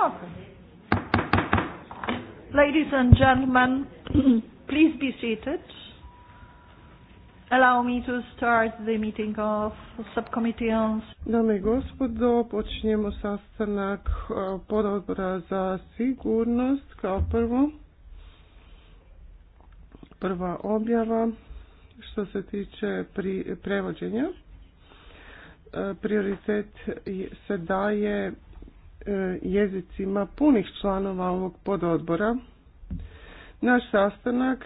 Welcome. Ladies and gentlemen, please be seated. Allow me to start the meeting of subcommittee on... Dame i gospodo, počinjemo sastanak e, pododbora za sigurnost kao prvo. Prva objava što se tiče prevođenja e, prioritet se daje E, jezicima punih članova ovog pododbora. Naš sastanak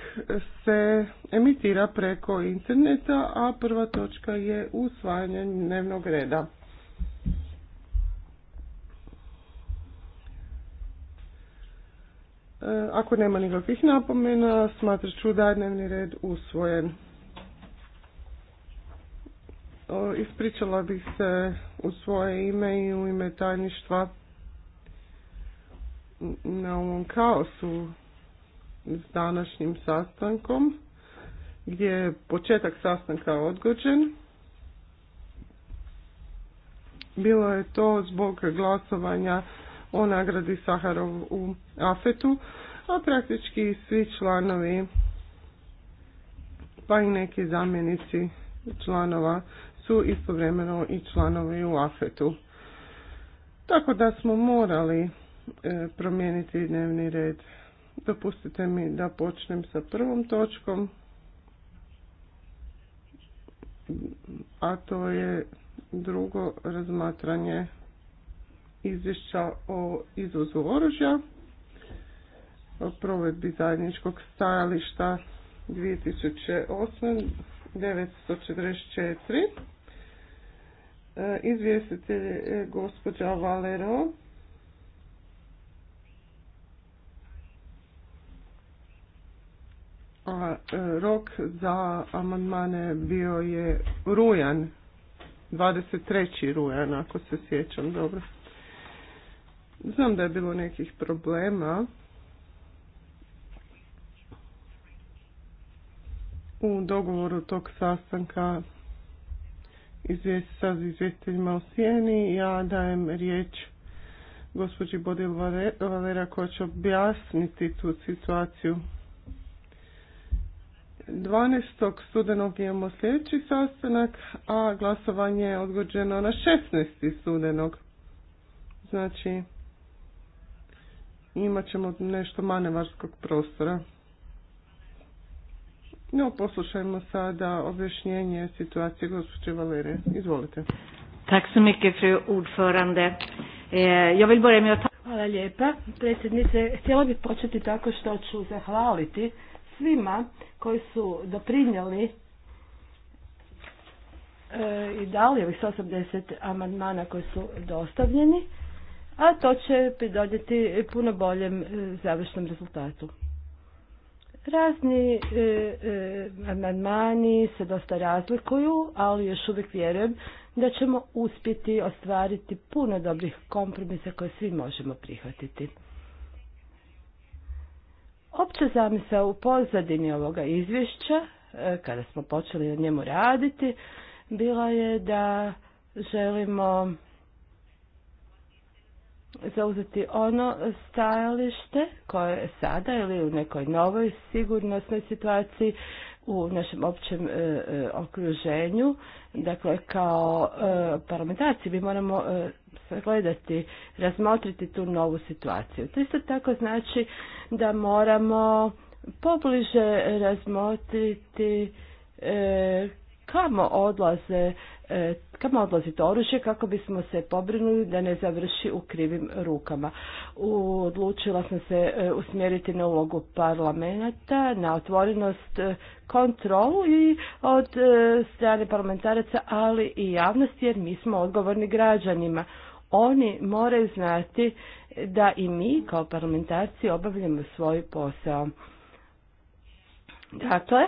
se emitira preko interneta, a prva točka je usvajanje dnevnog reda. E, ako nema nikakvih napomena, smatrat ću da je dnevni red usvojen. Ispričala bih se u svoje ime i u ime tajništva na ovom kaosu s današnjim sastankom gdje je početak sastanka odgođen. Bilo je to zbog glasovanja o nagradi Saharov u Afetu, a praktički svi članovi pa i neki zamjenici članova su istovremeno i članovi u Afetu. Tako da smo morali E, promijeniti dnevni red. Dopustite mi da počnem sa prvom točkom, a to je drugo razmatranje izvješća o izvozu oružja, o provedbi zajedničkog stajališta 2008. 944. E, izvjestitelj je gospođa Valero a e, rok za amandmane bio je rujan, 23. rujan ako se sjećam dobro. Znam da je bilo nekih problema u dogovoru tog sastanka sa izvjestiteljima u Sijeni. Ja dajem riječ gospođi Bodil Valera koja će objasniti tu situaciju. 12. studenog imamo sljedeći sastanak, a glasovanje je odgođeno na 16. studenog. Znači, imat ćemo nešto manevarskog prostora. No, poslušajmo sada objašnjenje situacije gospođe Valerije. Izvolite. Tak su mycket, fru ordförande. Eh, Hvala lijepa, predsjednice. Htjela bih početi tako što ću zahvaliti svima koji su doprinjeli e, i dali ovih 180 amandmana koji su dostavljeni, a to će pridodjeti puno boljem e, završnom rezultatu. Razni e, amandmani se dosta razlikuju, ali još uvijek vjerujem da ćemo uspjeti ostvariti puno dobrih kompromisa koje svi možemo prihvatiti. Opća zamisao u pozadini ovoga izvješća, e, kada smo počeli na njemu raditi, bila je da želimo zauzeti ono stajalište koje je sada ili u nekoj novoj sigurnosnoj situaciji u našem općem e, e, okruženju. Dakle, kao parlamentaciji parlamentarci mi moramo sagledati, razmotriti tu novu situaciju. To isto tako znači da moramo pobliže razmotriti e, kamo odlaze e, kamo odlazi to oružje kako bismo se pobrinuli da ne završi u krivim rukama. Odlučila sam se e, usmjeriti na ulogu parlamenta, na otvorenost kontrolu i od strane parlamentaraca, ali i javnosti jer mi smo odgovorni građanima oni moraju znati da i mi kao parlamentarci obavljamo svoj posao. Dakle,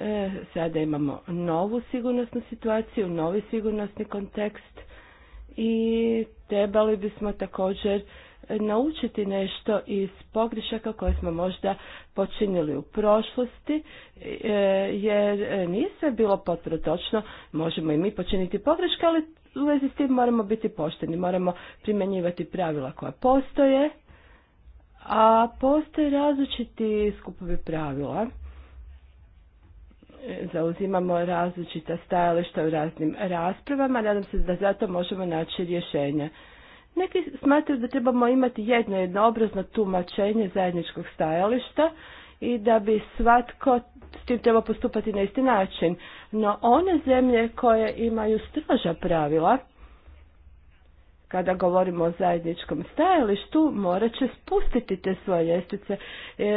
e, sada imamo novu sigurnosnu situaciju, novi sigurnosni kontekst i trebali bismo također naučiti nešto iz pogrešaka koje smo možda počinili u prošlosti, e, jer nije sve bilo potpuno točno, možemo i mi počiniti pogreške, ali u vezi s tim moramo biti pošteni, moramo primjenjivati pravila koja postoje, a postoje različiti skupovi pravila. E, zauzimamo različita stajališta u raznim raspravama, nadam se da zato možemo naći rješenja. Neki smatraju da trebamo imati jedno jednoobrazno tumačenje zajedničkog stajališta i da bi svatko s tim trebao postupati na isti način. No one zemlje koje imaju stroža pravila, kada govorimo o zajedničkom stajalištu, morat će spustiti te svoje ljestvice. E,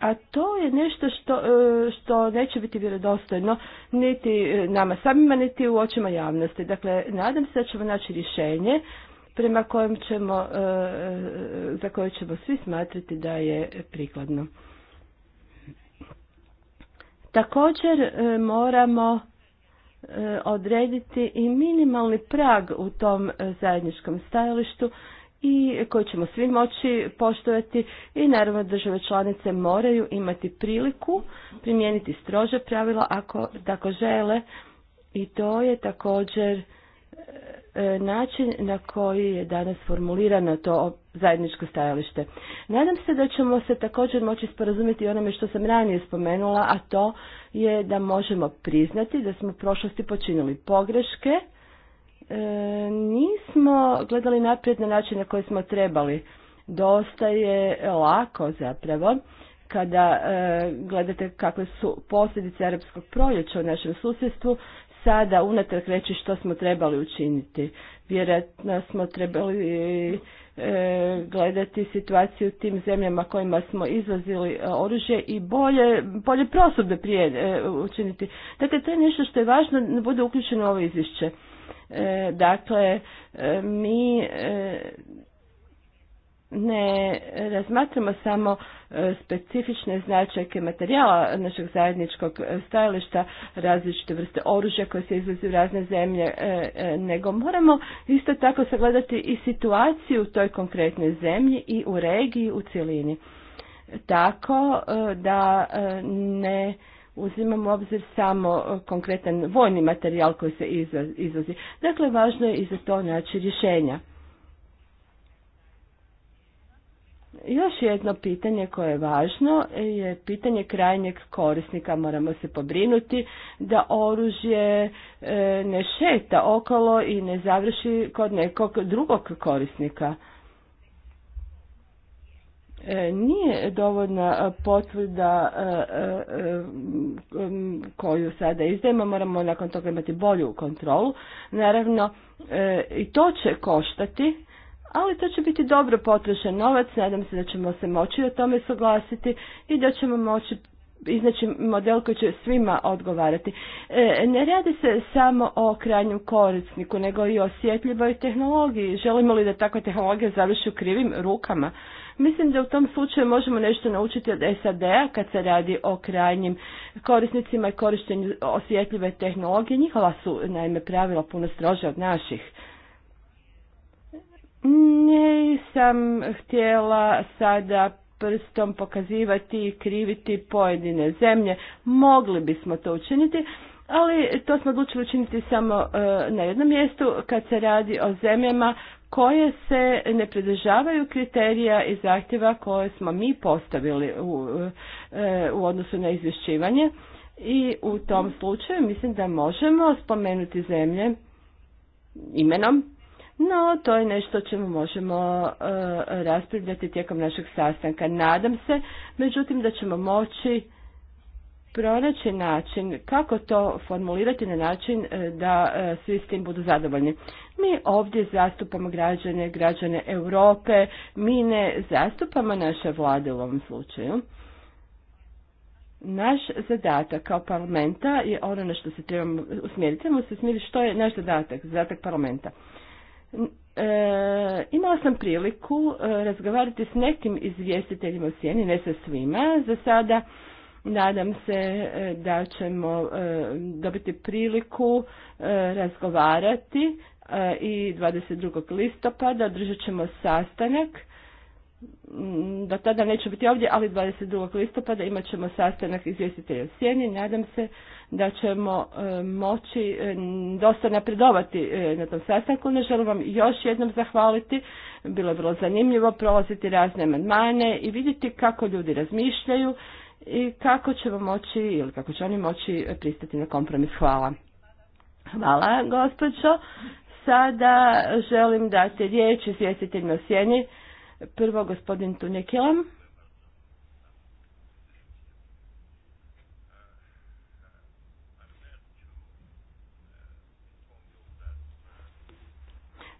a to je nešto što, e, što neće biti vjerodostojno niti e, nama samima, niti u očima javnosti. Dakle, nadam se da ćemo naći rješenje prema kojem ćemo, e, za koje ćemo svi smatrati da je prikladno. Također e, moramo e, odrediti i minimalni prag u tom e, zajedničkom stajalištu i koji ćemo svi moći poštovati i naravno države članice moraju imati priliku primijeniti strože pravila ako žele i to je također način na koji je danas formulirano to zajedničko stajalište. Nadam se da ćemo se također moći sporazumjeti onome što sam ranije spomenula, a to je da možemo priznati da smo u prošlosti počinili pogreške, e, nismo gledali naprijed na način na koji smo trebali. Dosta je lako zapravo kada e, gledate kakve su posljedice arapskog proljeća u našem susjedstvu sada unatrag reći što smo trebali učiniti. Vjerojatno smo trebali e, gledati situaciju u tim zemljama kojima smo izlazili e, oružje i bolje, bolje prosudbe prije e, učiniti. Dakle, to je nešto što je važno da bude uključeno u ovo izvješće. Dakle, mi ne razmatramo samo e, specifične značajke materijala našeg zajedničkog e, stajališta, različite vrste oružja koje se izvozi u razne zemlje, e, nego moramo isto tako sagledati i situaciju u toj konkretnoj zemlji i u regiji u cjelini. Tako da ne uzimamo u obzir samo konkretan vojni materijal koji se izvozi. Dakle, važno je i za to naći rješenja. Još jedno pitanje koje je važno je pitanje krajnjeg korisnika. Moramo se pobrinuti da oružje e, ne šeta okolo i ne završi kod nekog drugog korisnika. E, nije dovoljna potvrda e, koju sada izdajemo, moramo nakon toga imati bolju kontrolu. Naravno, i to će koštati ali to će biti dobro potrošen novac, nadam se da ćemo se moći o tome suglasiti i da ćemo moći iznaći model koji će svima odgovarati. E, ne radi se samo o krajnjem korisniku, nego i o osjetljivoj tehnologiji. Želimo li da takva tehnologija završi u krivim rukama? Mislim da u tom slučaju možemo nešto naučiti od SAD-a kad se radi o krajnjim korisnicima i korištenju osjetljive tehnologije. Njihova su, naime, pravila puno strože od naših sam htjela sada prstom pokazivati i kriviti pojedine zemlje. Mogli bismo to učiniti, ali to smo odlučili učiniti samo e, na jednom mjestu kad se radi o zemljama koje se ne pridržavaju kriterija i zahtjeva koje smo mi postavili u, e, u odnosu na izvješćivanje. I u tom slučaju mislim da možemo spomenuti zemlje imenom no, to je nešto o čemu možemo e, raspravljati tijekom našeg sastanka. Nadam se, međutim, da ćemo moći pronaći način kako to formulirati na način e, da e, svi s tim budu zadovoljni. Mi ovdje zastupamo građane, građane Europe, mi ne zastupamo naše vlade u ovom slučaju. Naš zadatak kao parlamenta je ono na što se trebamo usmjeriti. Trebamo se usmjeriti što je naš zadatak, zadatak parlamenta. E, imala sam priliku e, razgovarati s nekim izvjestiteljima u sjeni, ne sa svima. Za sada nadam se e, da ćemo e, dobiti priliku razgovarati i 22. listopada držat ćemo sastanak. Mm, do tada neću biti ovdje, ali 22. listopada imat ćemo sastanak izvjestitelja u sjeni. Nadam se da ćemo e, moći e, dosta napredovati e, na tom sastanku. Ne želim vam još jednom zahvaliti. Bilo je vrlo zanimljivo prolaziti razne amandmane i vidjeti kako ljudi razmišljaju i kako ćemo moći ili kako će oni moći pristati na kompromis. Hvala. Hvala gospođo. Sada želim da dati riječ izvjestiteljima sjeni. Prvo gospodin Tunjekilam.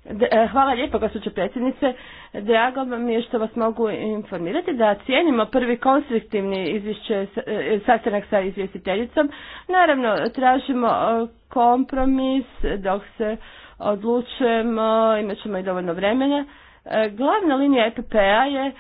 E, hvala lijepo, gospođo predsjednice. Drago vam je što vas mogu informirati da cijenimo prvi konstruktivni izvješće, e, sastanak sa izvjestiteljicom. Naravno, tražimo e, kompromis dok se odlučujemo, imat ćemo i dovoljno vremena. Glavna linija EPP-a je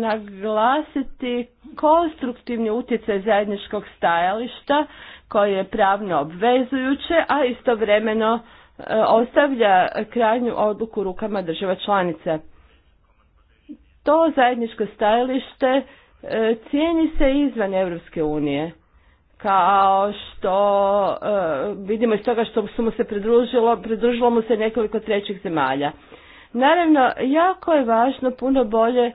naglasiti konstruktivni utjecaj zajedničkog stajališta koji je pravno obvezujuće, a istovremeno E, ostavlja krajnju odluku u rukama država članica. To zajedničko stajalište e, cijeni se izvan Europske unije kao što e, vidimo iz toga što su mu se pridružilo, pridružilo mu se nekoliko trećih zemalja. Naravno, jako je važno puno bolje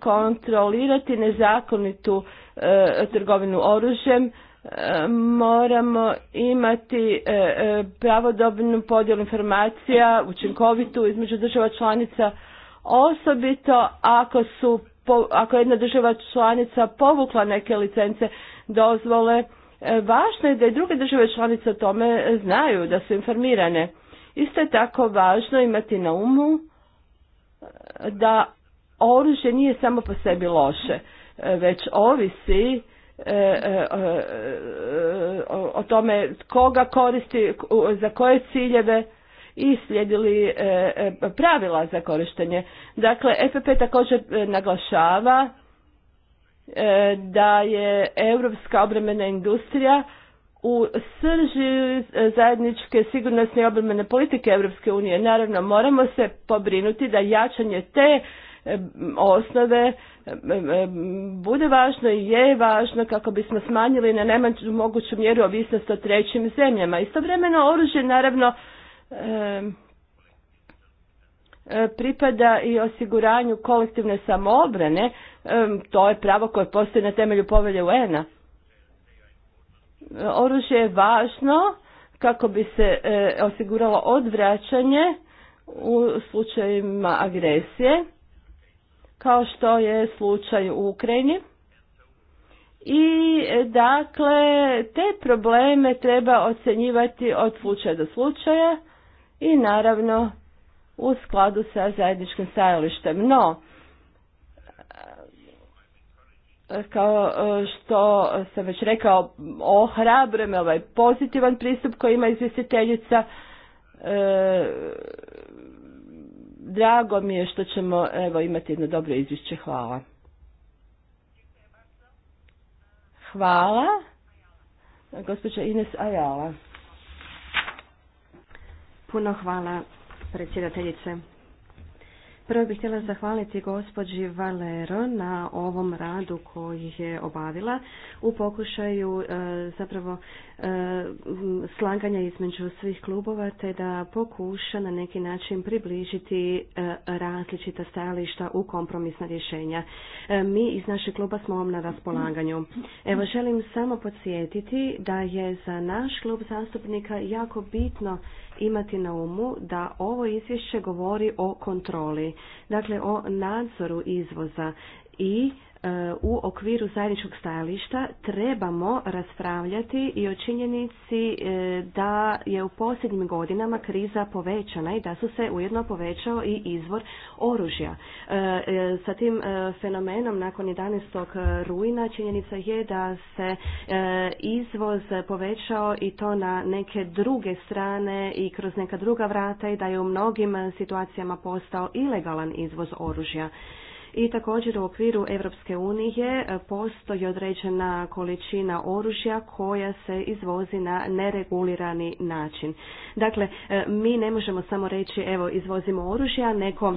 kontrolirati nezakonitu trgovinu oružjem, moramo imati e, e, pravodobnu podjelu informacija, učinkovitu između država članica, osobito ako su ako jedna država članica povukla neke licence dozvole, e, važno je da i druge države članice o tome znaju, da su informirane. Isto je tako važno imati na umu da oružje nije samo po sebi loše, već ovisi E, e, e, o tome koga koristi, za koje ciljeve i slijedili pravila za korištenje. Dakle, FP također naglašava da je europska obrambena industrija u srži zajedničke sigurnosne i obrambene politike Europske unije. Naravno, moramo se pobrinuti da jačanje te osnove bude važno i je važno kako bismo smanjili na najmanju moguću mjeru ovisnost o trećim zemljama. Istovremeno oružje naravno e, pripada i osiguranju kolektivne samoobrane, to je pravo koje postoji na temelju povelje UN-a. Oružje je važno kako bi se e, osiguralo odvraćanje u slučajima agresije kao što je slučaj u Ukrajini. I dakle, te probleme treba ocjenjivati od slučaja do slučaja i naravno u skladu sa zajedničkim stajalištem. No, kao e, što sam već rekao, o ovaj pozitivan pristup koji ima izvjestiteljica. E, Drago mi je što ćemo evo, imati jedno dobro izvješće. Hvala. Hvala. Gospođa Ines Ajala. Puno hvala predsjedateljice. Prvo bih htjela zahvaliti gospođi Valero na ovom radu koji je obavila u pokušaju e, zapravo e, slaganja između svih klubova te da pokuša na neki način približiti e, različita stajališta u kompromisna rješenja. Mi iz našeg kluba smo vam na raspolaganju. Evo želim samo podsjetiti da je za naš klub zastupnika jako bitno imati na umu da ovo izvješće govori o kontroli dakle o nadzoru izvoza i E, u okviru zajedničkog stajališta trebamo raspravljati i o činjenici e, da je u posljednjim godinama kriza povećana i da su se ujedno povećao i izvor oružja. E, sa tim fenomenom nakon 11. rujna činjenica je da se izvoz povećao i to na neke druge strane i kroz neka druga vrata i da je u mnogim situacijama postao ilegalan izvoz oružja i također u okviru Europske unije e, postoji određena količina oružja koja se izvozi na neregulirani način. Dakle, e, mi ne možemo samo reći evo izvozimo oružja, neko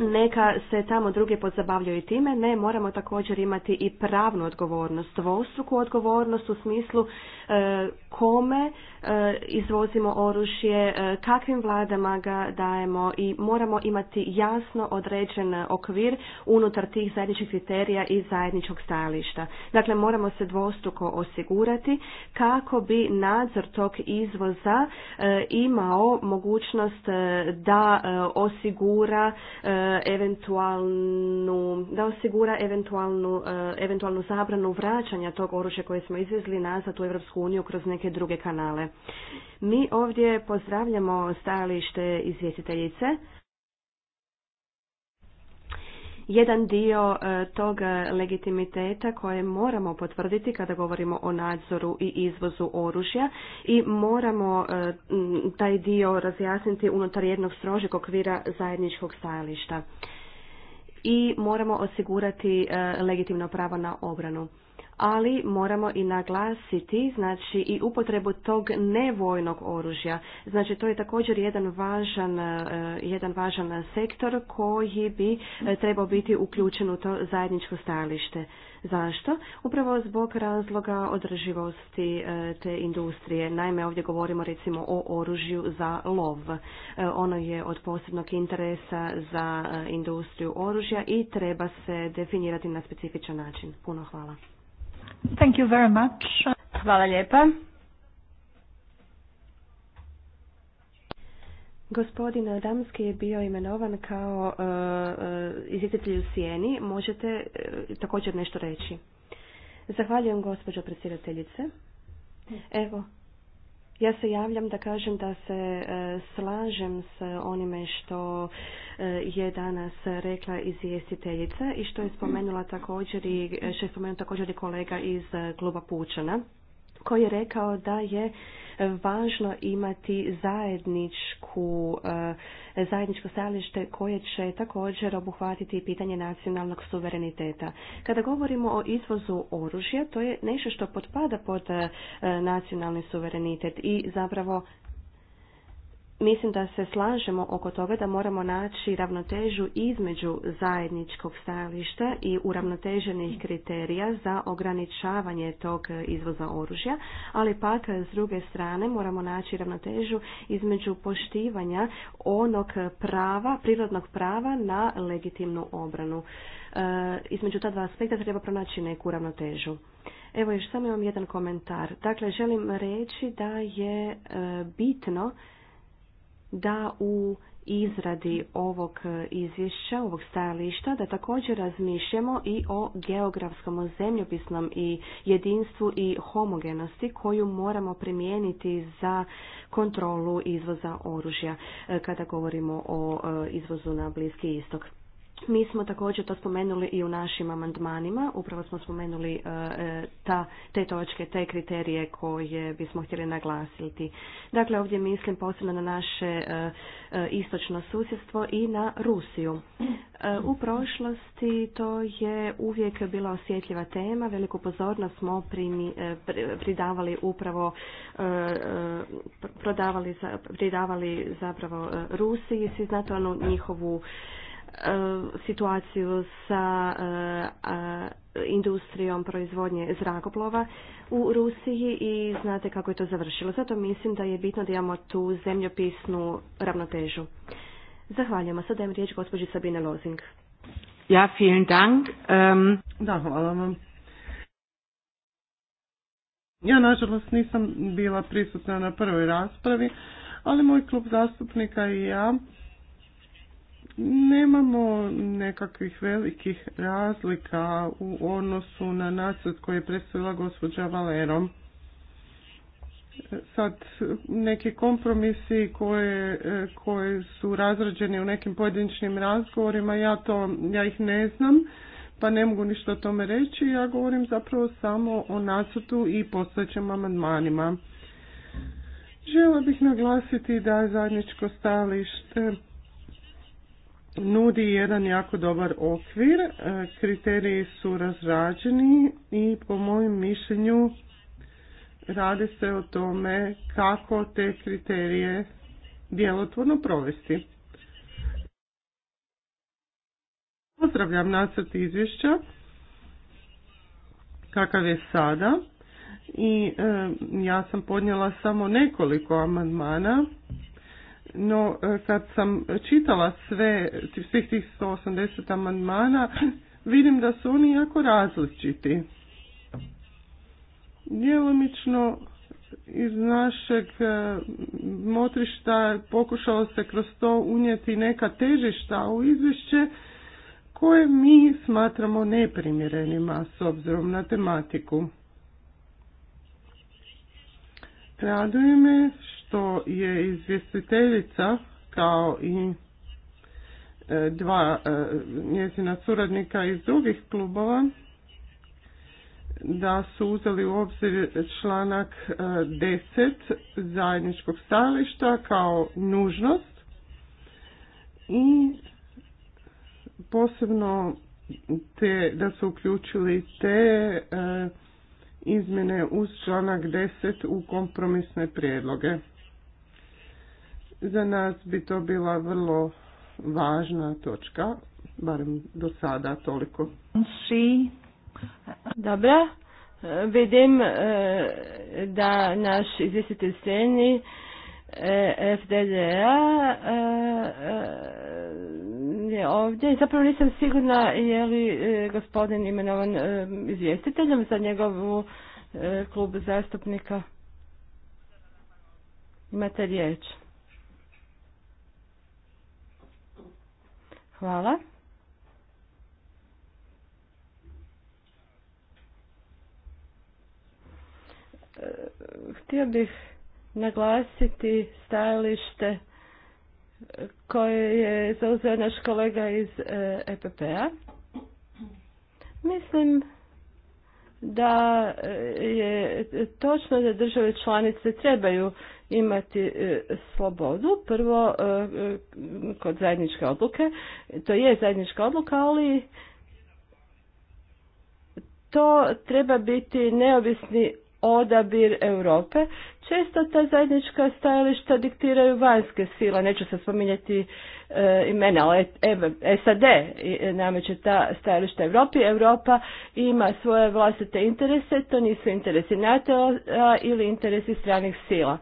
neka se tamo druge pozabavljaju time, ne, moramo također imati i pravnu odgovornost, dvostruku odgovornost u smislu e, kome e, izvozimo oružje, e, kakvim vladama ga dajemo i moramo imati jasno određen okvir unutar tih zajedničkih kriterija i zajedničkog stajališta. Dakle, moramo se dvostruko osigurati kako bi nadzor tog izvoza imao mogućnost da osigura Eh, eventualnu, da osigura eh, eventualnu, zabranu vraćanja tog oružja koje smo izvezli nazad u Europsku uniju kroz neke druge kanale. Mi ovdje pozdravljamo stajalište izvjestiteljice jedan dio e, tog legitimiteta koje moramo potvrditi kada govorimo o nadzoru i izvozu oružja i moramo e, taj dio razjasniti unutar jednog strožeg okvira zajedničkog stajališta i moramo osigurati e, legitimno pravo na obranu ali moramo i naglasiti znači i upotrebu tog nevojnog oružja. Znači to je također jedan važan, e, jedan važan sektor koji bi e, trebao biti uključen u to zajedničko stajalište. Zašto? Upravo zbog razloga održivosti e, te industrije. Naime, ovdje govorimo recimo o oružju za lov. Ono je od posebnog interesa za industriju oružja i treba se definirati na specifičan način. Puno hvala. Thank you very much. Hvala lijepa. Gospodin Adamski je bio imenovan kao uh, e, e, izvjetitelj u Sijeni. Možete e, također nešto reći. Zahvaljujem gospođo predsjedateljice. Evo, ja se javljam da kažem da se e, slažem s onime što e, je danas rekla izvjestiteljica i što je spomenula također i e, što također i kolega iz kluba Pučana koji je rekao da je važno imati zajedničku, e, zajedničko stajalište koje će također obuhvatiti pitanje nacionalnog suvereniteta. Kada govorimo o izvozu oružja, to je nešto što potpada pod e, nacionalni suverenitet i zapravo Mislim da se slažemo oko toga da moramo naći ravnotežu između zajedničkog stajališta i uravnoteženih kriterija za ograničavanje tog izvoza oružja, ali pak s druge strane moramo naći ravnotežu između poštivanja onog prava, prirodnog prava na legitimnu obranu. E, između ta dva aspekta treba pronaći neku ravnotežu. Evo još samo imam jedan komentar. Dakle, želim reći da je e, bitno da u izradi ovog izvješća, ovog stajališta, da također razmišljamo i o geografskom, o zemljopisnom i jedinstvu i homogenosti koju moramo primijeniti za kontrolu izvoza oružja e, kada govorimo o e, izvozu na Bliski istok. Mi smo također to spomenuli i u našim amandmanima. Upravo smo spomenuli e, e, ta, te točke, te kriterije koje bismo htjeli naglasiti. Dakle, ovdje mislim posebno na naše e, istočno susjedstvo i na Rusiju. U prošlosti to je uvijek bila osjetljiva tema. Veliku pozornost smo pridavali upravo prodavali, pridavali zapravo Rusiji. Svi znate onu njihovu E, situaciju sa e, industrijom proizvodnje zrakoplova u Rusiji i znate kako je to završilo. Zato mislim da je bitno da imamo tu zemljopisnu ravnotežu. Zahvaljujemo. Sada dajem riječ gospođi Sabine Lozing. Ja, vielen dank. Da, hvala vam. Ja, nažalost, nisam bila prisutna na prvoj raspravi, ali moj klub zastupnika i ja Nemamo nekakvih velikih razlika u odnosu na nacrt koji je predstavila gospođa Valero. Sad, neki kompromisi koje, koje su razrađeni u nekim pojedinačnim razgovorima, ja, to, ja ih ne znam, pa ne mogu ništa o tome reći. Ja govorim zapravo samo o nacrtu i postojećim amandmanima. Žela bih naglasiti da je zajedničko stajalište nudi jedan jako dobar okvir, e, kriteriji su razrađeni i po mojem mišljenju radi se o tome kako te kriterije djelotvorno provesti. Pozdravljam nacrt izvješća kakav je sada i e, ja sam podnijela samo nekoliko amandmana no, e, kad sam čitala sve, svih tih 180 amandmana, vidim da su oni jako različiti. Djelomično iz našeg e, motrišta pokušalo se kroz to unijeti neka težišta u izvješće koje mi smatramo neprimjerenima s obzirom na tematiku. Raduje me to je izvjestiteljica kao i e, dva e, njezina suradnika iz drugih klubova da su uzeli u obzir članak 10 e, zajedničkog stajališta kao nužnost i posebno te, da su uključili te izmjene uz članak 10 u kompromisne prijedloge. Za nas bi to bila vrlo važna točka, barem do sada toliko. Dobra, vidim e, da naš izvjestitelj Seni e, FDDA e, je ovdje. Zapravo nisam sigurna je li gospodin imenovan izvjestiteljem za njegovu klubu zastupnika. Imate riječ. Hvala. Htio bih naglasiti stajalište koje je zauzeo naš kolega iz EPP-a. E Mislim da e, je točno da države članice trebaju imati e, slobodu. Prvo, e, e, kod zajedničke odluke, to je zajednička odluka, ali to treba biti neovisni odabir Europe. Često ta zajednička stajališta diktiraju vanjske sile, neću se spominjati imena, ali SAD nameće ta stajališta Europi. Europa ima svoje vlastite interese, to nisu interesi NATO ili interesi stranih sila.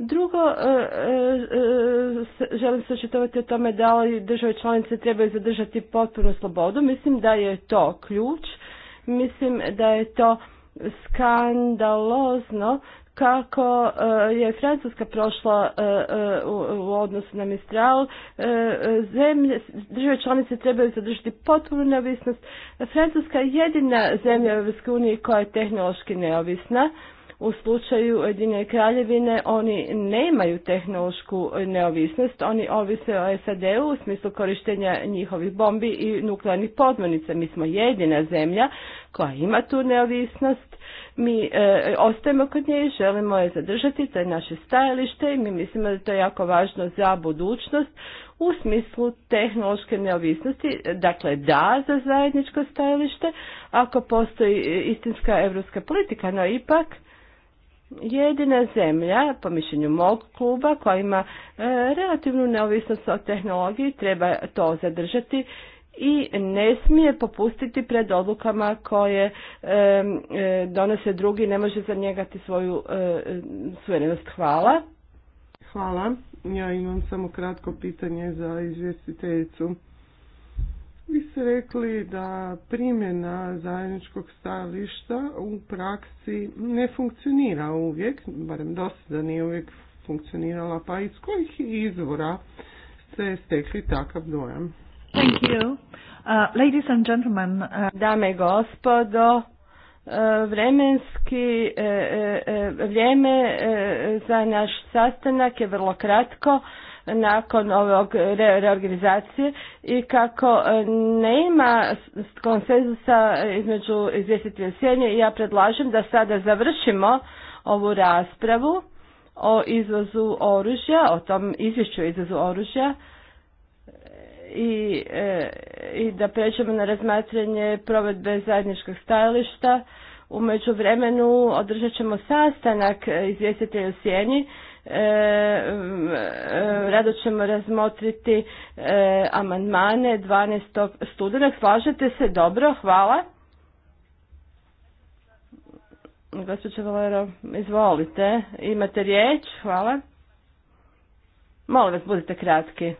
Drugo, e, e, e, želim se očitovati o tome da li države članice trebaju zadržati potpunu slobodu. Mislim da je to ključ. Mislim da je to skandalozno kako je Francuska prošla u odnosu na Mistral, zemlje, države članice trebaju zadržati potpunu neovisnost. Francuska je jedina zemlja u EU koja je tehnološki neovisna u slučaju Ujedinjene kraljevine oni nemaju tehnološku neovisnost, oni ovise o SAD-u u smislu korištenja njihovih bombi i nuklearnih podmornica. Mi smo jedina zemlja koja ima tu neovisnost. Mi e, ostajemo kod nje i želimo je zadržati, to je naše stajalište i mi mislimo da to je jako važno za budućnost u smislu tehnološke neovisnosti, dakle da za zajedničko stajalište, ako postoji istinska evropska politika, no ipak jedina zemlja, po mišljenju mog kluba, koja ima e, relativnu neovisnost o tehnologiji, treba to zadržati i ne smije popustiti pred odlukama koje e, e, donose drugi, ne može zanjegati svoju suverenost. Hvala. Hvala. Ja imam samo kratko pitanje za izvjestiteljicu. Vi ste rekli da primjena zajedničkog stajališta u praksi ne funkcionira uvijek, barem dosada nije uvijek funkcionirala, pa iz kojih izvora ste stekli takav dojam? Thank you. Uh, ladies and gentlemen, uh... dame i gospodo, uh, vremenski uh, uh, vrijeme za naš sastanak je vrlo kratko nakon ove reorganizacije i kako e, nema konsenzusa između izvjestitelja Sjenje i ja predlažem da sada završimo ovu raspravu o izvozu oružja, o tom izvješću o izvozu oružja e, i, e, i da pređemo na razmatranje provedbe zajedničkog stajališta. U međuvremenu održat ćemo sastanak izvjestitelja u Sjeni E, e, rado ćemo razmotriti e, amandmane 12. studenog. Slažete se? Dobro, hvala. Gospodin Valero, izvolite. Imate riječ, hvala. Molim vas, budite kratki.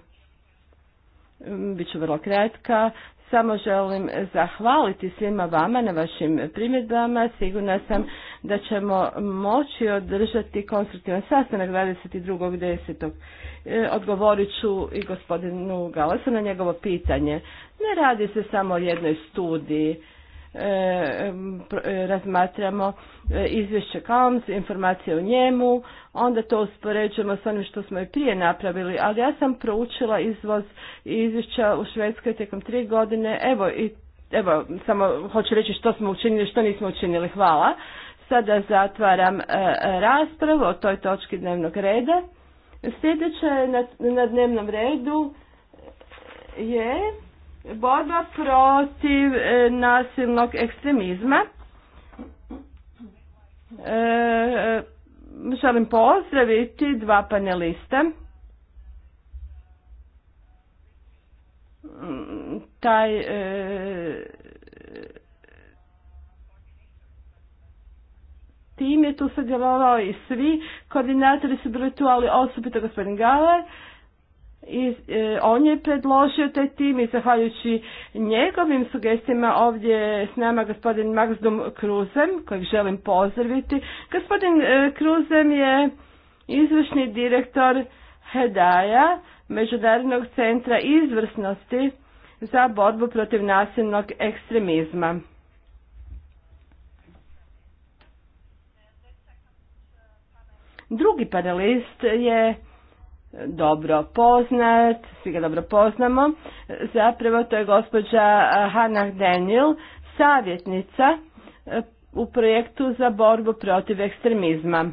Biću vrlo kratka. Samo želim zahvaliti svima vama na vašim primjedbama. Sigurna sam da ćemo moći održati konstruktivan sastanak 22.10. E, odgovorit ću i gospodinu Galasu na njegovo pitanje. Ne radi se samo o jednoj studiji. E, e, razmatramo izvješće KOMS, informacije o njemu, onda to uspoređujemo s onim što smo i prije napravili, ali ja sam proučila izvoz izvješća u Švedskoj tijekom tri godine, evo i Evo, samo hoću reći što smo učinili, što nismo učinili. Hvala. Sada zatvaram e, raspravu o toj točki dnevnog reda. Sljedeća na, dnevnom redu je borba protiv e, nasilnog ekstremizma. E, želim pozdraviti dva panelista. Mm, taj tim je tu sudjelovao i svi koordinatori su bili tu, osobito gospodin Galer. I e, on je predložio taj tim i zahvaljujući njegovim sugestijama ovdje s nama gospodin Max Kruzem, kojeg želim pozdraviti. Gospodin e, Kruzem je izvršni direktor Hedaja, Međunarodnog centra izvrsnosti za borbu protiv nasilnog ekstremizma. Drugi panelist je dobro poznat, svi ga dobro poznamo, zapravo to je gospođa eh, Hannah Daniel, savjetnica eh, u projektu za borbu protiv ekstremizma.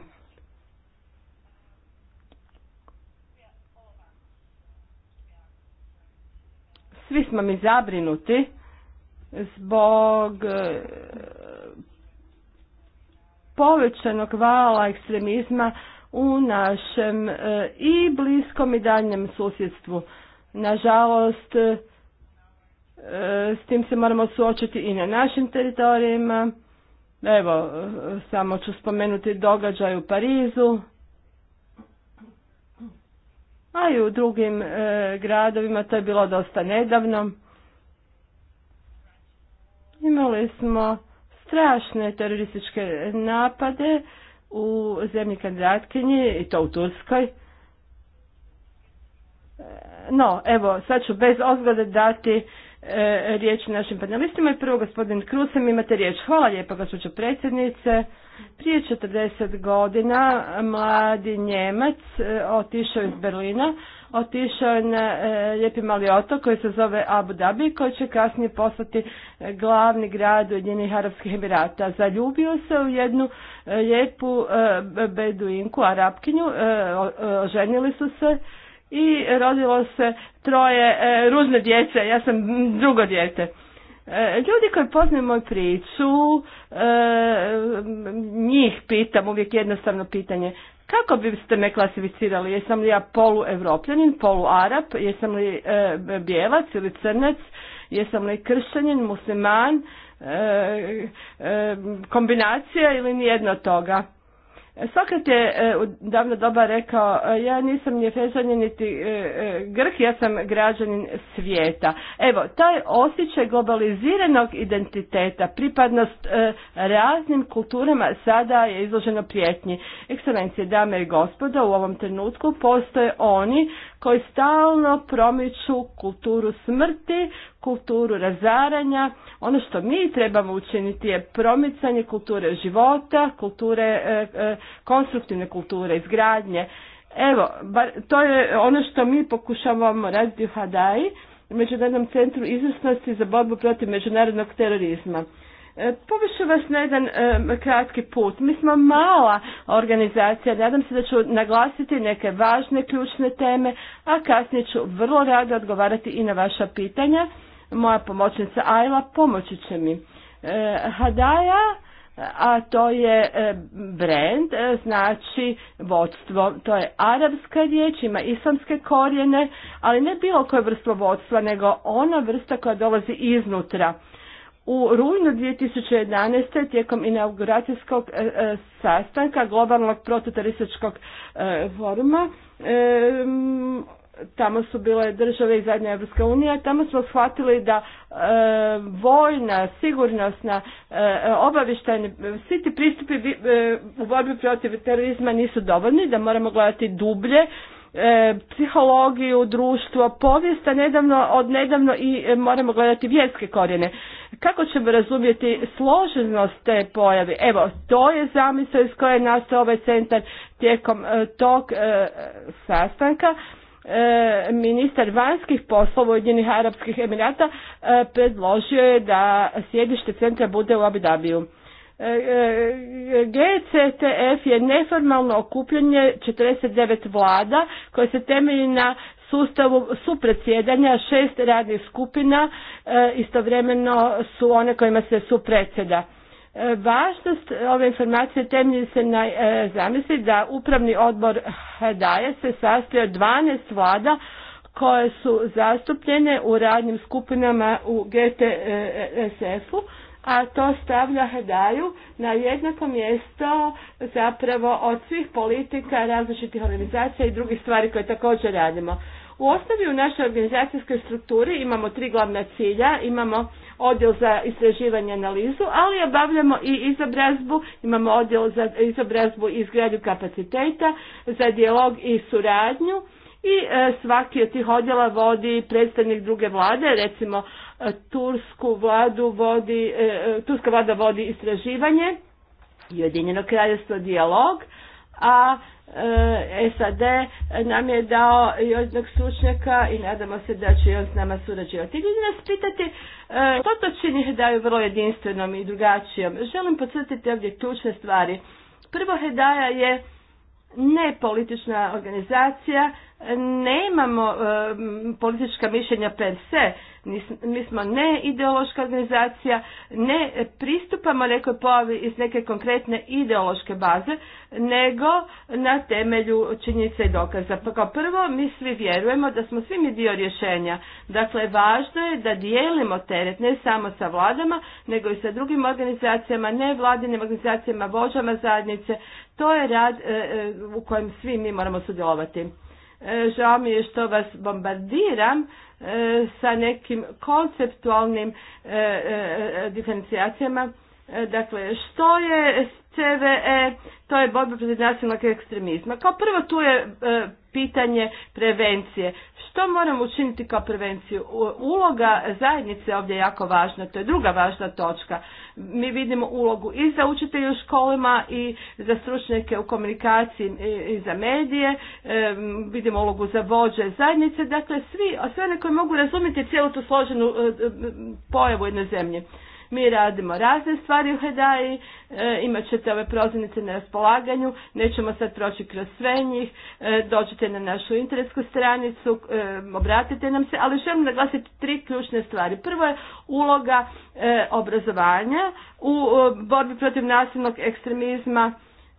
Svi smo mi zabrinuti zbog eh, povećanog vala ekstremizma u našem e, i bliskom i daljem susjedstvu. Nažalost, e, s tim se moramo suočiti i na našim teritorijima. Evo, samo ću spomenuti događaj u Parizu, a i u drugim e, gradovima, to je bilo dosta nedavno. Imali smo strašne terorističke napade u zemlji kandidatkinji i to u Turskoj. No, evo, sad ću bez odgode dati e, riječ našim panelistima i prvo gospodin Krusem imate riječ. Hvala lijepa gospođo predsjednice. Prije 40 godina mladi Njemac e, otišao iz Berlina, otišao na e, lijepi mali otok koji se zove Abu Dhabi koji će kasnije postati e, glavni grad Ujedinjenih Arabskih Emirata. Zaljubio se u jednu e, lijepu beduinku, arapkinju, oženili su se i rodilo se troje ružne djece, ja sam drugo djete. Ljudi koji poznaju moju priču, njih pitam uvijek jednostavno pitanje. Kako biste me klasificirali? Jesam li ja polu poluarab, jesam li e, bijelac ili crnac, jesam li kršćanin, musliman, e, e, kombinacija ili nijedno toga? Sokrat je e, u davno doba rekao, e, ja nisam ni niti e, grh, ja sam građanin svijeta. Evo, taj osjećaj globaliziranog identiteta, pripadnost raznim kulturama sada je izloženo prijetnji. Ekscelencije, dame i gospodo, u ovom trenutku postoje oni koji stalno promiču kulturu smrti, kulturu razaranja. Ono što mi trebamo učiniti je promicanje kulture života, kulture, e, e, konstruktivne kulture, izgradnje. Evo, to je ono što mi pokušavamo raditi u Hadaji, Međunarodnom centru izvrsnosti za borbu protiv međunarodnog terorizma. E, Povišu vas na jedan e, kratki put. Mi smo mala organizacija, nadam se da ću naglasiti neke važne ključne teme, a kasnije ću vrlo rado odgovarati i na vaša pitanja. Moja pomoćnica Ajla pomoći će mi. E, Hadaja, a to je brand, znači vodstvo. To je arapska riječ, ima islamske korijene, ali ne bilo koje vrstvo vodstva, nego ona vrsta koja dolazi iznutra u rujnu 2011. tijekom inauguracijskog e, e, sastanka globalnog prototarističkog e, foruma tamo su bile države i zadnja Evropska unija, tamo smo shvatili da vojna, sigurnosna, e, svi ti pristupi u borbi protiv terorizma nisu dovoljni, da moramo gledati dublje e, psihologiju, društvo, povijesta nedavno, od nedavno i e, moramo gledati vjerske korijene. Kako ćemo razumjeti složenost te pojave? Evo, to je zamisao iz koje je nastao ovaj centar tijekom e, tog e, sastanka. Ministar vanjskih poslova Ujedinjenih Arabskih Emirata predložio je da sjedište centra bude u Abidabiju. E, e, GCTF je neformalno okupljanje 49 vlada koje se temelji na sustavu supredsjedanja šest radnih skupina e, istovremeno su one kojima se supredsjeda. Važnost ove informacije temelji se na zamisli da upravni odbor daje se sastoji od 12 vlada koje su zastupljene u radnim skupinama u GTSF-u a to stavlja Hedaju na jednako mjesto zapravo od svih politika, različitih organizacija i drugih stvari koje također radimo. U osnovi u našoj organizacijskoj strukturi imamo tri glavna cilja, imamo odjel za istraživanje i analizu, ali obavljamo i izobrazbu, imamo odjel za izobrazbu i izgradnju kapaciteta, za dijalog i suradnju, i e, svaki od tih odjela vodi predstavnik druge vlade, recimo e, tursku vladu vodi, e, turska vlada vodi istraživanje i Ujedinjeno kraljevstvo dijalog, a e, SAD nam je dao jednog stručnjaka i nadamo se da će on s nama surađivati. Ljudi nas pitati što to čini Hedaju vrlo jedinstvenom i drugačijom. Želim podsjetiti ovdje ključne stvari. Prvo Hedaja je nepolitična organizacija nemamo e, politička mišljenja per se. Mi smo ne ideološka organizacija, ne pristupamo nekoj pojavi iz neke konkretne ideološke baze, nego na temelju činjenica i dokaza. Pa kao prvo, mi svi vjerujemo da smo svi mi dio rješenja. Dakle, važno je da dijelimo teret ne samo sa vladama, nego i sa drugim organizacijama, ne vladinim organizacijama, vođama zajednice. To je rad e, e, u kojem svi mi moramo sudjelovati. E, žao mi je što vas bombardiram e, sa nekim konceptualnim e, diferencijacijama. Dakle, što je CVE? To je borba protiv nacionalnog ekstremizma. Kao prvo tu je pitanje prevencije. Što moramo učiniti kao prevenciju? Uloga zajednice ovdje je jako važna, to je druga važna točka. Mi vidimo ulogu i za učitelje u školima i za stručnjake u komunikaciji i za medije, vidimo ulogu za vođe zajednice, dakle svi, a sve one koji mogu razumjeti cijelu tu složenu e, e, pojavu jedne zemlje. Mi radimo razne stvari u Hedaji, e, imat ćete ove proznice na raspolaganju, nećemo sad proći kroz sve njih, e, dođite na našu internetsku stranicu, e, obratite nam se, ali želim naglasiti tri ključne stvari. Prvo je uloga e, obrazovanja u borbi protiv nasilnog ekstremizma,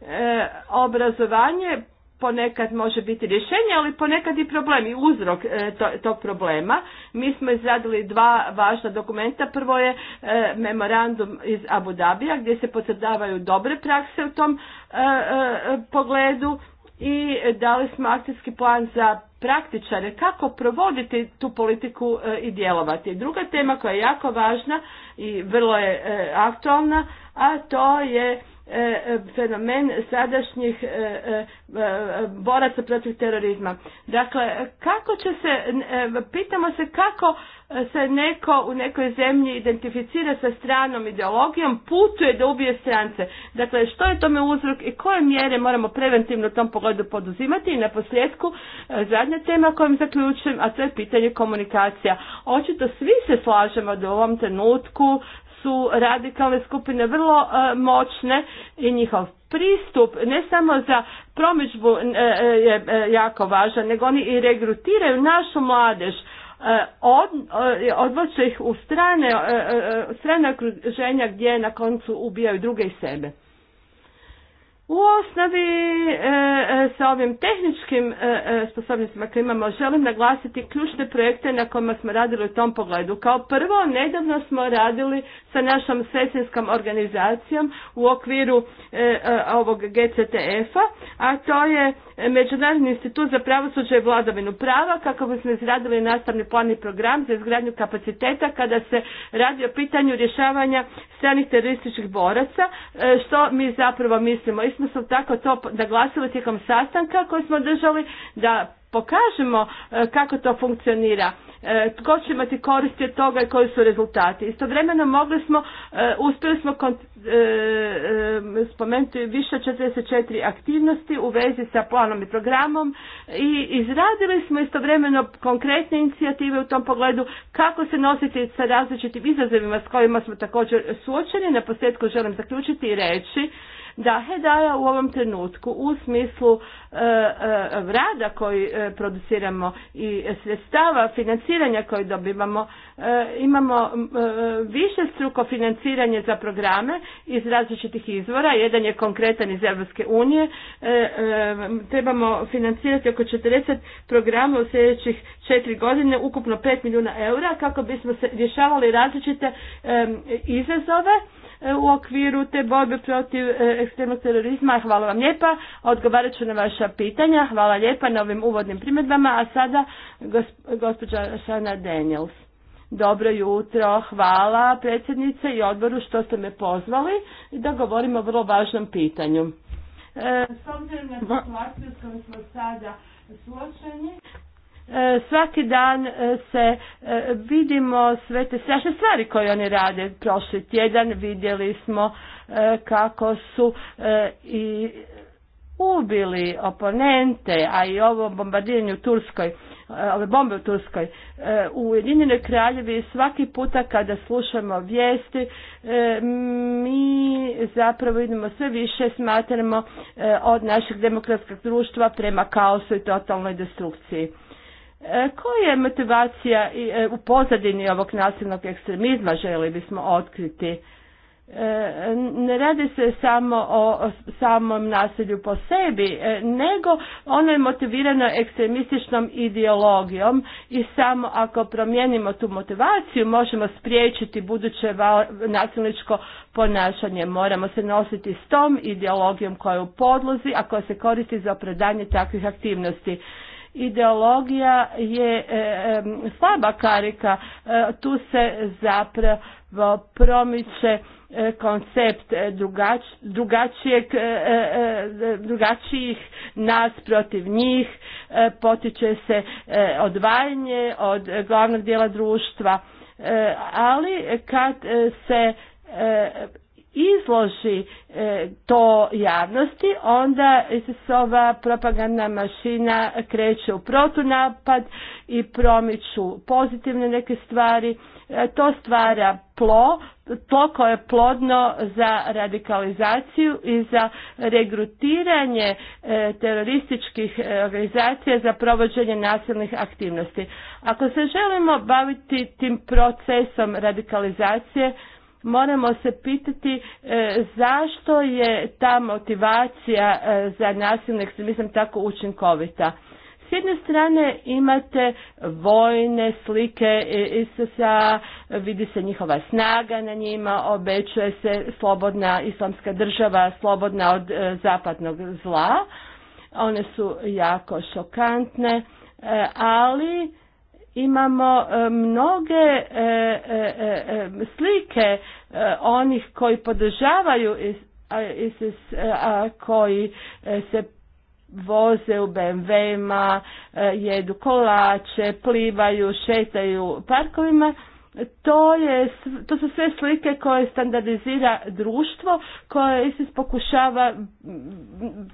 e, obrazovanje ponekad može biti rješenje, ali ponekad i problem i uzrok e, tog problema. Mi smo izradili dva važna dokumenta. Prvo je e, memorandum iz Abu Dhabija gdje se potrdavaju dobre prakse u tom e, pogledu i dali smo akcijski plan za praktičare kako provoditi tu politiku i djelovati. Druga tema koja je jako važna i vrlo je aktualna, a to je E, fenomen sadašnjih e, e, boraca protiv terorizma. Dakle, kako će se, pitamo se kako se neko u nekoj zemlji identificira sa stranom ideologijom, putuje da ubije strance. Dakle, što je tome uzrok i koje mjere moramo preventivno u tom pogledu poduzimati i na posljedku zadnja tema kojom zaključujem, a to je pitanje komunikacija. Očito svi se slažemo da u ovom trenutku su radikalne skupine vrlo e, moćne i njihov pristup ne samo za promičbu e, e, je jako važan, nego oni i regrutiraju našu mladež od, ih u strane, strane okruženja gdje na koncu ubijaju druge i sebe. U osnovi sa ovim tehničkim sposobnostima koje imamo želim naglasiti ključne projekte na kojima smo radili u tom pogledu. Kao prvo, nedavno smo radili sa našom sestinskom organizacijom u okviru e, e, ovog GCTF-a, a to je Međunarodni institut za pravosuđe i vladavinu prava kako bismo izradili nastavni plan i program za izgradnju kapaciteta kada se radi o pitanju rješavanja stranih terorističkih boraca, e, što mi zapravo mislimo. I smo tako to naglasili tijekom sastanka koji smo držali da pokažemo e, kako to funkcionira, e, tko će imati koristi od toga i koji su rezultati. Istovremeno mogli smo, e, uspjeli smo spomenuti više od 44 aktivnosti u vezi sa planom i programom i izradili smo istovremeno konkretne inicijative u tom pogledu kako se nositi sa različitim izazovima s kojima smo također suočeni. Na posljedku želim zaključiti i reći da Hedaja u ovom trenutku u smislu e, e, rada koji e, produciramo i sredstava financiranja koje dobivamo imamo više struko financiranje za programe iz različitih izvora. Jedan je konkretan iz Europske unije. Trebamo financirati oko 40 programa u sljedećih četiri godine, ukupno 5 milijuna eura kako bismo se rješavali različite izazove E, u okviru te borbe protiv e, ekstremnog terorizma. Hvala vam lijepa, odgovarat ću na vaša pitanja. Hvala lijepa na ovim uvodnim primjedbama, a sada gospođa Šana Daniels. Dobro jutro, hvala predsjednice i odboru što ste me pozvali i da govorim o vrlo važnom pitanju. E, s obzirom na sada E, svaki dan e, se e, vidimo sve te strašne stvari koje oni rade. Prošli tjedan vidjeli smo kako su i ubili oponente, a i ovo bombardiranje u Turskoj, ove bombe u Turskoj. U Ujedinjenoj kraljevi svaki puta kada slušamo vijesti, mi zapravo idemo sve više, smatramo, od našeg demokratskog društva prema kaosu i totalnoj destrukciji. E, koja je motivacija e, u pozadini ovog nasilnog ekstremizma, želi bismo otkriti? E, ne radi se samo o samom nasilju po sebi, nego ono je motivirano ekstremističnom ideologijom i samo ako promijenimo tu motivaciju možemo spriječiti buduće nasilničko ponašanje. Moramo se nositi s tom ideologijom koja je u podlozi, a koja se koristi za opredanje takvih aktivnosti ideologija je e, e, slaba karika. E, tu se zapravo promiče koncept drugačijeg, drugačijih nas protiv njih, potiče se odvajanje od glavnog dijela društva. Ali kad se izloži e, to javnosti, onda se ova propagandna mašina kreće u protunapad i promiču pozitivne neke stvari. E, to stvara plo, to koje je plodno za radikalizaciju i za regrutiranje e, terorističkih organizacija za provođenje nasilnih aktivnosti. Ako se želimo baviti tim procesom radikalizacije, moramo se pitati e, zašto je ta motivacija e, za nasilni mislim, tako učinkovita. S jedne strane imate vojne slike Isusa, vidi se njihova snaga na njima, obećuje se slobodna islamska država, slobodna od e, zapadnog zla. One su jako šokantne, ali imamo e, mnoge e, e, slike onih koji podržavaju ISIS, a koji se voze u BMW-ima, jedu kolače, plivaju, šetaju parkovima. To, je, to su sve slike koje standardizira društvo koje ISIS pokušava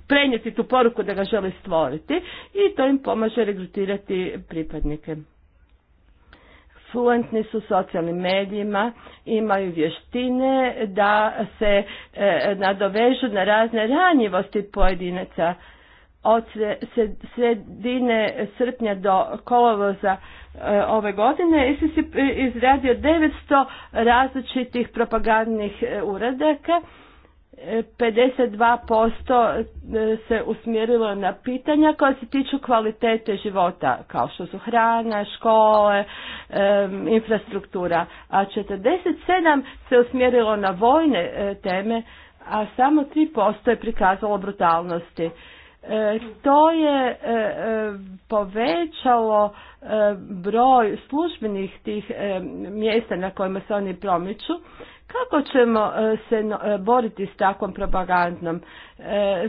prenijeti tu poruku da ga želi stvoriti i to im pomaže regrutirati pripadnike fluentni su socijalnim medijima, imaju vještine da se e, nadovežu na razne ranjivosti pojedinaca. Od sredine srpnja do kolovoza e, ove godine ISIS je izradio 900 različitih propagandnih e, uradaka 52% e, se usmjerilo na pitanja koja se tiču kvalitete života, kao što su hrana, škole, infrastruktura, a 47% se usmjerilo na vojne e, teme, a samo 3% je prikazalo brutalnosti. E, to je povećalo broj službenih tih mjesta na kojima se oni promiču kako ćemo e, se e, boriti s takvom propagandom? E,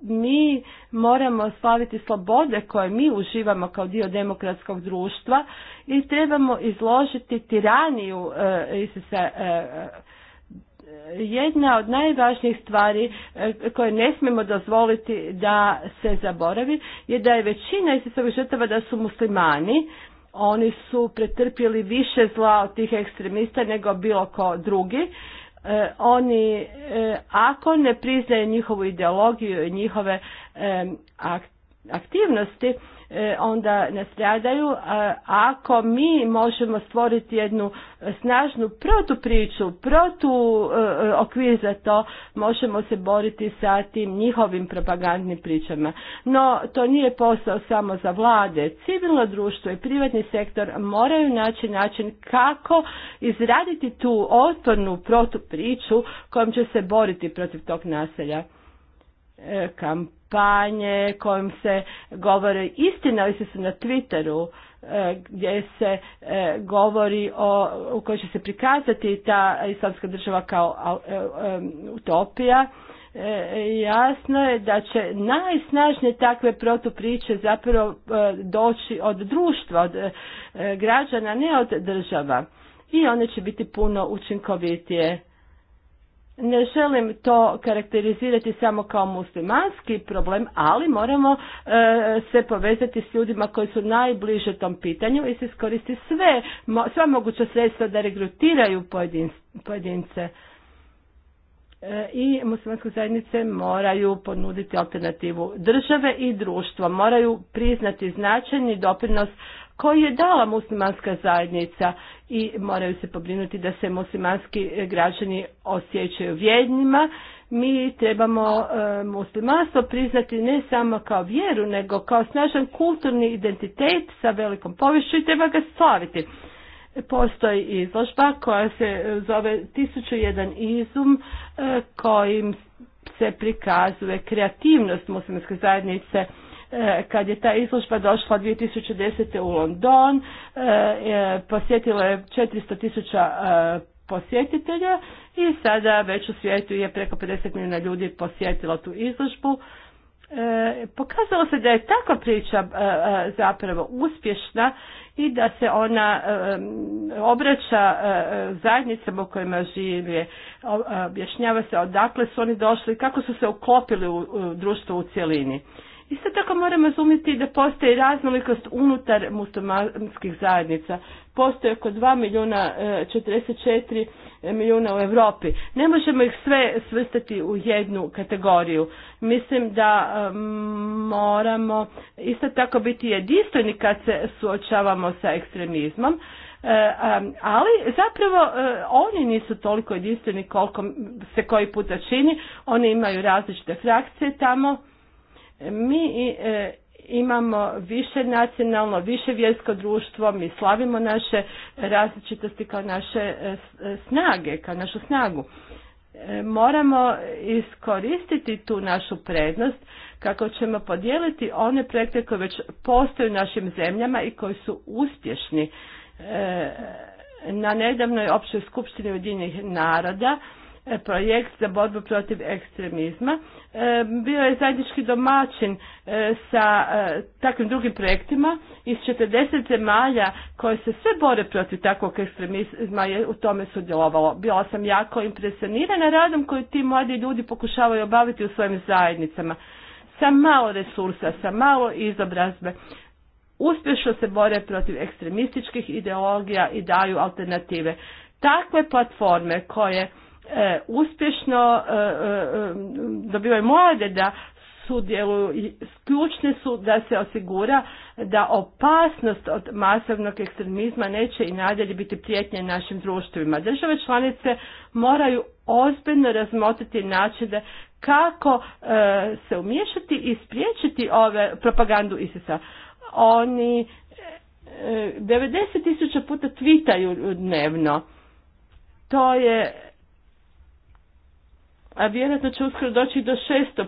mi moramo slaviti slobode koje mi uživamo kao dio demokratskog društva i trebamo izložiti tiraniju jedna od najvažnijih stvari koje ne smijemo dozvoliti da se zaboravi je da je većina Isusovih žrtava da su muslimani oni su pretrpjeli više zla od tih ekstremista nego bilo ko drugi. E, oni e, ako ne priznaju njihovu ideologiju i njihove aktivnosti E, onda nastradaju. ako mi možemo stvoriti jednu snažnu protupriču, protu e, okvir za to, možemo se boriti sa tim njihovim propagandnim pričama. No, to nije posao samo za vlade. Civilno društvo i privatni sektor moraju naći način kako izraditi tu otvornu protupriču kojom će se boriti protiv tog naselja. E, kamp kampanje kojim se govori istina ali su na Twitteru e, gdje se e, govori o, u kojoj će se prikazati ta islamska država kao e, utopija jasno je da će najsnažnije takve protupriče zapravo doći od društva, od građana, ne od država. I one će biti puno učinkovitije ne želim to karakterizirati samo kao muslimanski problem, ali moramo e, se povezati s ljudima koji su najbliže tom pitanju i se iskoristi sve, mo, sva moguća sredstva da regrutiraju pojedince. E, I muslimanske zajednice moraju ponuditi alternativu države i društva, moraju priznati značajni doprinos koji je dala muslimanska zajednica i moraju se pobrinuti da se muslimanski građani osjećaju vjednima. Mi trebamo e, muslimanstvo priznati ne samo kao vjeru, nego kao snažan kulturni identitet sa velikom povješću i treba ga slaviti. Postoji izložba koja se e, zove 1001 izum e, kojim se prikazuje kreativnost muslimanske zajednice E, kad je ta izložba došla 2010. u London, e, e, posjetilo je 400 tisuća posjetitelja i sada već u svijetu je preko 50 milijuna ljudi posjetilo tu izložbu. pokazalo se da je takva priča zapravo uspješna i da se ona obraća zajednicama u kojima žive, objašnjava se odakle su oni došli, kako su se uklopili u, u društvo u cjelini. Isto tako moramo razumjeti da postoji raznolikost unutar muslimanskih zajednica. Postoje oko 2 milijuna, 44 e, e, milijuna u Europi. Ne možemo ih sve svrstati u jednu kategoriju. Mislim da e, moramo isto tako biti jedinstveni kad se suočavamo sa ekstremizmom. Ali zapravo oni nisu toliko jedinstveni koliko se koji puta čini. Oni imaju različite frakcije tamo. Mi e, imamo više nacionalno, više vjersko društvo, mi slavimo naše različitosti kao naše e, e, snage, kao našu snagu. Moramo iskoristiti tu našu prednost kako ćemo podijeliti one projekte koje već postoje u našim zemljama i koji su uspješni. Na nedavnoj općoj skupštini Ujedinjenih naroda E, projekt za borbu protiv ekstremizma. E, bio je zajednički domaćin e, sa takvim drugim projektima iz 40 zemalja koje se sve bore protiv takvog ekstremizma je u tome sudjelovalo. Bila sam jako impresionirana radom koji ti mladi ljudi pokušavaju obaviti u svojim zajednicama. Sa malo resursa, sa malo izobrazbe uspješno se bore protiv ekstremističkih ideologija i daju alternative. Takve platforme koje e, uspješno e, e, e, dobivaju mlade da sudjeluju, ključne su da se osigura da opasnost od masovnog ekstremizma neće i nadalje biti prijetnje našim društvima. Države članice moraju ozbiljno razmotriti načine kako e, se umiješati i spriječiti ove propagandu ISIS-a. Oni 90 tisuća puta tvitaju dnevno. To je a vjerojatno će uskoro doći do šesto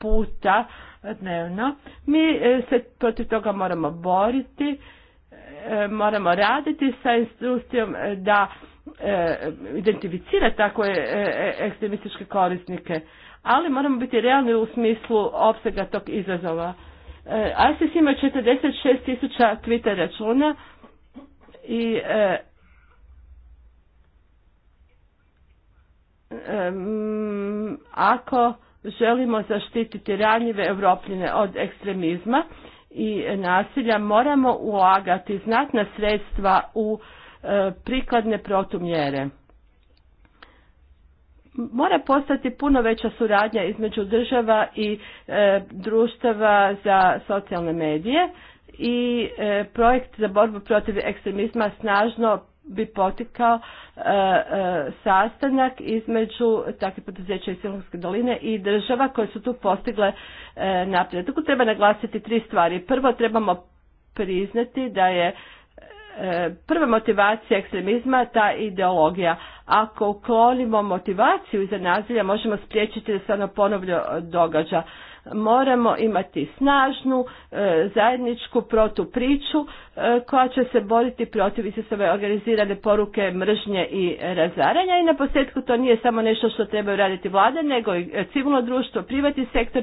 puta dnevno. Mi e, se protiv toga moramo boriti, e, moramo raditi sa institucijom e, da identificira takve ekstremističke korisnike, ali moramo biti realni u smislu opsega tog izazova. ISIS ima 46.000 tisuća Twitter računa i ako želimo zaštititi ranjive Evropljine od ekstremizma i nasilja, moramo ulagati znatna sredstva u e, prikladne protumjere. Mora postati puno veća suradnja između država i e, društava za socijalne medije i e, projekt za borbu protiv ekstremizma snažno bi potikao e, e, sastanak između takve poduzeća iz Silonske doline i država koje su tu postigle e, naprijed. Tako treba naglasiti tri stvari. Prvo trebamo priznati da je e, prva motivacija ekstremizma ta ideologija. Ako uklonimo motivaciju iza nazilja možemo spriječiti da se ono ponovno događa moramo imati snažnu e, zajedničku protupriču e, koja će se boriti protiv sve organizirane poruke mržnje i razaranja i na posljedku to nije samo nešto što trebaju raditi vlade nego i e, civilno društvo, privatni sektor,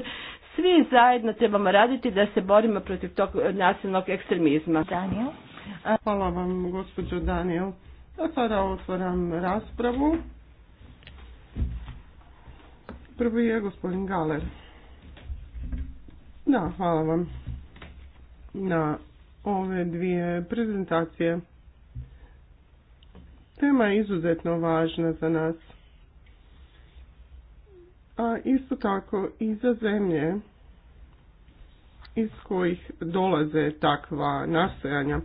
svi zajedno trebamo raditi da se borimo protiv tog nasilnog ekstremizma. Daniel. Hvala vam, gospođo Daniel. A sada raspravu. Prvi je gospodin Galer. Da, hvala vam na ove dvije prezentacije. Tema je izuzetno važna za nas. A isto tako i za zemlje iz kojih dolaze takva nastojanja.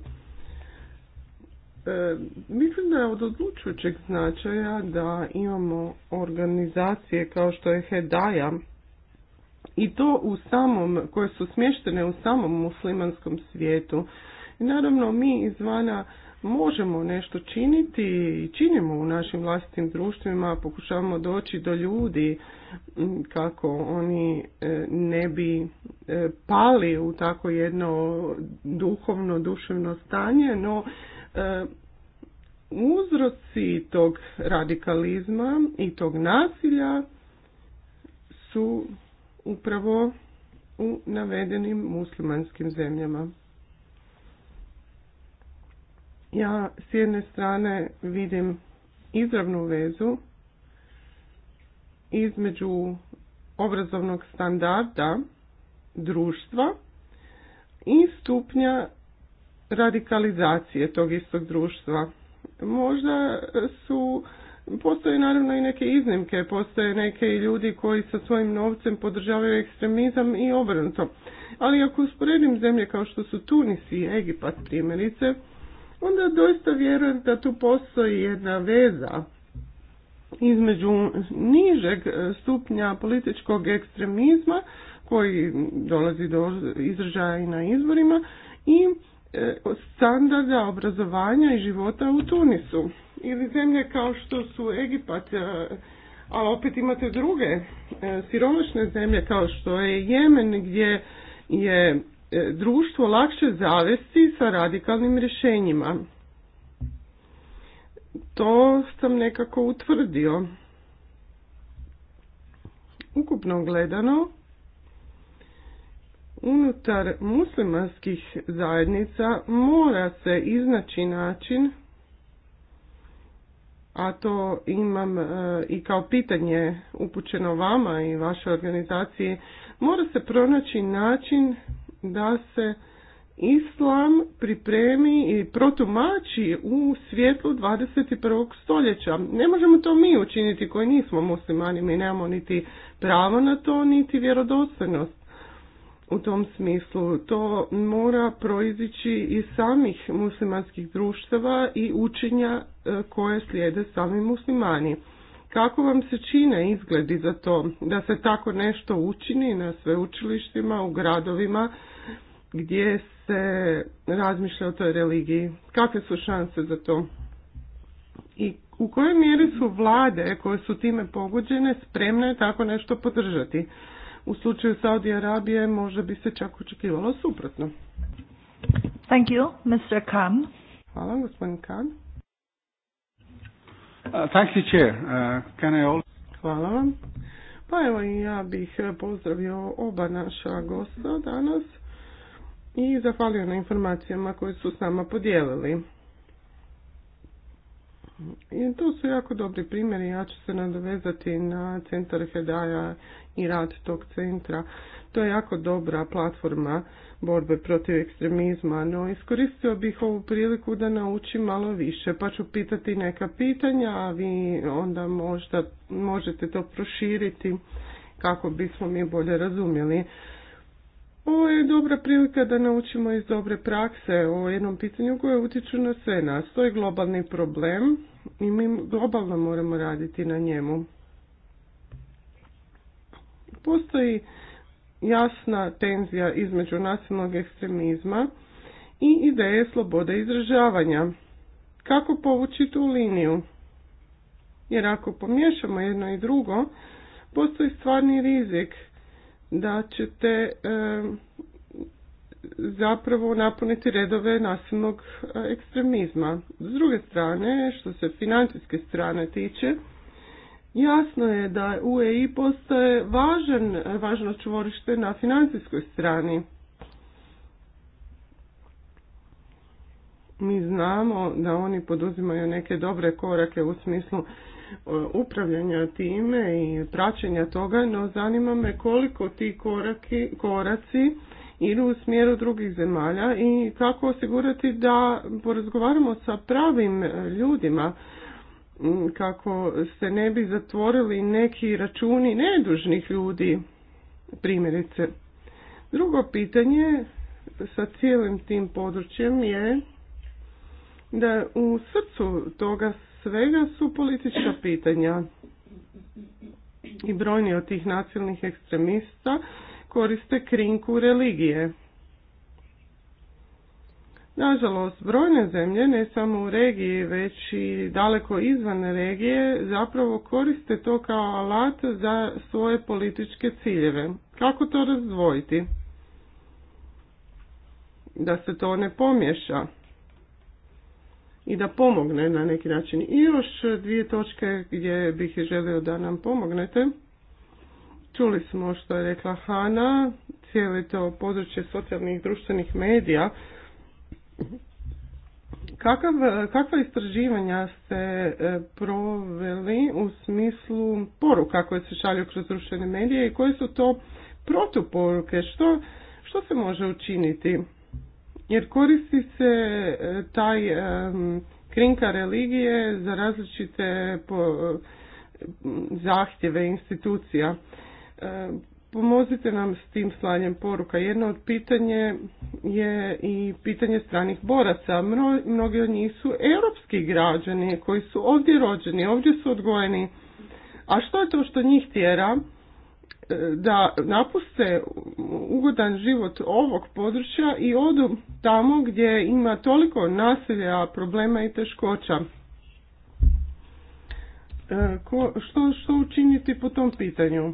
E, mislim da je od odlučujućeg značaja da imamo organizacije kao što je Hedaja i to u samom, koje su smještene u samom muslimanskom svijetu. I naravno mi izvana možemo nešto činiti i činimo u našim vlastitim društvima, pokušavamo doći do ljudi kako oni e, ne bi e, pali u tako jedno duhovno, duševno stanje, no e, uzroci tog radikalizma i tog nasilja su upravo u navedenim muslimanskim zemljama. Ja s jedne strane vidim izravnu vezu između obrazovnog standarda društva i stupnja radikalizacije tog istog društva. Možda su Postoje naravno i neke iznimke, postoje neke i ljudi koji sa svojim novcem podržavaju ekstremizam i obrnuto. Ali ako usporedim zemlje kao što su Tunis i Egipat primjerice, onda doista vjerujem da tu postoji jedna veza između nižeg e, stupnja političkog ekstremizma koji dolazi do izražaja i na izborima i E, standarda obrazovanja i života u Tunisu. Ili zemlje kao što su Egipat, e, ali opet imate druge e, siromašne zemlje kao što je Jemen gdje je društvo lakše zavesti sa radikalnim rješenjima. To sam nekako utvrdio. Ukupno gledano, unutar muslimanskih zajednica mora se iznaći način a to imam e, i kao pitanje upućeno vama i vašoj organizaciji, mora se pronaći način da se islam pripremi i protumači u svijetlu 21. stoljeća. Ne možemo to mi učiniti koji nismo muslimani, mi nemamo niti pravo na to, niti vjerodostojnost u tom smislu. To mora proizići iz samih muslimanskih društava i učenja e, koje slijede sami muslimani. Kako vam se čine izgledi za to da se tako nešto učini na sveučilištima, u gradovima gdje se razmišlja o toj religiji? Kakve su šanse za to? I u kojoj mjeri su vlade koje su time pogođene spremne tako nešto podržati? U slučaju Saudi Arabije možda bi se čak očekivalo suprotno. Thank you, Mr. Khan. Hvala, gospodin Khan. Uh, thank you, uh, can I Hvala vam. Pa evo i ja bih pozdravio oba naša gosta danas i zahvalio na informacijama koje su s nama podijelili. I to su jako dobri primjeri, ja ću se nadovezati na centar Hedaja i rad tog centra. To je jako dobra platforma borbe protiv ekstremizma, no iskoristio bih ovu priliku da naučim malo više, pa ću pitati neka pitanja, a vi onda možda možete to proširiti kako bismo mi bolje razumjeli ovo je dobra prilika da naučimo iz dobre prakse o jednom pitanju koje utječu na sve nas. To je globalni problem i mi globalno moramo raditi na njemu. Postoji jasna tenzija između nasilnog ekstremizma i ideje slobode izražavanja. Kako povući tu liniju? Jer ako pomiješamo jedno i drugo, postoji stvarni rizik da ćete e, zapravo napuniti redove nasilnog e, ekstremizma. S druge strane, što se financijske strane tiče, jasno je da UEI postaje važan, važno čvorište na financijskoj strani. Mi znamo da oni poduzimaju neke dobre korake u smislu E, upravljanja time i praćenja toga, no zanima me koliko ti koraki, koraci idu u smjeru drugih zemalja i kako osigurati da porazgovaramo sa pravim e, ljudima kako se ne bi zatvorili neki računi nedužnih ljudi, primjerice. Drugo pitanje sa cijelim tim područjem je da u srcu toga svega su politička pitanja i brojni od tih nacionalnih ekstremista koriste krinku religije. Nažalost, brojne zemlje, ne samo u regiji, već i daleko izvan regije, zapravo koriste to kao alat za svoje političke ciljeve. Kako to razdvojiti? Da se to ne pomješa i da pomogne na neki način. I još dvije točke gdje bih želio da nam pomognete. Čuli smo što je rekla Hana, cijeli to područje socijalnih i društvenih medija. Kakav, kakva istraživanja ste e, proveli u smislu poruka koje se šalju kroz društvene medije i koje su to protuporuke? Što, što se može učiniti? jer koristi se e, taj e, krinka religije za različite e, zahtjeve institucija. Pomozite nam s tim slanjem poruka. Jedno od pitanja je i pitanje stranih boraca. Mnogi od njih su europski građani koji su ovdje rođeni, ovdje su odgojeni. A što je to što njih tjera da napuste ugodan život ovog područja i odu tamo gdje ima toliko nasilja, problema i teškoća. E, ko, što, što učiniti po tom pitanju?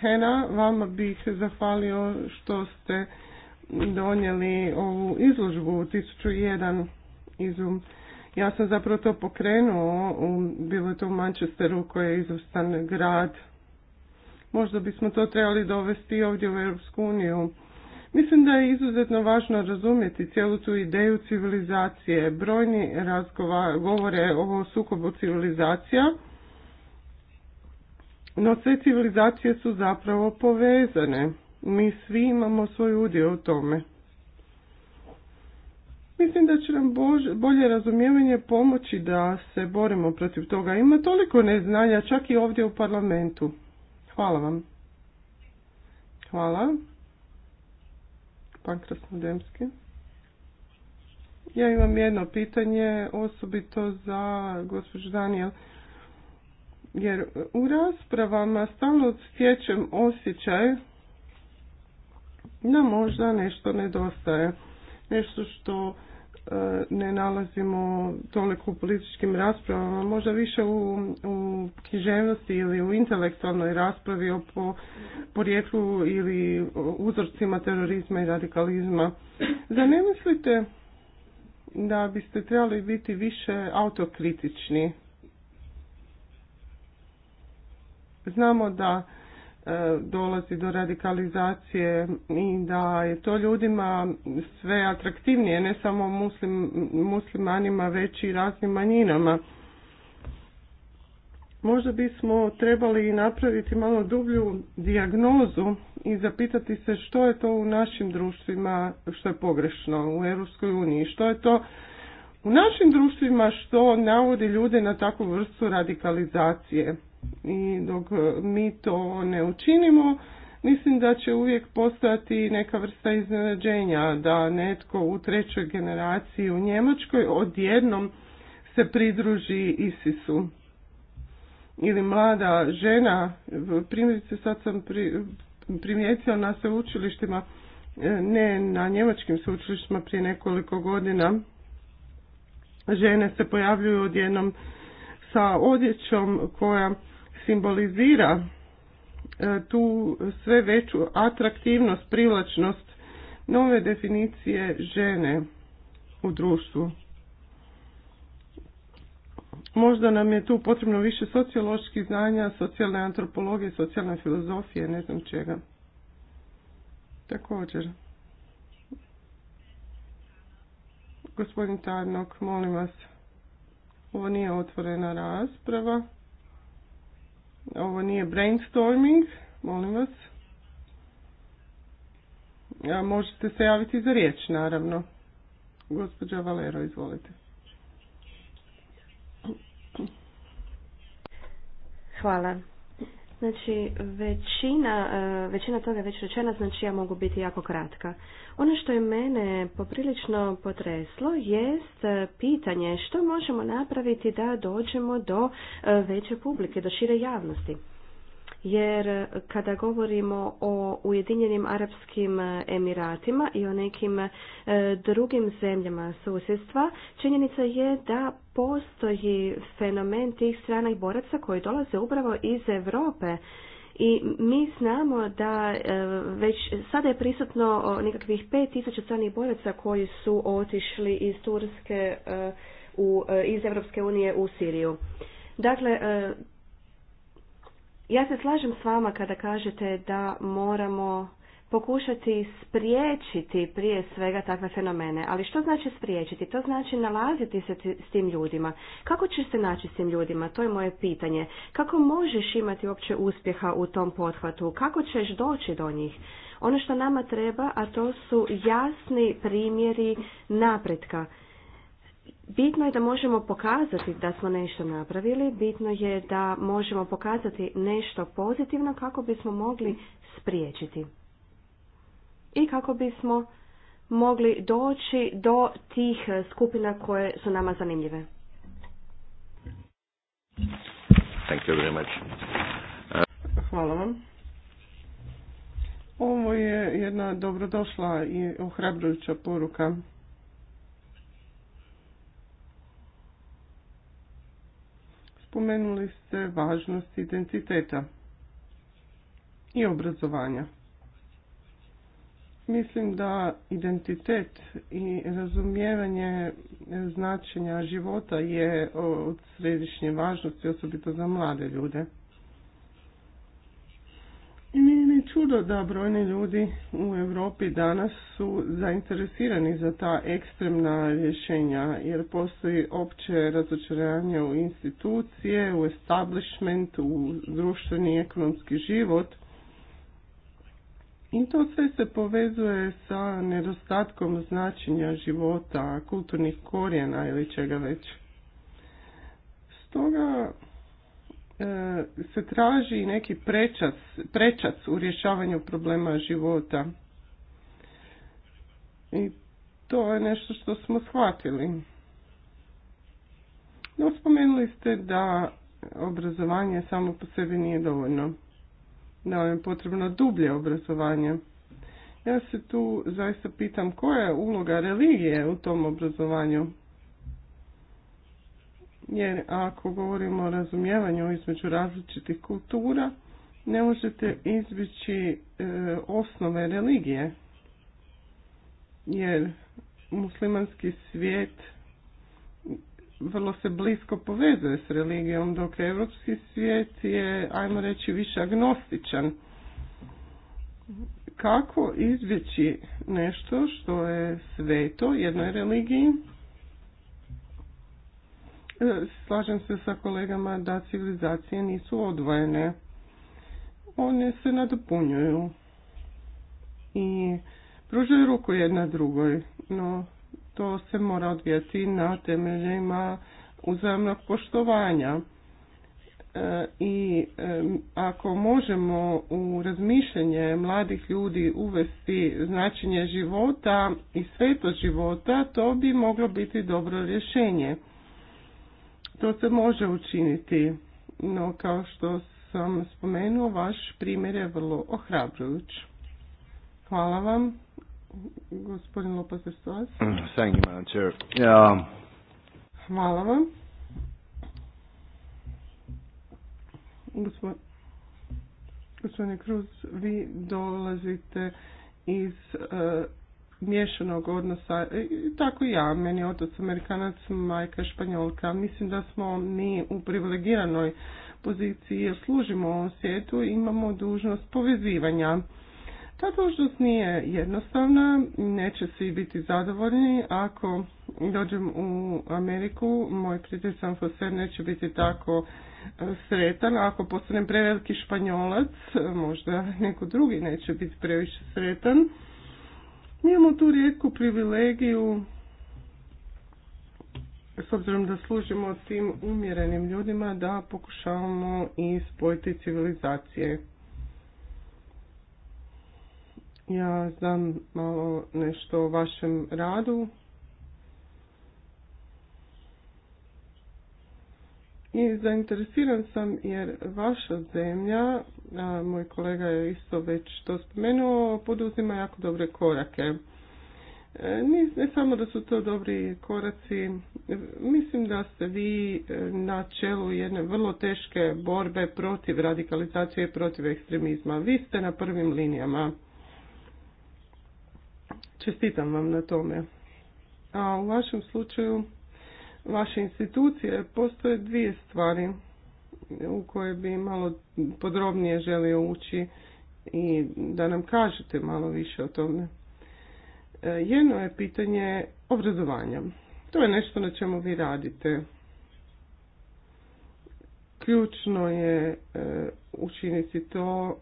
Hena, vama bih zahvalio što ste donijeli ovu izložbu 1001 izum. Ja sam zapravo to pokrenuo, bilo je to u Manchesteru koji je izostan grad Možda bismo to trebali dovesti ovdje u Europsku uniju. Mislim da je izuzetno važno razumjeti cijelu tu ideju civilizacije. Brojni razgova, govore o sukobu civilizacija, no sve civilizacije su zapravo povezane. Mi svi imamo svoj udio u tome. Mislim da će nam bolje razumijevanje pomoći da se borimo protiv toga. Ima toliko neznanja, čak i ovdje u parlamentu. Hvala vam. Hvala. Pan Krasnodemski. Ja imam jedno pitanje, osobito za gospođu Daniel. Jer u raspravama stalno stječem osjećaj da možda nešto nedostaje. Nešto što ne nalazimo toliko u političkim raspravama, možda više u, u književnosti ili u intelektualnoj raspravi o po, porijeklu ili uzorcima terorizma i radikalizma. Zar ne mislite da biste trebali biti više autokritični? Znamo da E, dolazi do radikalizacije i da je to ljudima sve atraktivnije, ne samo muslim, muslimanima, već i raznim manjinama. Možda bismo trebali napraviti malo dublju dijagnozu i zapitati se što je to u našim društvima što je pogrešno u Europskoj uniji, što je to u našim društvima što navodi ljude na takvu vrstu radikalizacije. I dok e, mi to ne učinimo, mislim da će uvijek postojati neka vrsta iznenađenja da netko u trećoj generaciji u Njemačkoj odjednom se pridruži ISIS-u. Ili mlada žena, primjerice sad sam pri, na sveučilištima, e, ne na njemačkim sveučilištima prije nekoliko godina, žene se pojavljuju odjednom sa odjećom koja simbolizira e, tu sve veću atraktivnost, privlačnost nove definicije žene u društvu. Možda nam je tu potrebno više socioloških znanja, socijalne antropologije, socijalne filozofije, ne znam čega. Također. Gospodin Tarnok, molim vas, ovo nije otvorena rasprava. Ovo nije brainstorming, molim vas. možete se javiti za riječ, naravno. Gospođa Valero, izvolite. Hvala. Znači, većina, e, većina toga je već rečena, znači ja mogu biti jako kratka. Ono što je mene poprilično potreslo jest e, pitanje što možemo napraviti da dođemo do e, veće publike, do šire javnosti jer kada govorimo o Ujedinjenim Arapskim Emiratima i o nekim e, drugim zemljama susjedstva, činjenica je da postoji fenomen tih stranih boraca koji dolaze upravo iz Europe i mi znamo da e, već sada je prisutno nekakvih 5000 stranih boraca koji su otišli iz Turske e, u, iz Europske unije u Siriju. Dakle, ja se slažem s vama kada kažete da moramo pokušati spriječiti prije svega takve fenomene. Ali što znači spriječiti? To znači nalaziti se s tim ljudima. Kako ćeš se naći s tim ljudima? To je moje pitanje. Kako možeš imati uopće uspjeha u tom pothvatu? Kako ćeš doći do njih? Ono što nama treba, a to su jasni primjeri napretka. Bitno je da možemo pokazati da smo nešto napravili, bitno je da možemo pokazati nešto pozitivno kako bismo mogli spriječiti. I kako bismo mogli doći do tih skupina koje su nama zanimljive. Thank you very much. Hvala vam. Ovo je jedna dobrodošla i ohrabrujuća poruka Spomenuli ste važnost identiteta i obrazovanja. Mislim da identitet i razumijevanje značenja života je od središnje važnosti, osobito za mlade ljude čudo da brojni ljudi u Europi danas su zainteresirani za ta ekstremna rješenja jer postoji opće razočaranje u institucije, u establishment, u društveni i ekonomski život. I to sve se povezuje sa nedostatkom značenja života, kulturnih korijena ili čega već. Stoga E, se traži neki prečac, prečac u rješavanju problema života. I to je nešto što smo shvatili. No, spomenuli ste da obrazovanje samo po sebi nije dovoljno. Da vam je potrebno dublje obrazovanje. Ja se tu zaista pitam koja je uloga religije u tom obrazovanju jer ako govorimo o razumijevanju između različitih kultura, ne možete izbjeći e, osnove religije, jer muslimanski svijet vrlo se blisko povezuje s religijom, dok evropski svijet je, ajmo reći, više agnostičan. Kako izbjeći nešto što je sveto jednoj religiji, slažem se sa kolegama da civilizacije nisu odvojene. One se nadopunjuju i pružaju ruku jedna drugoj, no to se mora odvijati na temeljima uzajamnog poštovanja. E, I e, ako možemo u razmišljanje mladih ljudi uvesti značenje života i sveto života, to bi moglo biti dobro rješenje to se može učiniti, no kao što sam spomenuo, vaš primjer je vrlo ohrabrujuć. Hvala vam. Gospodin Lopez Vestovac. Mm, thank um, Hvala vam. gospodine Cruz, vi dolazite iz eh, miješanog odnosa, e, tako i ja, meni je otac Amerikanac, majka Španjolka. Mislim da smo mi u privilegiranoj poziciji jer služimo ovom svijetu i imamo dužnost povezivanja. Ta dužnost nije jednostavna, neće svi biti zadovoljni. Ako dođem u Ameriku, moj prijatelj San Jose neće biti tako e, sretan. Ako postanem preveliki španjolac, e, možda neko drugi neće biti previše sretan mi imamo tu rijetku privilegiju s obzirom da služimo tim umjerenim ljudima da pokušavamo i spojiti civilizacije. Ja znam malo nešto o vašem radu I zainteresiran sam jer vaša zemlja, moj kolega je isto već to spomenuo, poduzima jako dobre korake. Ne, ne samo da su to dobri koraci, mislim da ste vi e, na čelu jedne vrlo teške borbe protiv radikalizacije i protiv ekstremizma. Vi ste na prvim linijama. Čestitam vam na tome. A u vašem slučaju vaše institucije, postoje dvije stvari u koje bi malo podrobnije želio ući i da nam kažete malo više o tome. E, jedno je pitanje obrazovanja. To je nešto na čemu vi radite. Ključno je e, učiniti to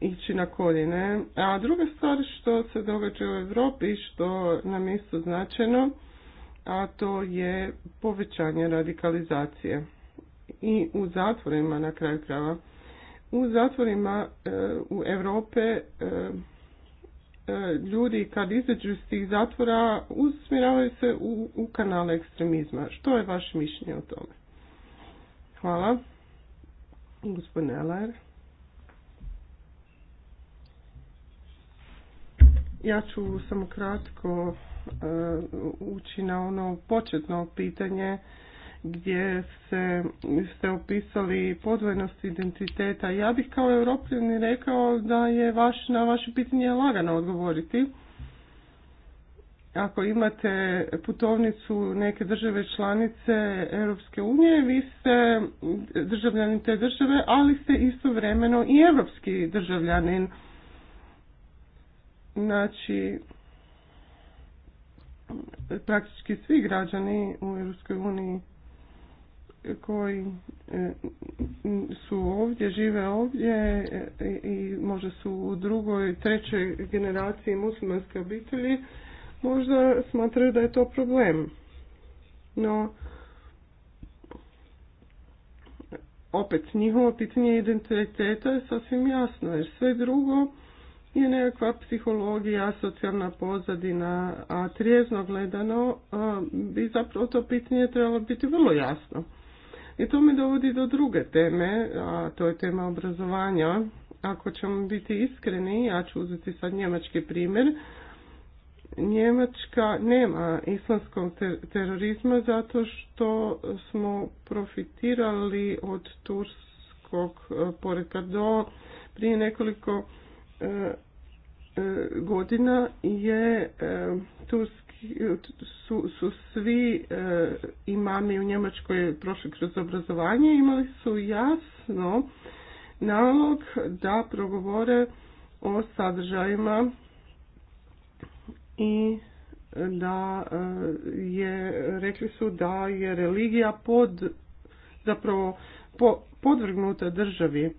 ići na koljene. A druga stvar što se događa u Europi što nam je isto značajno a to je povećanje radikalizacije i u zatvorima na kraju krava. U zatvorima e, u Europe e, e, ljudi kad izađu iz tih zatvora usmjeravaju se u, u kanale ekstremizma. Što je vaše mišljenje o tome? Hvala. Gospodine alar Ja ću samo kratko E, ući na ono početno pitanje gdje se, ste opisali podvojnost identiteta. Ja bih kao europljani rekao da je vaš, na vaše pitanje lagano odgovoriti. Ako imate putovnicu neke države članice Europske unije, vi ste državljanin te države, ali ste istovremeno i europski državljanin. Znači, praktički svi građani u Europskoj uniji koji e, su ovdje, žive ovdje e, i možda su u drugoj, trećoj generaciji muslimanske obitelji, možda smatraju da je to problem. No, opet, njihovo pitanje identiteta je sasvim jasno, jer sve drugo je nekakva psihologija, socijalna pozadina, a trijezno gledano bi zapravo to pitanje trebalo biti vrlo jasno. I to me dovodi do druge teme, a to je tema obrazovanja. Ako ćemo biti iskreni, ja ću uzeti sad njemački primjer, Njemačka nema islamskog terorizma zato što smo profitirali od turskog e, poretka do prije nekoliko godina je e, turski, su, svi e, imami u Njemačkoj prošli kroz obrazovanje imali su jasno nalog da progovore o sadržajima i da e, je rekli su da je religija pod zapravo podvrgnuta državi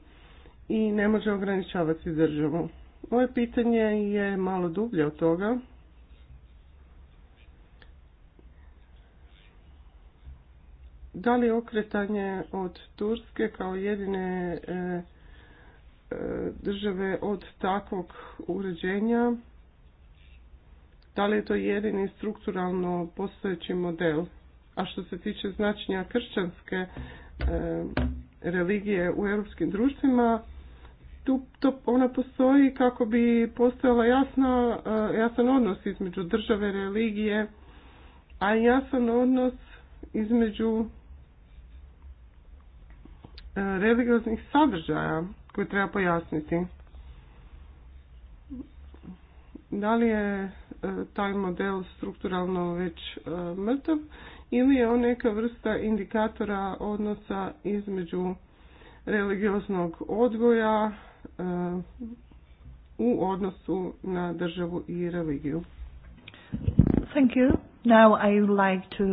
i ne može ograničavati državu. Moje pitanje je malo dublje od toga. Da li okretanje od Turske kao jedine e, e, države od takvog uređenja, da li je to jedini strukturalno postojeći model? A što se tiče značenja kršćanske e, religije u europskim društvima, tu to, ona postoji kako bi postojala jasna, eh, jasan odnos između države, religije, a jasan odnos između eh, religioznih sadržaja koje treba pojasniti. Da li je eh, taj model strukturalno već mrtav ili je on neka vrsta indikatora odnosa između religioznog odgoja, u odnosu na državu i religiju. Thank you. Now I would like to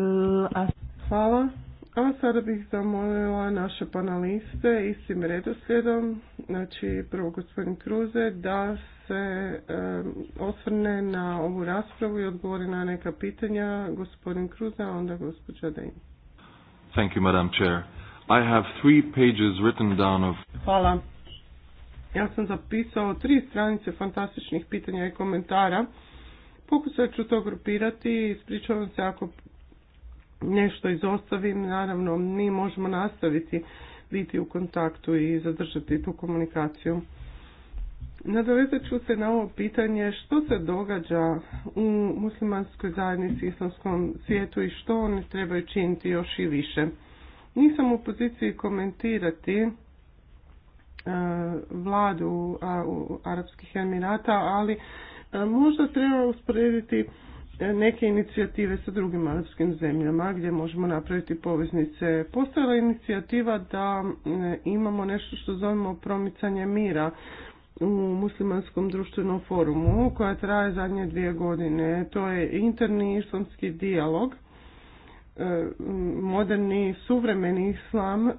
ask... Hvala. A sada bih zamolila naše panaliste istim redoslijedom, znači prvo gospodin Kruze, da se e, osvrne na ovu raspravu i odgovori na neka pitanja gospodin Kruze, a onda gospođa Dejn. Thank you, Madam Chair. I have three pages written down of... Hvala. Ja sam zapisao tri stranice fantastičnih pitanja i komentara. Pokušat ću to grupirati i ispričavam se ako nešto izostavim. Naravno, mi možemo nastaviti biti u kontaktu i zadržati tu komunikaciju. Nadovezat ću se na ovo pitanje što se događa u muslimanskoj zajednici, islamskom svijetu i što oni trebaju činiti još i više. Nisam u poziciji komentirati E, vladu Arabskih Emirata, ali e, možda treba usporediti e, neke inicijative sa drugim arapskim zemljama gdje možemo napraviti poveznice. Postojala je inicijativa da imamo nešto što zovemo promicanje mira u muslimanskom društvenom forumu koja traje zadnje dvije godine. To je interni islamski dijalog moderni suvremeni islam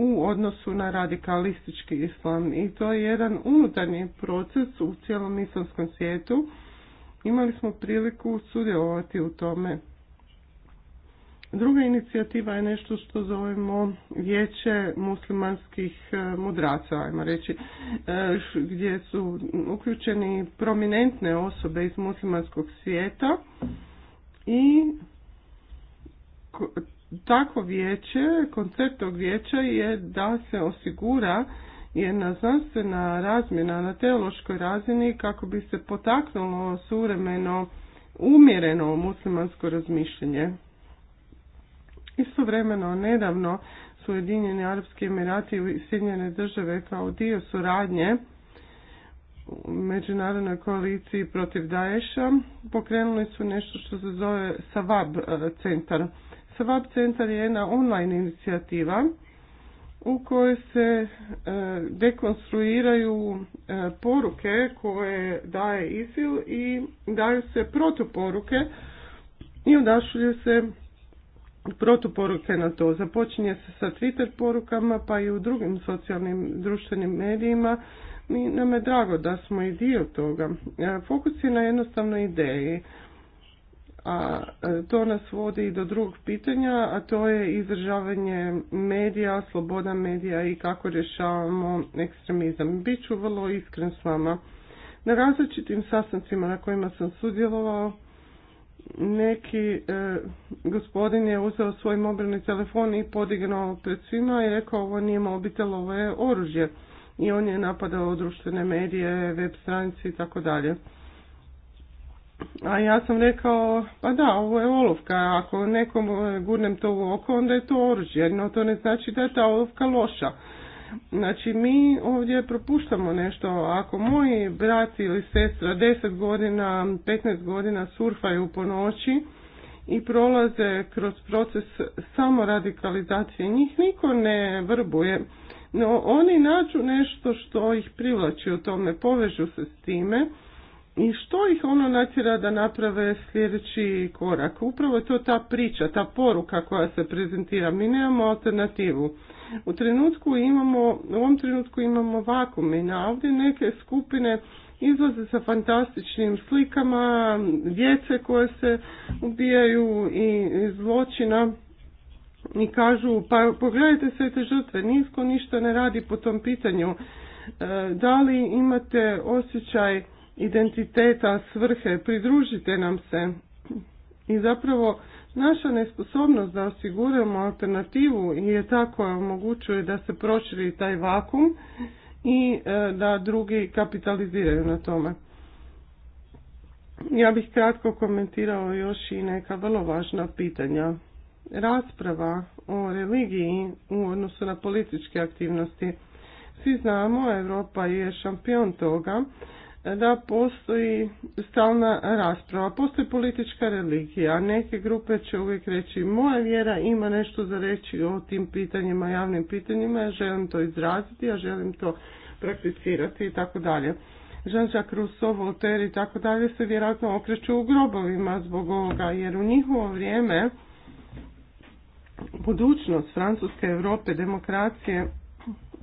u odnosu na radikalistički islam i to je jedan unutarnji proces u cijelom islamskom svijetu. Imali smo priliku sudjelovati u tome. Druga inicijativa je nešto što zovemo Vijeće muslimanskih e, mudraca, ajmo reći, e, gdje su uključeni prominentne osobe iz muslimanskog svijeta i tako vijeće, koncept tog vijeća je da se osigura jedna znanstvena razmjena na teološkoj razini kako bi se potaknulo suvremeno umjereno muslimansko razmišljenje. Istovremeno, nedavno su Ujedinjeni Arabski Emirati i Sjedinjene države kao dio suradnje u međunarodnoj koaliciji protiv Daesha pokrenuli su nešto što se zove SAVAB e, centar Svab centar je jedna online inicijativa u kojoj se e, dekonstruiraju e, poruke koje daje ISIL i daju se protuporuke i odašulju se protuporuke na to. Započinje se sa Twitter porukama pa i u drugim socijalnim društvenim medijima. Mi, nam je drago da smo i dio toga. E, fokus je na jednostavnoj ideji. A e, to nas vodi i do drugog pitanja, a to je izražavanje medija, sloboda medija i kako rješavamo ekstremizam. Biću vrlo iskren s vama. Na različitim sastancima na kojima sam sudjelovao, neki e, gospodin je uzeo svoj mobilni telefon i podignuo pred svima i rekao ovo nije mobitel, ovo je oružje. I on je napadao društvene medije, web stranice i tako dalje. A ja sam rekao, pa da, ovo je olovka, ako nekom e, gurnem to u oko, onda je to oružje, no to ne znači da je ta olovka loša. Znači mi ovdje propuštamo nešto, ako moji brat ili sestra 10 godina, 15 godina surfaju po noći i prolaze kroz proces samoradikalizacije, njih niko ne vrbuje, no oni nađu nešto što ih privlači u tome, povežu se s time i što ih ono natjera da naprave sljedeći korak. Upravo je to ta priča, ta poruka koja se prezentira. Mi nemamo alternativu. U trenutku imamo, u ovom trenutku imamo vakum i na ovdje neke skupine izlaze sa fantastičnim slikama, djece koje se ubijaju i zločina i kažu pa pogledajte sve te žrtve, nisko ništa ne radi po tom pitanju. E, da li imate osjećaj identiteta, svrhe, pridružite nam se. I zapravo naša nesposobnost da osiguramo alternativu je ta koja omogućuje da se proširi taj vakum i e, da drugi kapitaliziraju na tome. Ja bih kratko komentirao još i neka vrlo važna pitanja. Rasprava o religiji u odnosu na političke aktivnosti. Svi znamo, Europa je šampion toga da postoji stalna rasprava, postoji politička religija, neke grupe će uvijek reći moja vjera ima nešto za reći o tim pitanjima, javnim pitanjima, ja želim to izraziti, ja želim to prakticirati i tako dalje. Jean-Jacques Rousseau, Voltaire i tako dalje se vjerojatno okreću u grobovima zbog ovoga, jer u njihovo vrijeme budućnost Francuske Europe, demokracije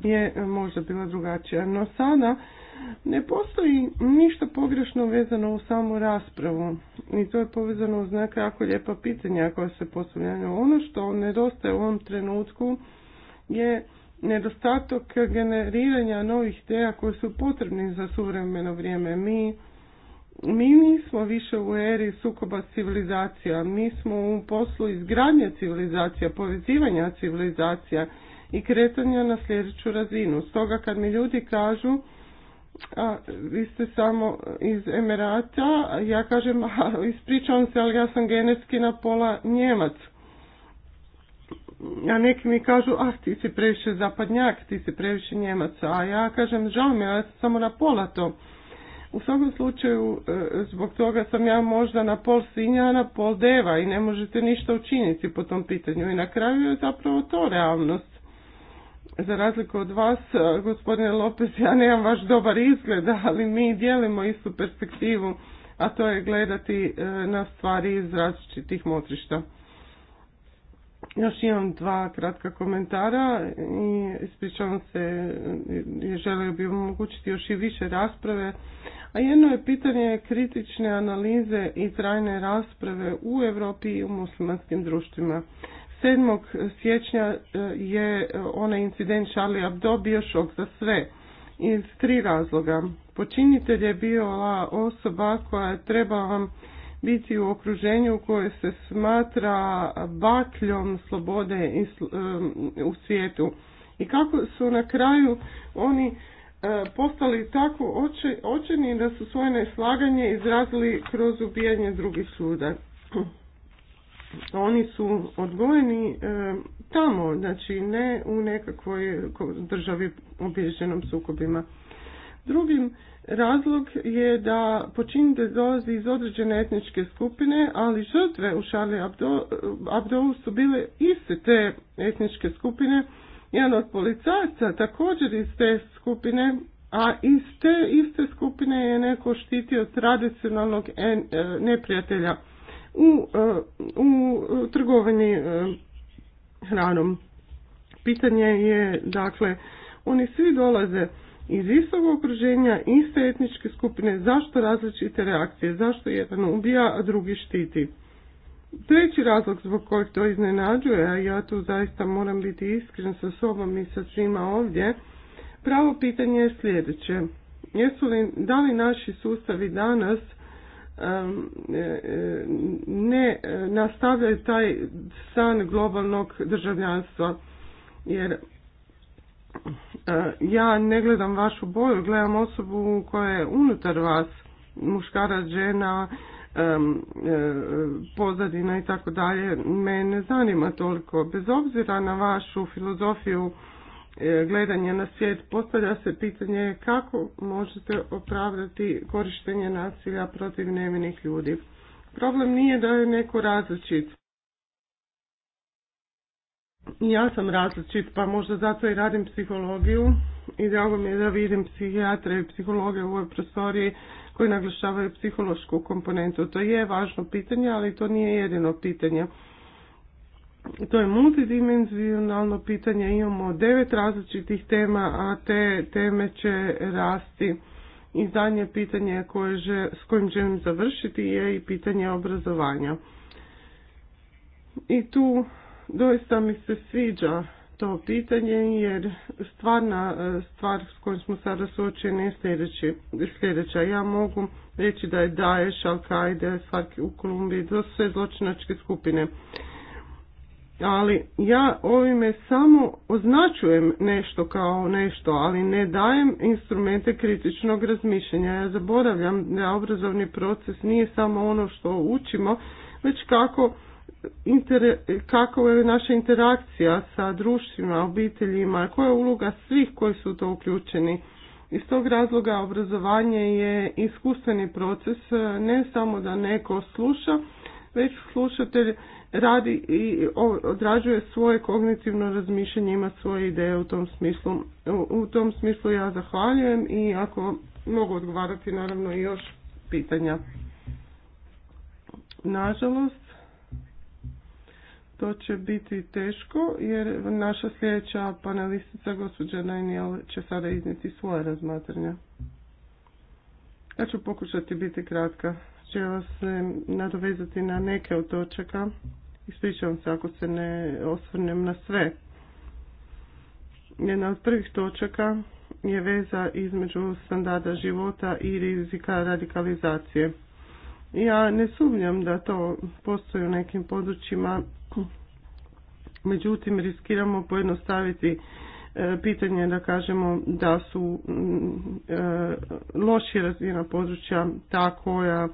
je možda bila drugačija. No sada ne postoji ništa pogrešno vezano u samu raspravu i to je povezano uz neka jako lijepa pitanja koja se postavljaju. Ono što nedostaje u ovom trenutku je nedostatak generiranja novih ideja koji su potrebni za suvremeno vrijeme. Mi, mi nismo više u eri sukoba civilizacija, mi smo u poslu izgradnje civilizacija, povezivanja civilizacija i kretanja na sljedeću razinu. Stoga kad mi ljudi kažu a vi ste samo iz Emirata, ja kažem, a, ispričavam se, ali ja sam genetski na pola Njemac. A neki mi kažu, ah, ti si previše zapadnjak, ti si previše Njemac, a ja kažem, žao mi, ja sam samo na pola to. U svakom slučaju, e, zbog toga sam ja možda na pol sinja, na pol deva i ne možete ništa učiniti po tom pitanju. I na kraju je zapravo to realnost za razliku od vas, e, gospodine Lopez, ja nemam vaš dobar izgled, ali mi dijelimo istu perspektivu, a to je gledati e, na stvari iz različitih motrišta. Još imam dva kratka komentara i ispričavam se, e, želio bi omogućiti još i više rasprave. A jedno je pitanje kritične analize i trajne rasprave u Europi i u muslimanskim društvima. 7. siječnja e, je e, onaj incident Charlie Abdo šok za sve iz tri razloga. Počinitelj je bio osoba koja treba vam biti u okruženju koje se smatra bakljom slobode e, u svijetu. I kako su na kraju oni postali tako očeni da su svoje neslaganje izrazili kroz ubijanje drugih suda oni su odgojeni e, tamo, znači ne u nekakvoj državi obježenom sukobima. Drugim razlog je da počinitelj dolazi iz određene etničke skupine, ali žrtve u Šarli Abdo, su bile iste te etničke skupine. Jedan od policajaca također iz te skupine, a iz te iste skupine je neko štitio tradicionalnog e, neprijatelja u, e, u e, hranom. Pitanje je, dakle, oni svi dolaze iz istog okruženja, iste etničke skupine, zašto različite reakcije, zašto jedan ubija, a drugi štiti. Treći razlog zbog kojeg to iznenađuje, a ja tu zaista moram biti iskren sa sobom i sa svima ovdje, pravo pitanje je sljedeće. Jesu li, da li naši sustavi danas E, e, ne nastavljaju taj san globalnog državljanstva. Jer e, ja ne gledam vašu boju, gledam osobu koja je unutar vas, muškara, žena, pozadina i tako dalje. Me ne zanima toliko, bez obzira na vašu filozofiju E, gledanje na svijet, postavlja se pitanje kako možete opravdati korištenje nasilja protiv nevinih ljudi. Problem nije da je neko različit. Ja sam različit, pa možda zato i radim psihologiju i drago mi je da vidim psihijatra i psihologe u ovoj prostoriji koji naglašavaju psihološku komponentu. To je važno pitanje, ali to nije jedino pitanje to je multidimenzionalno pitanje, imamo devet različitih tema, a te teme će rasti. I zadnje pitanje koje že, s kojim želim završiti je i pitanje obrazovanja. I tu doista mi se sviđa to pitanje jer stvarna e, stvar s kojom smo sada suočeni je sljedeći, sljedeća. Ja mogu reći da je Daesh, al svaki u Kolumbiji, to sve zločinačke skupine ali ja ovime samo označujem nešto kao nešto, ali ne dajem instrumente kritičnog razmišljanja. Ja zaboravljam da obrazovni proces nije samo ono što učimo, već kako kako je naša interakcija sa društvima, obiteljima, koja je uloga svih koji su to uključeni. Iz tog razloga obrazovanje je iskustveni proces, ne samo da neko sluša, već slušatelj radi i odrađuje svoje kognitivno razmišljanje, ima svoje ideje u tom smislu. U tom smislu ja zahvaljujem i ako mogu odgovarati naravno i još pitanja. Nažalost, to će biti teško jer naša sljedeća panelistica gospođa Daniel će sada iznijeti svoje razmatranja. Ja ću pokušati biti kratka. Će vas nadovezati na neke od točaka Ispričavam se ako se ne osvrnem na sve. Jedna od prvih točaka je veza između standarda života i rizika radikalizacije. Ja ne sumnjam da to postoji u nekim područjima, međutim riskiramo pojednostaviti e, pitanje da kažemo da su mm, e, loši razvijena područja ta koja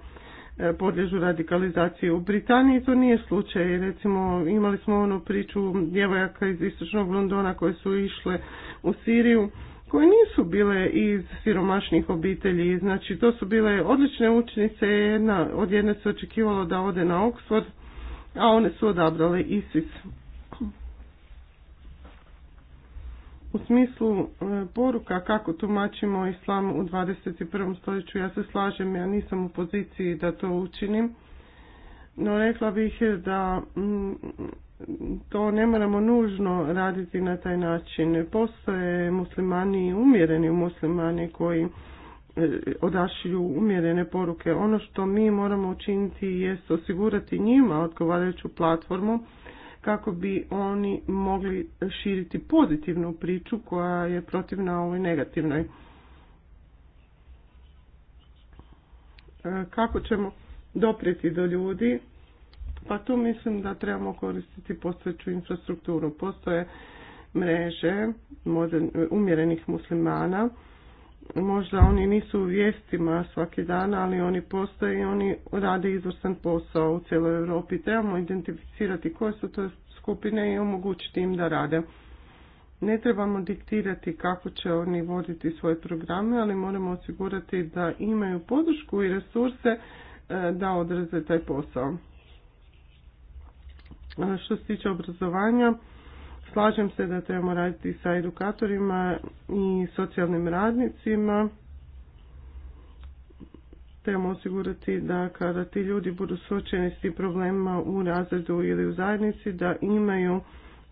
E, podlježu radikalizaciji. U Britaniji to nije slučaj. Recimo imali smo onu priču djevojaka iz istočnog Londona koje su išle u Siriju koje nisu bile iz siromašnih obitelji, znači to su bile odlične učenice, jedna, od jedne se očekivalo da ode na Oxford, a one su odabrale ISIS. u smislu e, poruka kako tumačimo islam u 21. stoljeću, ja se slažem, ja nisam u poziciji da to učinim, no rekla bih da mm, to ne moramo nužno raditi na taj način. Postoje muslimani, umjereni muslimani koji e, odašlju umjerene poruke. Ono što mi moramo učiniti jest osigurati njima odgovarajuću platformu kako bi oni mogli širiti pozitivnu priču koja je protivna ovoj negativnoj. E, kako ćemo doprijeti do ljudi? Pa tu mislim da trebamo koristiti postojeću infrastrukturu. Postoje mreže umjerenih muslimana možda oni nisu u vijestima svaki dan, ali oni postoje i oni rade izvrstan posao u cijeloj Europi. Trebamo identificirati koje su to skupine i omogućiti im da rade. Ne trebamo diktirati kako će oni voditi svoje programe, ali moramo osigurati da imaju podršku i resurse e, da odraze taj posao. Što se tiče obrazovanja, Slažem se da trebamo raditi sa edukatorima i socijalnim radnicima. Trebamo osigurati da kada ti ljudi budu suočeni s tim problemima u razredu ili u zajednici, da imaju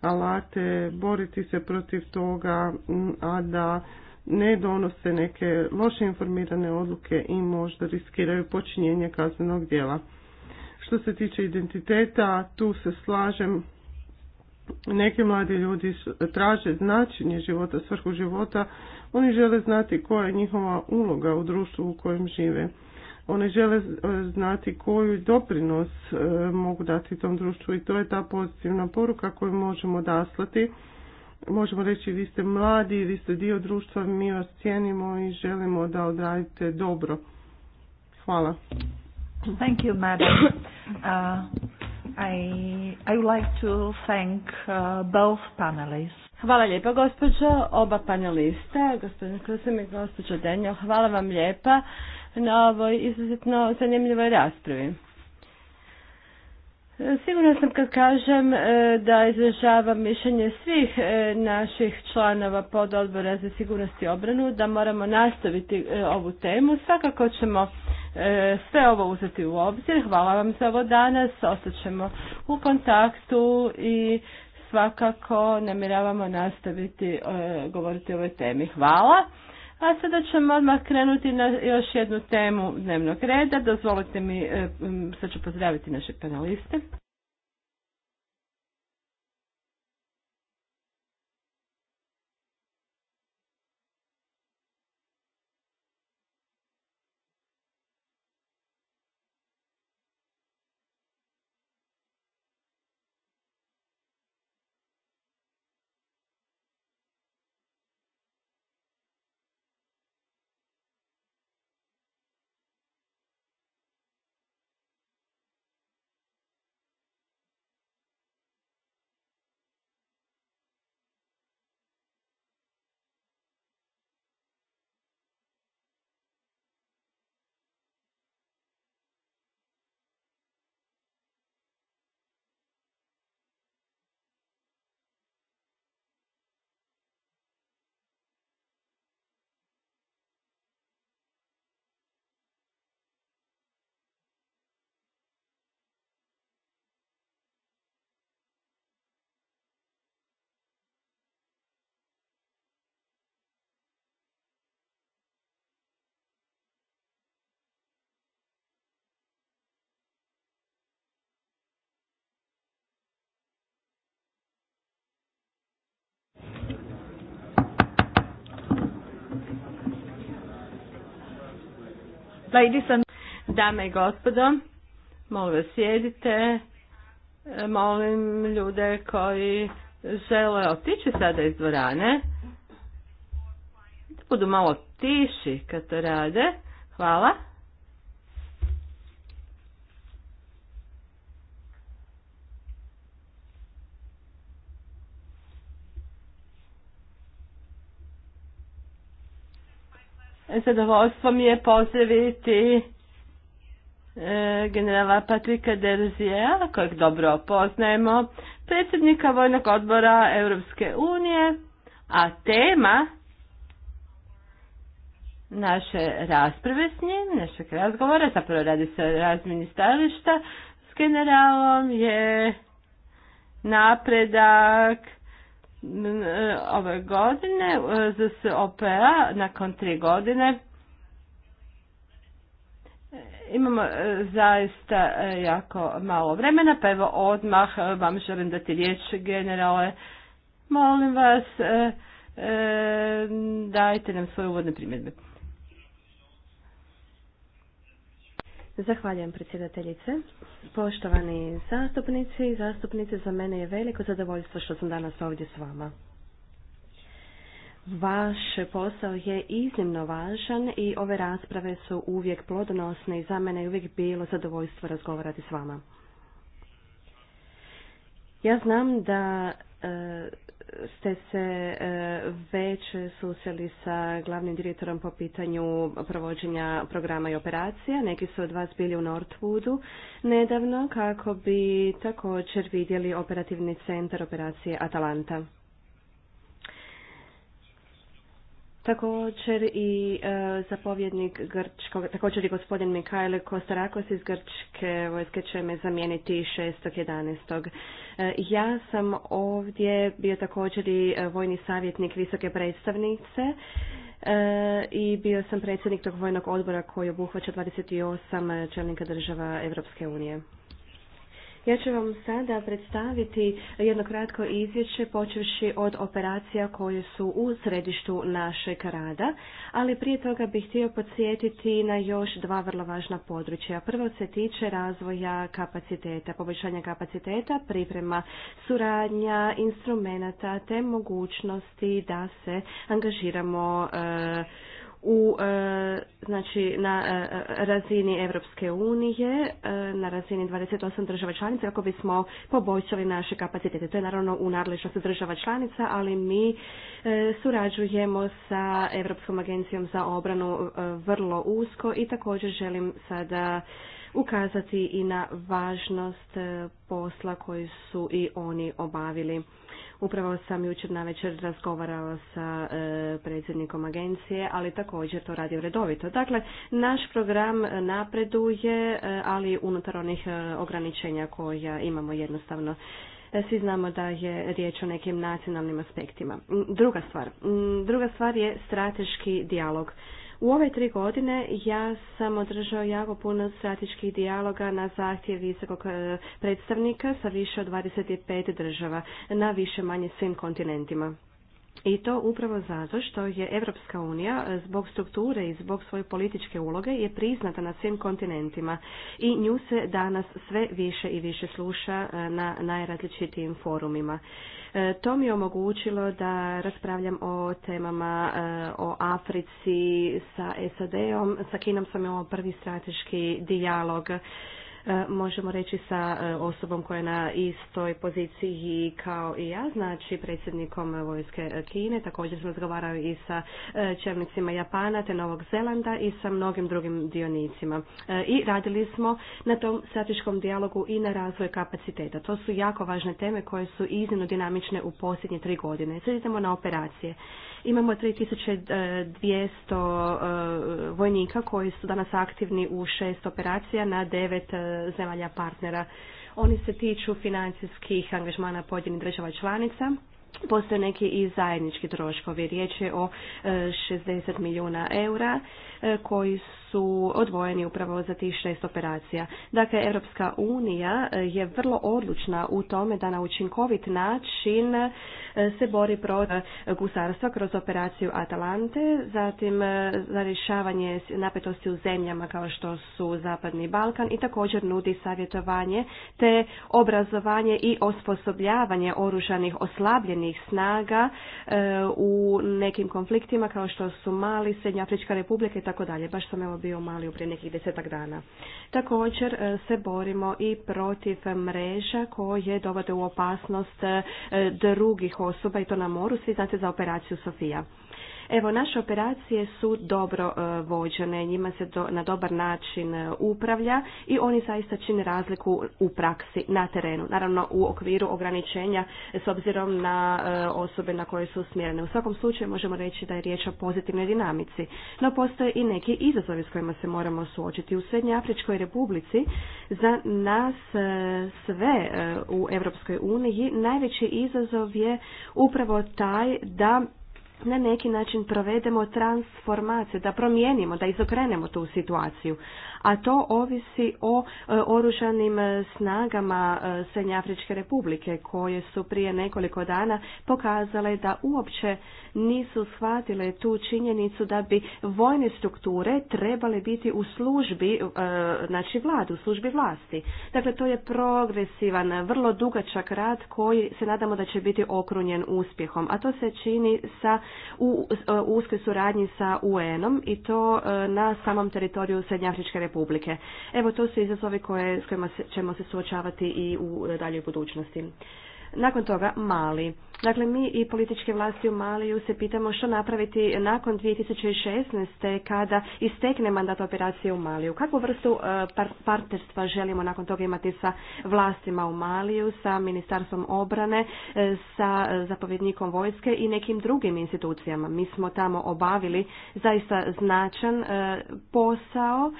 alate boriti se protiv toga, a da ne donose neke loše informirane odluke i možda riskiraju počinjenje kaznenog djela. Što se tiče identiteta, tu se slažem neki mladi ljudi traže značenje života, svrhu života. Oni žele znati koja je njihova uloga u društvu u kojem žive. Oni žele e, znati koju doprinos e, mogu dati tom društvu i to je ta pozitivna poruka koju možemo daslati. Možemo reći vi ste mladi, vi ste dio društva, mi vas cijenimo i želimo da odradite dobro. Hvala. Thank you, madam. Uh... I, I like to thank uh, both panelists. Hvala lijepa gospođo, oba panelista, gospodin Krusim i gospođo Denjo, hvala vam lijepa na ovoj izuzetno zanimljivoj raspravi. Sigurno sam kad kažem e, da izražavam mišljenje svih e, naših članova pod odbora za sigurnost i obranu da moramo nastaviti e, ovu temu. Svakako ćemo sve ovo uzeti u obzir. Hvala vam za ovo danas. Ostaćemo u kontaktu i svakako namiravamo nastaviti govoriti o ovoj temi. Hvala. A sada ćemo odmah krenuti na još jednu temu dnevnog reda. Dozvolite mi, e, sad ću pozdraviti naše paneliste. Dame i gospodo, molim vas sjedite, e, molim ljude koji žele otići sada iz dvorane, da budu malo tiši kad to rade. Hvala. Zadovoljstvo mi je pozdraviti e, generala Patrika Derzijeja, kojeg dobro poznajemo, predsjednika Vojnog odbora Europske unije, a tema naše rasprave s njim, našeg razgovora, zapravo radi se o razmini s generalom, je napredak ove godine se opera nakon tri godine e, imamo e, zaista e, jako malo vremena pa evo odmah vam želim dati riječ generale molim vas dajte nam svoje uvodne primjedbe Zahvaljujem predsjedateljice. Poštovani zastupnici i zastupnice, za mene je veliko zadovoljstvo što sam danas ovdje s vama. Vaš posao je iznimno važan i ove rasprave su uvijek plodonosne i za mene je uvijek bilo zadovoljstvo razgovarati s vama. Ja znam da e, ste se e, već susjeli sa glavnim direktorom po pitanju provođenja programa i operacija. Neki su od vas bili u Northwoodu nedavno kako bi također vidjeli operativni centar operacije Atalanta. Također i e, zapovjednik Grčkog, također i gospodin Mikajle Kostarakos iz Grčke vojske će me zamijeniti 6.11. E, ja sam ovdje bio također i e, vojni savjetnik visoke predstavnice i bio sam predsjednik tog vojnog odbora koji obuhvaća 28 čelnika država Europske unije. Ja ću vam sada predstaviti jedno kratko izvješće počevši od operacija koje su u središtu našeg rada, ali prije toga bih htio podsjetiti na još dva vrlo važna područja. Prvo se tiče razvoja kapaciteta, poboljšanja kapaciteta, priprema suradnja, instrumenata te mogućnosti da se angažiramo e, u e, znači na e, razini Europske unije, e, na razini 28 država članica kako bismo poboljšali naše kapacitete. To je naravno u nadležnosti država članica, ali mi surađujemo sa Europskom agencijom za obranu vrlo usko i također želim sada ukazati i na važnost posla koji su i oni obavili. Upravo sam jučer večer razgovarao sa e, predsjednikom agencije, ali također to radi redovito. Dakle, naš program napreduje, e, ali unutar onih e, ograničenja koja imamo jednostavno svi znamo da je riječ o nekim nacionalnim aspektima. Druga stvar, mm, druga stvar je strateški dijalog. U ove tri godine ja sam održao jako puno strateških dijaloga na zahtjev visokog e, predstavnika sa više od 25 država na više manje svim kontinentima i to upravo zato što je Europska unija e, zbog strukture i zbog svoje političke uloge je priznata na svim kontinentima i nju se danas sve više i više sluša e, na najrazličitijim forumima. E, to mi je omogućilo da raspravljam o temama o Africi sa SAD-om, sa Kinom sam imao prvi strateški dijalog E, možemo reći sa e, osobom koja je na istoj poziciji kao i ja, znači predsjednikom vojske Kine. Također smo razgovarao i sa e, čelnicima Japana te Novog Zelanda i sa mnogim drugim dionicima. I radili smo na tom strateškom dijalogu i na razvoj kapaciteta. To su jako važne teme koje su iznimno dinamične u posljednje tri godine. Sada idemo na operacije. Imamo 3200 vojnika koji su danas aktivni u šest operacija na devet zemalja partnera. Oni se tiču financijskih angažmana pojedinih država članica, Postoje neki i zajednički troškovi. Riječ je o 60 e, milijuna eura e, koji su odvojeni upravo za tih šest operacija. Dakle, Europska unija e, je vrlo odlučna u tome da na učinkovit način e, se bori protiv gusarstva kroz operaciju Atalante, zatim e, za rješavanje napetosti u zemljama kao što su Zapadni Balkan i također nudi savjetovanje te obrazovanje i osposobljavanje oružanih oslabljenih snaga u nekim konfliktima kao što su Mali, Srednja Afrička republika i tako dalje. Baš sam evo bio u prije nekih desetak dana. Također e, se borimo i protiv mreža koje dovode u opasnost e, drugih osoba i to na moru. Svi znate za operaciju Sofija. Evo, naše operacije su dobro e, vođene, njima se na dobar način e, upravlja i oni zaista čine razliku u praksi na terenu. Naravno, u okviru ograničenja s obzirom na e, osobe na koje su usmjerene. U svakom slučaju možemo reći da je riječ o pozitivnoj dinamici, no postoje i neki izazovi s kojima se moramo suočiti. U Srednjoafričkoj republici za nas sve u Europskoj uniji najveći izazov je upravo taj da na neki način provedemo transformaciju, da promijenimo, da izokrenemo tu situaciju. A to ovisi o e, oružanim e, snagama e, Srednje republike koje su prije nekoliko dana pokazale da uopće nisu shvatile tu činjenicu da bi vojne strukture trebale biti u službi, e, znači vladu, u službi vlasti. Dakle, to je progresivan, vrlo dugačak rad koji se nadamo da će biti okrunjen uspjehom, a to se čini sa u e, uskoj suradnji sa UN-om i to e, na samom teritoriju Srednjafričke republike. Evo, to su izazovi koje, s kojima ćemo se suočavati i u daljoj budućnosti. Nakon toga Mali. Dakle, mi i političke vlasti u Maliju se pitamo što napraviti nakon 2016. kada istekne mandat operacije u Maliju. Kakvu vrstu e, partnerstva želimo nakon toga imati sa vlastima u Maliju, sa Ministarstvom obrane, e, sa zapovjednikom vojske i nekim drugim institucijama. Mi smo tamo obavili zaista značan e, posao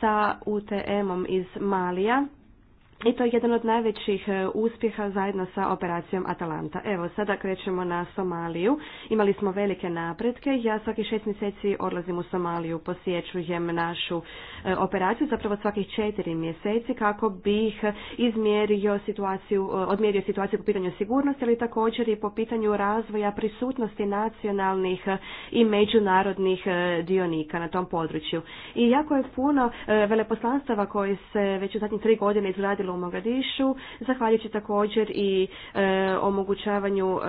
sa UTM-om iz Malija i to je jedan od najvećih e, uspjeha zajedno sa operacijom Atalanta. Evo, sada krećemo na Somaliju. Imali smo velike napretke. Ja svaki šest mjeseci odlazim u Somaliju, posjećujem našu e, operaciju, zapravo svakih četiri mjeseci kako bih e, izmjerio situaciju, odmjerio situaciju po pitanju sigurnosti, ali također i po pitanju razvoja prisutnosti nacionalnih i međunarodnih dionika na tom području. I jako je puno veleposlanstava koji se već u zadnjih tri godine izgradili bilo u Mogadišu, zahvaljujući također i e, omogućavanju, e,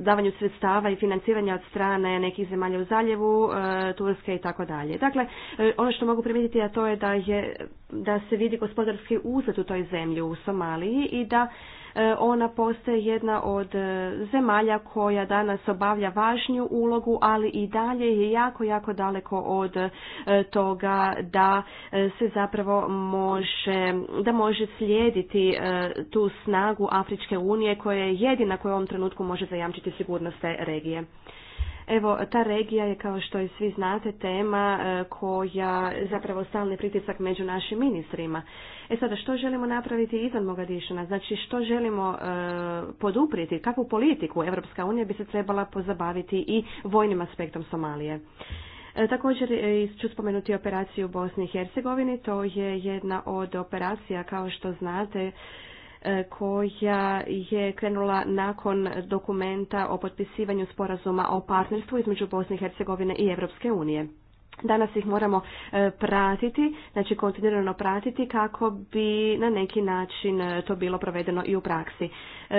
davanju sredstava i financiranja od strane nekih zemalja u zaljevu, e, Turske i tako dalje. Dakle, ono što mogu primijetiti a to je da, je da se vidi gospodarski uzet u toj zemlji u Somaliji i da E, ona postaje jedna od e, zemalja koja danas obavlja važniju ulogu, ali i dalje je jako, jako daleko od e, toga da se zapravo može, da može slijediti tu snagu Afričke unije koja je jedina koja u ovom trenutku može zajamčiti sigurnost te regije. Evo, ta regija je, kao što i svi znate, tema e, koja zapravo stalni pritisak među našim ministrima. E sada, što želimo napraviti izvan Mogadišana? Znači, što želimo e, poduprijeti? Kakvu politiku Evropska unija bi se trebala pozabaviti i vojnim aspektom Somalije? E, također ću spomenuti operaciju Bosni i Hercegovini. To je jedna od operacija, kao što znate, E, koja je krenula nakon dokumenta o potpisivanju sporazuma o partnerstvu između Bosne i Hercegovine i Europske unije. Danas ih moramo e, pratiti, znači kontinuirano pratiti kako bi na neki način e, to bilo provedeno i u praksi.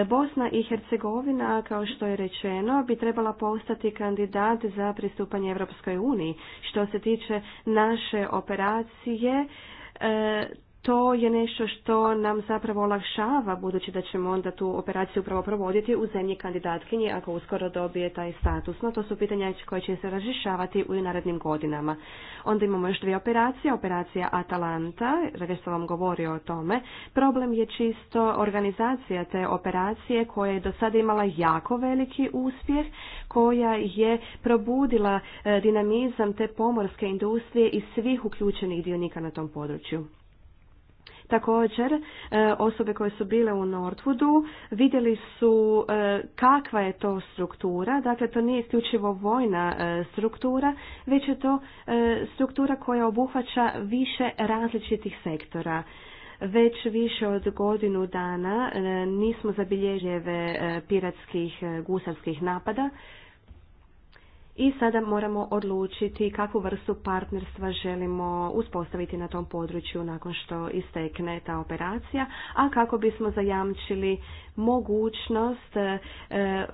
Bosna i Hercegovina, kao što je rečeno, bi trebala postati kandidat za pristupanje Europskoj uniji. Što se tiče naše operacije, to je nešto što nam zapravo olakšava, budući da ćemo onda tu operaciju upravo provoditi u zemlji kandidatkinje ako uskoro dobije taj status. No, to su pitanja koje će se razrješavati u narednim godinama. Onda imamo još dvije operacije, operacija Atalanta, već sam vam govorio o tome. Problem je čisto organizacija te operacije koja je do sada imala jako veliki uspjeh, koja je probudila e, dinamizam te pomorske industrije i svih uključenih dionika na tom području. Također, e, osobe koje su bile u Northwoodu vidjeli su e, kakva je to struktura, dakle to nije isključivo vojna e, struktura, već je to struktura koja obuhvaća više različitih sektora. Već više od godinu dana nismo zabilježljive piratskih gusarskih napada, i sada moramo odlučiti kakvu vrstu partnerstva želimo uspostaviti na tom području nakon što istekne ta operacija, a kako bismo zajamčili mogućnost e, e,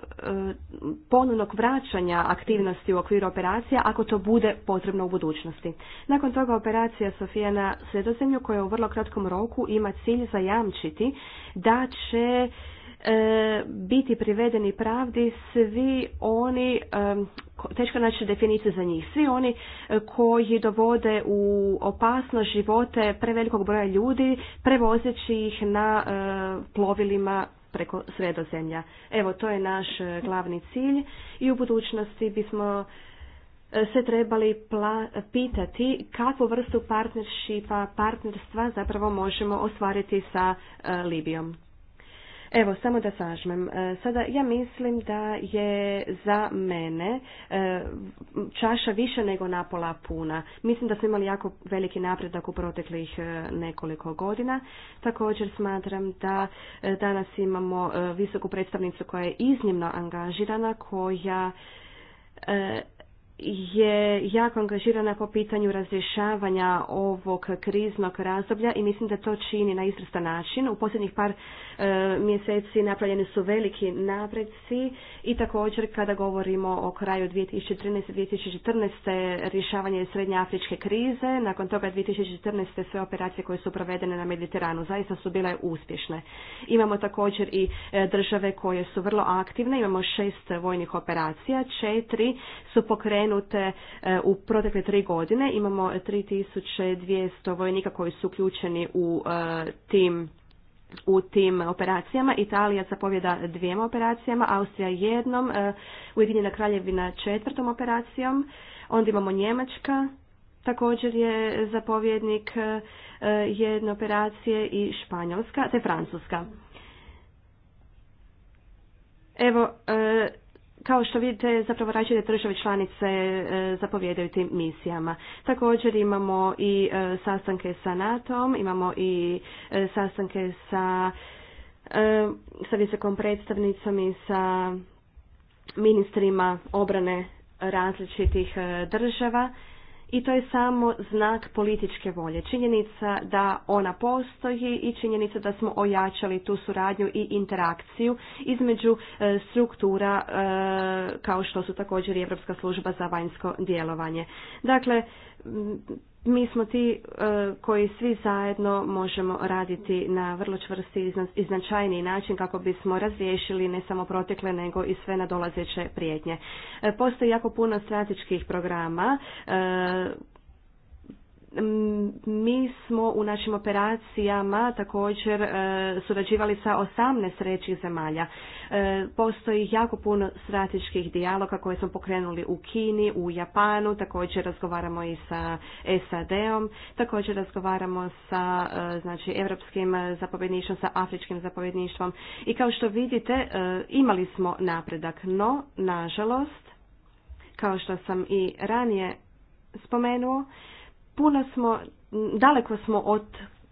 ponovnog vraćanja aktivnosti u okviru operacija ako to bude potrebno u budućnosti. Nakon toga operacija Sofija na sredozemlju koja u vrlo kratkom roku ima cilj zajamčiti da će e, biti privedeni pravdi svi oni teško naći definiciju za njih. Svi oni e, koji dovode u opasnost živote prevelikog broja ljudi, prevozeći ih na e, plovilima preko sredozemlja. Evo, to je naš e, glavni cilj i u budućnosti bismo se trebali pitati kakvu vrstu partnershipa, partnerstva zapravo možemo ostvariti sa Libijom. Evo, samo da sažmem. E, sada ja mislim da je za mene e, čaša više nego napola puna. Mislim da smo imali jako veliki napredak u proteklih e, nekoliko godina. Također smatram da danas imamo visoku predstavnicu koja je iznimno angažirana, koja je jako angažirana po pitanju razrješavanja ovog kriznog razdoblja i mislim da to čini na izvrstan način. U posljednjih par e, mjeseci napravljeni su veliki napreci i također kada govorimo o kraju 2013-2014 rješavanje srednje afričke krize, nakon toga 2014 sve operacije koje su provedene na Mediteranu zaista su bile uspješne. Imamo također i e, države koje su vrlo aktivne, imamo šest vojnih operacija, četiri su pokrenute pokrenute e, u protekle tri godine. Imamo 3200 vojnika koji su uključeni u e, tim u tim operacijama. Italija zapovjeda dvijema operacijama, Austrija jednom, e, Ujedinjena kraljevina četvrtom operacijom, onda imamo Njemačka, također je zapovjednik jedne operacije i Španjolska te Francuska. Evo, kao što vidite, zapravo rađene države članice e, zapovjedaju tim misijama. Također imamo i e, sastanke sa NATO-om, imamo i e, sastanke sa, sa visokom predstavnicom i sa ministrima obrane različitih država i to je samo znak političke volje. Činjenica da ona postoji i činjenica da smo ojačali tu suradnju i interakciju između e, struktura e, kao što su također i Europska služba za vanjsko djelovanje. Dakle, mi smo ti e, koji svi zajedno možemo raditi na vrlo čvrsti i značajniji način kako bismo razriješili ne samo protekle nego i sve nadolazeće prijetnje. E, postoji jako puno strateških programa e, Mm, mi smo u našim operacijama također e, surađivali sa 18 trećih zemalja. E, postoji jako puno strateških dijaloga koje smo pokrenuli u Kini, u Japanu, također razgovaramo i sa SAD-om, također razgovaramo sa e, znači, Europskim zapovjedništvom, sa Afričkim zapovjedništvom i kao što vidite imali smo napredak, no nažalost, kao što sam i ranije spomenuo, puno smo, daleko smo od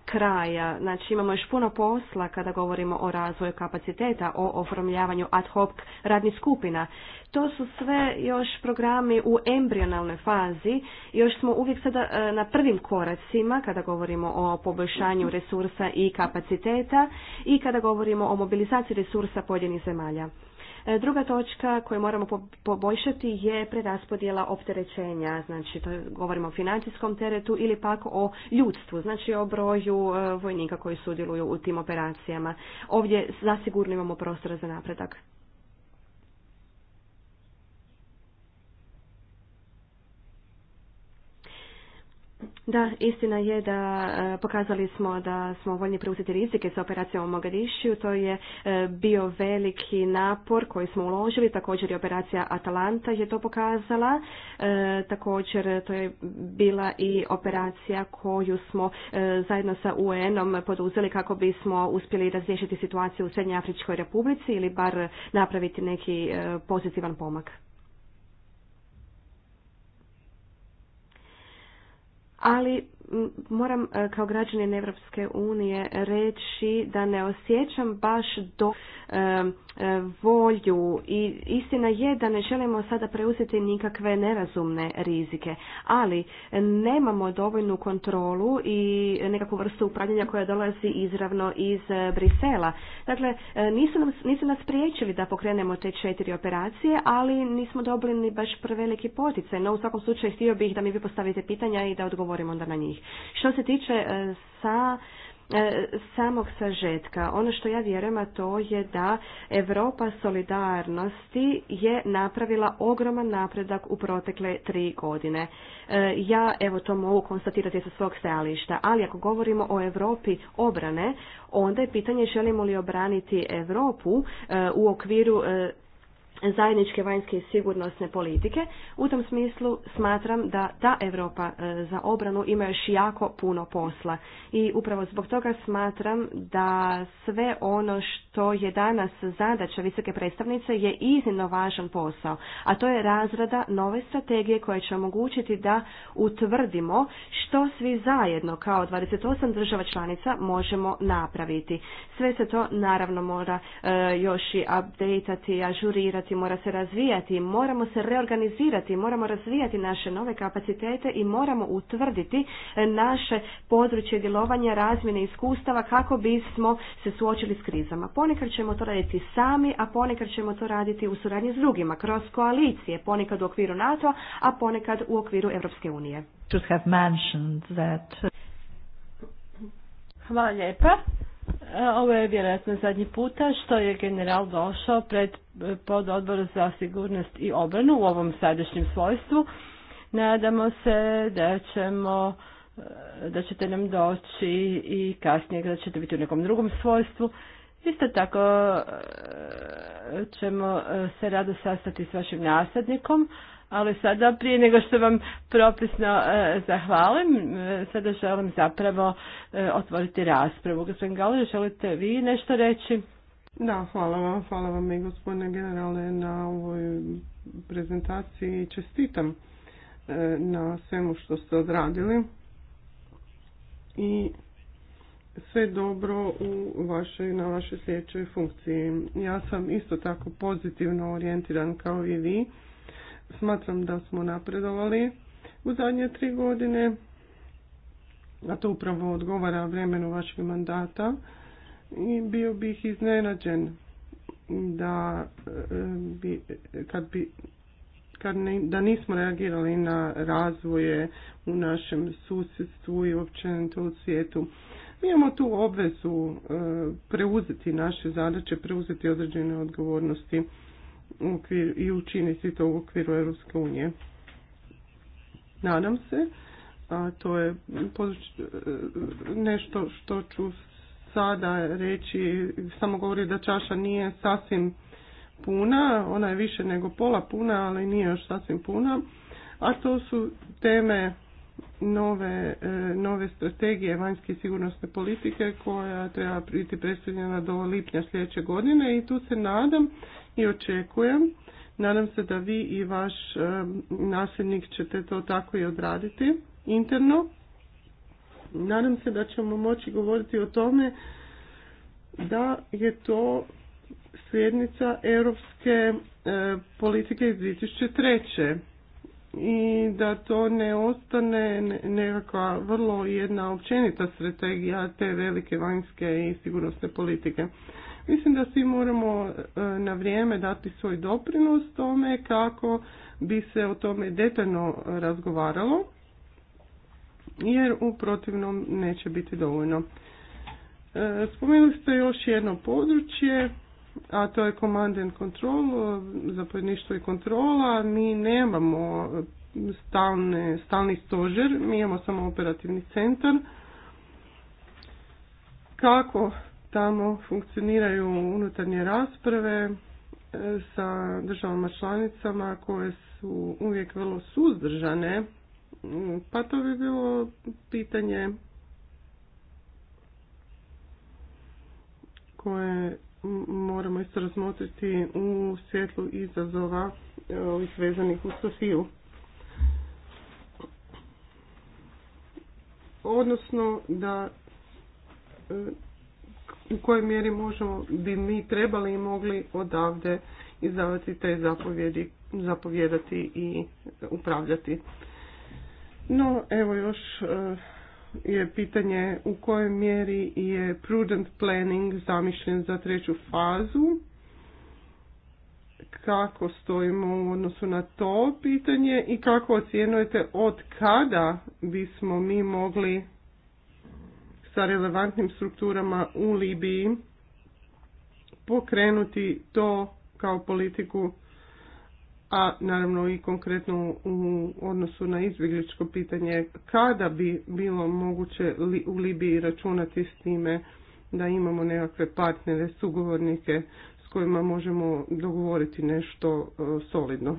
kraja, znači imamo još puno posla kada govorimo o razvoju kapaciteta, o oformljavanju ad hoc radnih skupina. To su sve još programi u embrionalnoj fazi, još smo uvijek sada e, na prvim koracima kada govorimo o poboljšanju resursa i kapaciteta i kada govorimo o mobilizaciji resursa pojedinih zemalja. E, druga točka koju moramo poboljšati je preraspodjela opterećenja, znači to govorimo o financijskom teretu ili pak o ljudstvu, znači o broju e, vojnika koji sudjeluju u tim operacijama. Ovdje zasigurno imamo prostora za napredak. Da, istina je da e, pokazali smo da smo voljni preuzeti rizike sa operacijom u To je e, bio veliki napor koji smo uložili. Također i operacija Atalanta je to pokazala. E, također to je bila i operacija koju smo zajedno sa UN-om poduzeli kako bismo uspjeli razriješiti situaciju u Srednjoj Afričkoj Republici ili bar napraviti neki pozitivan pomak. ali moram e, kao građanin Evropske unije reći da ne osjećam baš do e, E, volju i istina je da ne želimo sada preuzeti nikakve nerazumne rizike, ali nemamo dovoljnu kontrolu i nekakvu vrstu upravljanja koja dolazi izravno iz Brisela. Dakle, e, nisu, nam, nisu nas priječili da pokrenemo te četiri operacije, ali nismo dobili ni baš preveliki poticaj, no u svakom slučaju htio bih da mi vi postavite pitanja i da odgovorimo onda na njih. Što se tiče e, sa E, samog sažetka. Ono što ja vjerujem, a to je da Europa solidarnosti je napravila ogroman napredak u protekle tri godine. E, ja evo to mogu konstatirati sa svog stajališta, ali ako govorimo o Europi obrane, onda je pitanje želimo li obraniti Europu e, u okviru zajedničke vanjske i sigurnosne politike. U tom smislu smatram da ta Europa e, za obranu ima još jako puno posla i upravo zbog toga smatram da sve ono što je danas zadaća visoke predstavnice je iznimno važan posao, a to je razrada nove strategije koja će omogućiti da utvrdimo što svi zajedno kao 28 država članica možemo napraviti. Sve se to naravno mora e, još i updateati, ažurirati, mora se razvijati, moramo se reorganizirati, moramo razvijati naše nove kapacitete i moramo utvrditi e, naše područje djelovanja, razmjene iskustava kako bismo se suočili s krizama. Ponekad ćemo to raditi sami, a ponekad ćemo to raditi u suradnji s drugima, kroz koalicije, ponekad u okviru NATO, a ponekad u okviru Europske unije. Hvala lijepa. Ovo je vjerojatno zadnji puta što je general došao pred pod odbor za sigurnost i obranu u ovom sadašnjem svojstvu. Nadamo se da ćemo da ćete nam doći i kasnije da ćete biti u nekom drugom svojstvu. Isto tako e, ćemo e, se rado sastati s vašim nasadnikom ali sada prije nego što vam propisno e, zahvalim, e, sada želim zapravo e, otvoriti raspravu. Gospodin Galer, želite vi nešto reći? Da, hvala vam, hvala vam i gospodine generale na ovoj prezentaciji i čestitam na svemu što ste odradili i sve dobro u vašoj, na vašoj sljedećoj funkciji. Ja sam isto tako pozitivno orijentiran kao i vi Smatram da smo napredovali u zadnje tri godine, a to upravo odgovara vremenu vašeg mandata i bio bih iznenađen da e, bi, kad bi da nismo reagirali na razvoje u našem susjedstvu i općenito u svijetu. Mi imamo tu obvezu e, preuzeti naše zadaće, preuzeti određene odgovornosti i učiniti to u okviru Europske unije. Nadam se, a to je nešto što ću sada reći, samo govori da čaša nije sasvim puna, ona je više nego pola puna, ali nije još sasvim puna, a to su teme nove, e, nove strategije vanjske sigurnosne politike koja treba biti predstavljena do lipnja sljedeće godine i tu se nadam i očekujem. Nadam se da vi i vaš e, nasljednik ćete to tako i odraditi interno. Nadam se da ćemo moći govoriti o tome da je to svjednica europske e, politike iz 2003 i da to ne ostane nekakva vrlo jedna općenita strategija te velike vanjske i sigurnosne politike. Mislim da svi moramo e, na vrijeme dati svoj doprinos tome kako bi se o tome detaljno razgovaralo, jer u protivnom neće biti dovoljno. E, spomenuli ste još jedno područje a to je command and control, zapovjedništvo i kontrola. Mi nemamo stalne, stalni stožer, mi imamo samo operativni centar. Kako tamo funkcioniraju unutarnje rasprave e, sa državama članicama koje su uvijek vrlo suzdržane, pa to bi bilo pitanje koje moramo isto razmotriti u svjetlu izazova e, ovih vezanih u Sofiju. Odnosno da e, u kojoj mjeri možemo bi mi trebali i mogli odavde izdavati te zapovjedi, zapovjedati i upravljati. No, evo još e, je pitanje u kojoj mjeri je prudent planning zamišljen za treću fazu, kako stojimo u odnosu na to pitanje i kako ocjenujete od kada bismo mi mogli sa relevantnim strukturama u Libiji pokrenuti to kao politiku a naravno i konkretno u odnosu na izbjegličko pitanje kada bi bilo moguće li, u Libiji računati s time da imamo nekakve partnere, sugovornike s kojima možemo dogovoriti nešto e, solidno.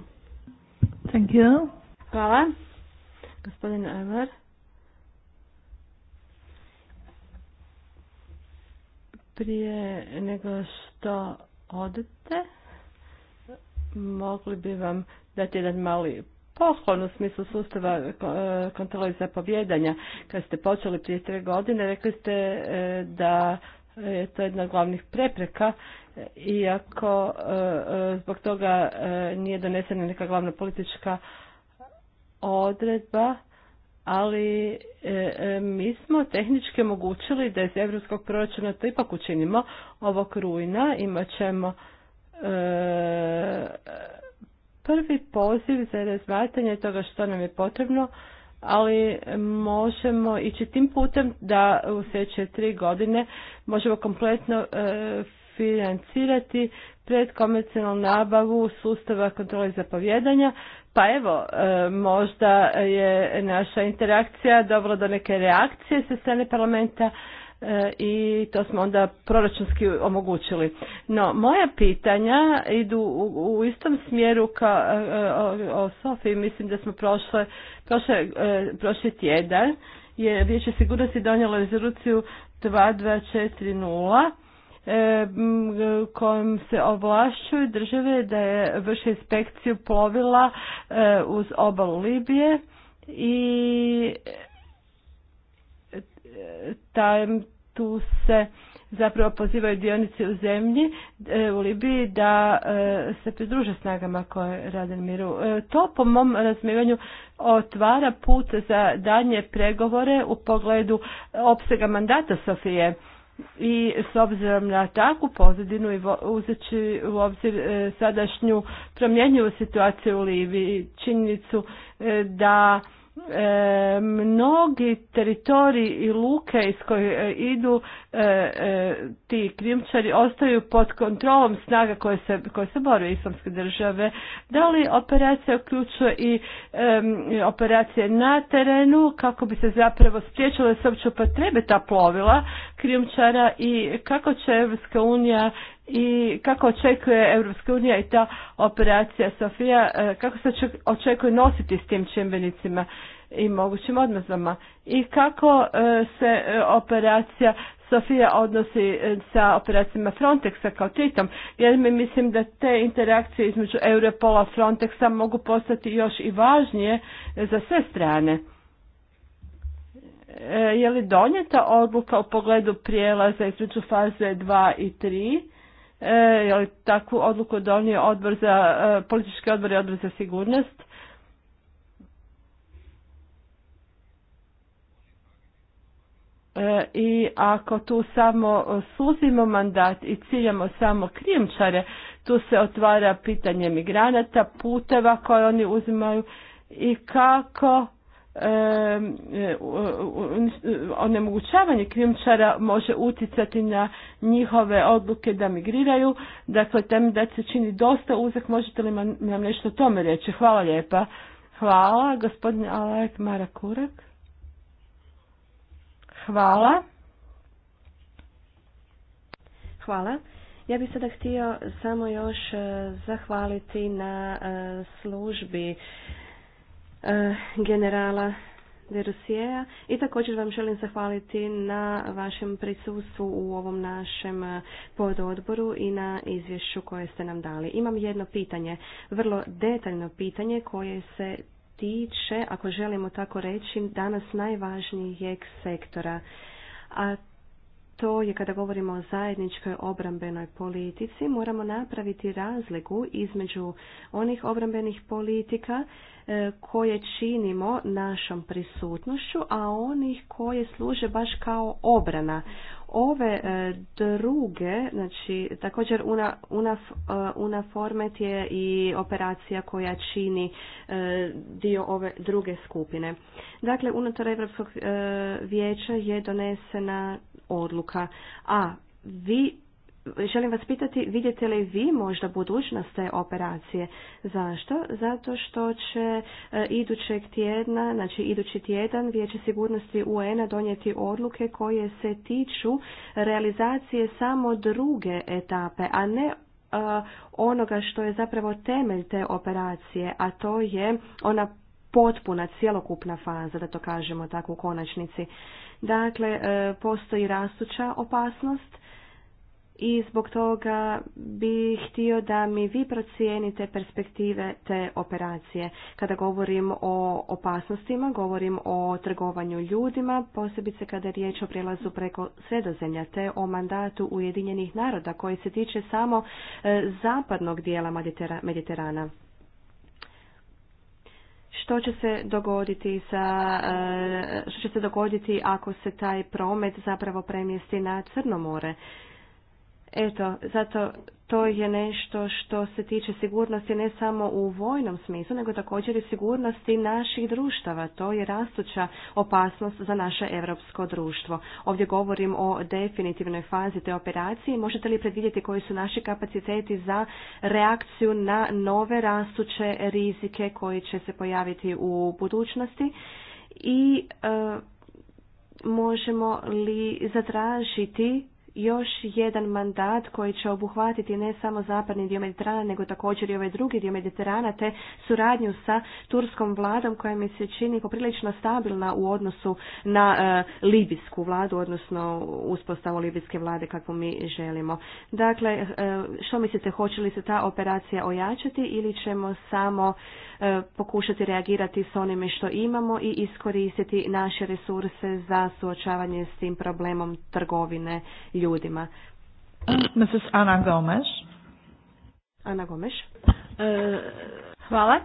Thank you. Hvala. Gospodin Ever. Prije nego što odete, mogli bi vam dati jedan mali poklon u smislu sustava e, kontrole zapovjedanja. Kad ste počeli prije tre godine, rekli ste e, da je to jedna od glavnih prepreka, iako e, zbog toga nije donesena neka glavna politička odredba, ali mi smo tehnički omogućili da iz europskog proračuna to ipak učinimo. Ovog rujna imat ćemo prvi poziv za razmatranje toga što nam je potrebno, ali možemo ići tim putem da u sljedeće tri godine možemo kompletno e, financirati predkomercijalnu nabavu sustava kontrole zapovjedanja. Pa evo, e, možda je naša interakcija dobro do neke reakcije sa strane parlamenta, E, i to smo onda proračunski omogućili. No, moja pitanja idu u, istom smjeru ka e, e, o, Sofiji, mislim da smo prošle, prošli tjedan je Vijeće sigurnosti donijelo rezoluciju 2240 kojom se ovlašćuju države da je vrše inspekciju plovila uz obalu Libije i tu se zapravo pozivaju dionici u zemlji e, u Libiji da e, se pridruže snagama koje rade na miru. E, to po mom razmivanju otvara put za danje pregovore u pogledu opsega mandata Sofije i s obzirom na takvu pozadinu i uzeći u obzir sadašnju promjenjivu situaciju u Libiji, činjenicu da E, mnogi teritoriji i luke iz koje idu e, e, ti krimčari ostaju pod kontrolom snaga koje se, koje se bore islamske države. Da li operacija uključuje i operacije na terenu kako bi se zapravo spriječile da se uopće ta plovila krimčara i kako će Evropska unija i kako očekuje Europska unija i ta operacija Sofija, e, kako se očekuje nositi s tim čimbenicima i mogućim odmazama i kako e, se e, operacija Sofija odnosi sa operacijama Frontexa kao titom? jer mi mislim da te interakcije između Europola i Frontexa mogu postati još i važnije za sve strane. Je li donijeta odluka u pogledu prijelaza između faze 2 i 3? E, je takvu odluku donio odbor za, e, politički odbor i odbor za sigurnost. E, I ako tu samo suzimo mandat i ciljamo samo krijemčare, tu se otvara pitanje migranata, puteva koje oni uzimaju i kako E, onemogućavanje krijumčara može utjecati na njihove odluke da migriraju. Dakle, tem da se čini dosta uzak, možete li nam nešto o tome reći? Hvala lijepa. Hvala, gospodin Alek Hvala. Hvala. Ja bih sada htio samo još e, zahvaliti na e, službi Eh, generala de Rusijeja. i također vam želim zahvaliti na vašem prisustvu u ovom našem eh, pododboru i na izvješću koje ste nam dali. Imam jedno pitanje, vrlo detaljno pitanje koje se tiče, ako želimo tako reći, danas najvažnijeg sektora, a to je kada govorimo o zajedničkoj obrambenoj politici, moramo napraviti razliku između onih obrambenih politika e, koje činimo našom prisutnošću, a onih koje služe baš kao obrana ove e, druge, znači također una, una, e, una format je i operacija koja čini e, dio ove druge skupine. Dakle, unutar Europskog vijeća je donesena odluka, a vi želim vas pitati, vidite li vi možda budućnost te operacije? Zašto? Zato što će e, idućeg tjedna, znači idući tjedan, Vijeće sigurnosti UN-a donijeti odluke koje se tiču realizacije samo druge etape, a ne e, onoga što je zapravo temelj te operacije, a to je ona potpuna cjelokupna faza, da to kažemo tako u konačnici. Dakle, e, postoji rastuća opasnost i zbog toga bih htio da mi vi procijenite perspektive te operacije. Kada govorim o opasnostima, govorim o trgovanju ljudima, posebice kada je riječ o prijelazu preko sredozemlja, te o mandatu Ujedinjenih naroda koji se tiče samo e, zapadnog dijela Mediterana što će se dogoditi sa, e, što će se dogoditi ako se taj promet zapravo premjesti na Crno more. Eto, zato to je nešto što se tiče sigurnosti ne samo u vojnom smislu, nego također i sigurnosti naših društava. To je rastuća opasnost za naše europsko društvo. Ovdje govorim o definitivnoj fazi te operacije. Možete li predvidjeti koji su naši kapaciteti za reakciju na nove rastuće rizike koji će se pojaviti u budućnosti? I e, možemo li zatražiti još jedan mandat koji će obuhvatiti ne samo zapadni dio Mediterana, nego također i ovaj drugi dio Mediterana, te suradnju sa turskom vladom koja mi se čini poprilično stabilna u odnosu na e, libijsku vladu, odnosno uspostavu libijske vlade kako mi želimo. Dakle, e, što mislite, hoće li se ta operacija ojačati ili ćemo samo e, pokušati reagirati s onime što imamo i iskoristiti naše resurse za suočavanje s tim problemom trgovine ljudima. Mrs. Ana Gomes. Ana Gomes. E, hvala.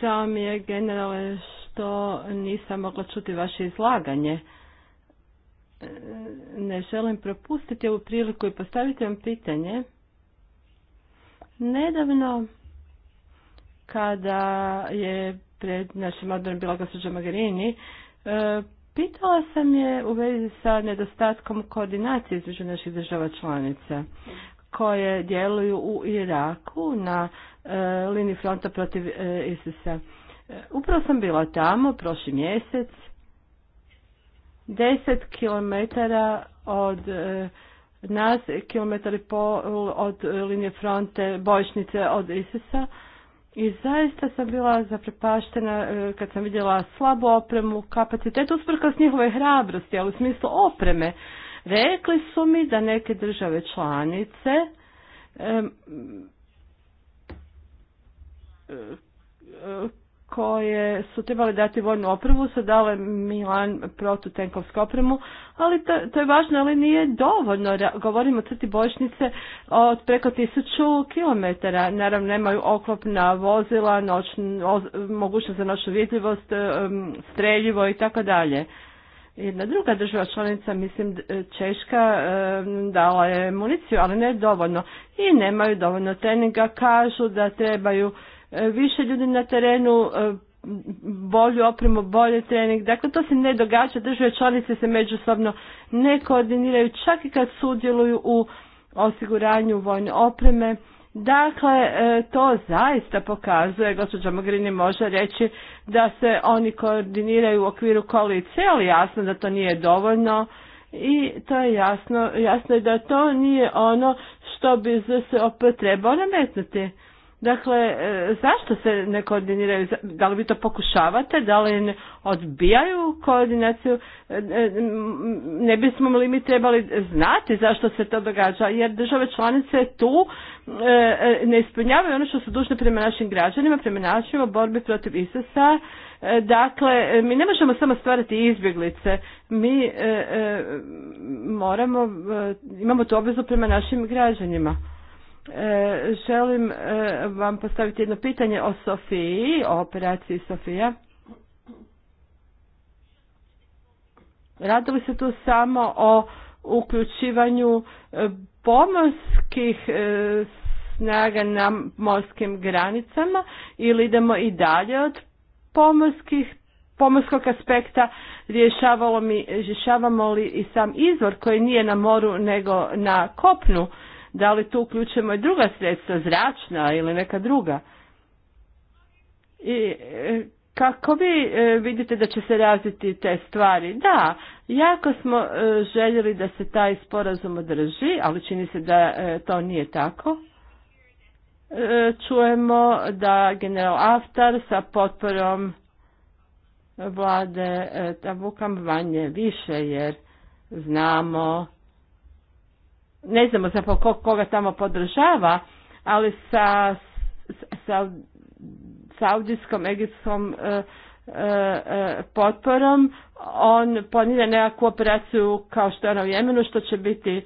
Žao mi je generale što nisam mogla čuti vaše izlaganje. E, ne želim propustiti ovu priliku i postaviti vam pitanje. Nedavno kada je pred našim odborom bila gospođa Magarini, e, Pitala sam je u vezi sa nedostatkom koordinacije između naših država članica koje djeluju u Iraku na e, liniji fronta protiv e, ISIS-a. E, upravo sam bila tamo prošli mjesec, 10 km od e, nas, kilometar i pol od linije fronte bojišnice od ISIS-a. I zaista sam bila zaprepaštena e, kad sam vidjela slabu opremu, kapacitet s njihove hrabrosti, ali u smislu opreme. Rekli su mi da neke države članice e, e, koje su trebali dati vojnu opremu, su dale Milan protutenkovsku opremu, ali to, to, je važno, ali nije dovoljno. Govorimo o crti bojišnice od preko tisuću kilometara. Naravno, nemaju oklopna vozila, noć, mogućnost za noćnu vidljivost, e, streljivo i tako dalje. Jedna druga država članica, mislim e, Češka, e, dala je municiju, ali ne dovoljno. I nemaju dovoljno treninga, kažu da trebaju E, više ljudi na terenu, e, bolju opremu, bolje trening. Dakle, to se ne događa, države članice se međusobno ne koordiniraju, čak i kad sudjeluju u osiguranju vojne opreme. Dakle, e, to zaista pokazuje, gospođa Mogrini može reći, da se oni koordiniraju u okviru kolice, ali jasno da to nije dovoljno i to je jasno, jasno je da to nije ono što bi opet trebao nametnuti. Dakle, e, zašto se ne koordiniraju? Da li vi to pokušavate? Da li ne odbijaju koordinaciju? E, e, ne bismo li mi trebali znati zašto se to događa? Jer države članice tu ne ispunjavaju ono što su dužne prema našim građanima, prema našima borbi protiv ISIS-a. Dakle, mi ne možemo samo stvarati izbjeglice. Mi moramo, imamo tu obvezu prema našim građanima. E, želim e, vam postaviti jedno pitanje o Sofiji, o operaciji Sofija. Radili se tu samo o uključivanju e, pomorskih snaga na morskim granicama ili idemo i dalje od pomorskih pomorskog aspekta rješavamo li i sam izvor koji nije na moru nego na kopnu da li tu uključujemo i druga sredstva, zračna ili neka druga. I e, kako vi e, vidite da će se razviti te stvari? Da, jako smo e, željeli da se taj sporazum održi, ali čini se da to nije tako. Čujemo da general Aftar sa potporom vlade Tabukam vanje više jer znamo ne znamo zapravo koga tamo podržava, ali sa, sa saudijskom, egipskom e, e, e, potporom on planira nekakvu operaciju kao što je ona u Jemenu, što će biti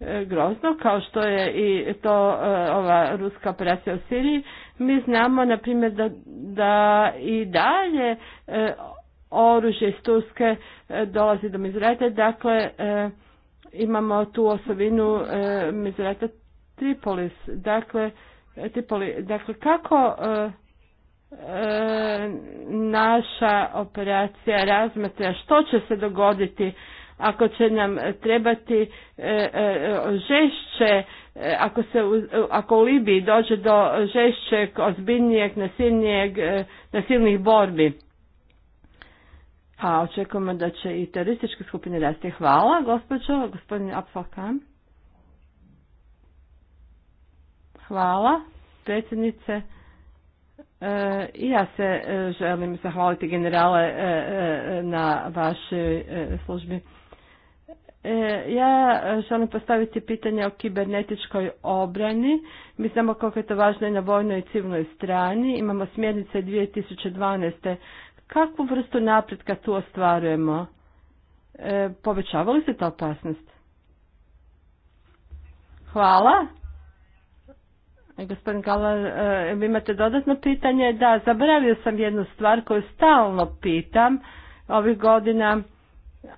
e, grozno, kao što je i to e, ova ruska operacija u Siriji. Mi znamo, na primjer, da, da i dalje oružje iz Turske dolazi do Mizrata, dakle, imamo tu osobinu e, Mizrata Tripolis. Dakle, Tripoli, dakle kako e, e, naša operacija razmatra što će se dogoditi ako će nam trebati e, žešće, ako, se, ako u Libiji dođe do žešćeg, ozbiljnijeg, nasilnijeg, nasilnih borbi. Pa očekujemo da će i terorističke skupine rasti. Hvala, gospođo, gospodin Apfalkan. Hvala, predsjednice. E, I ja se e, želim zahvaliti generale e, na vašoj službi. Ja želim postaviti pitanje o kibernetičkoj obrani. Mi znamo koliko je to važno i na vojnoj i civilnoj strani. Imamo smjernice 2012. Kakvu vrstu napretka tu ostvarujemo? E, povećava li se ta opasnost? Hvala. E, gospodin Galar, e, imate dodatno pitanje? Da, zaboravio sam jednu stvar koju stalno pitam ovih godina,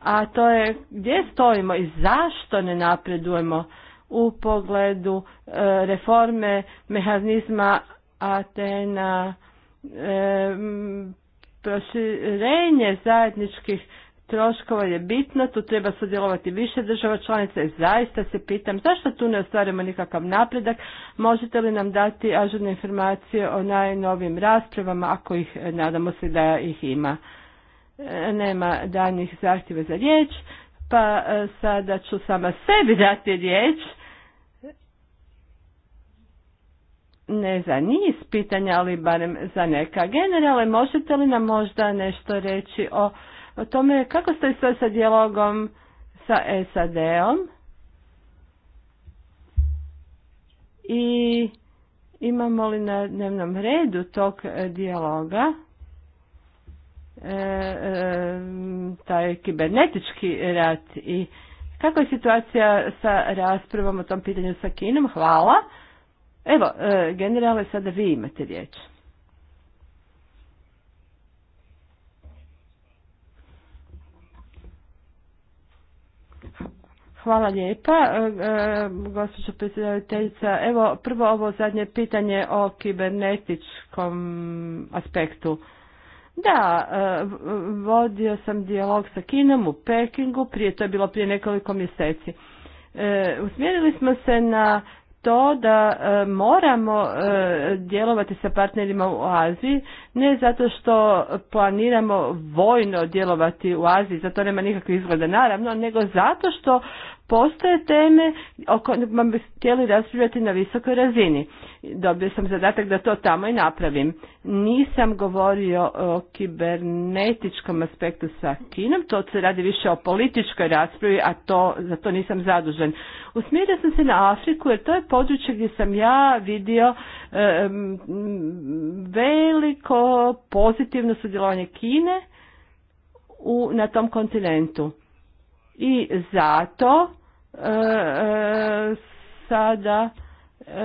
a to je gdje stojimo i zašto ne napredujemo u pogledu e, reforme mehanizma Atena, e, proširenje zajedničkih troškova je bitno, tu treba sudjelovati više država članica i zaista se pitam zašto tu ne ostvarimo nikakav napredak, možete li nam dati ažurne informacije o najnovim raspravama ako ih eh, nadamo se da ih ima. Eh, nema daljnjih zahtjeva za riječ, pa eh, sada ću sama sebi dati riječ ne za niz pitanja, ali barem za neka. Generale, možete li nam možda nešto reći o, o tome kako ste sve sa dijalogom sa SAD-om? I imamo li na dnevnom redu tog dijaloga e, e, taj kibernetički rat i kako je situacija sa raspravom o tom pitanju sa Kinom? Hvala. Evo, e, generale, sada vi imate riječ. Hvala lijepa, e, e, gospođo predsjedaviteljica. Evo, prvo ovo zadnje pitanje o kibernetičkom aspektu. Da, vodio sam dijalog sa Kinom u Pekingu, prije to je bilo prije nekoliko mjeseci. Usmjerili smo se na to da e, moramo e, djelovati sa partnerima u Aziji, ne zato što planiramo vojno djelovati u Aziji, zato nema nikakve izgleda naravno, nego zato što postoje teme o kojima bi htjeli raspravljati na visokoj razini. Dobio sam zadatak da to tamo i napravim. Nisam govorio o kibernetičkom aspektu sa Kinom, to se radi više o političkoj raspravi, a to, za to nisam zadužen. Usmjerio sam se na Afriku jer to je područje gdje sam ja vidio veliko pozitivno sudjelovanje Kine u, na tom kontinentu. I zato E, e, sada e,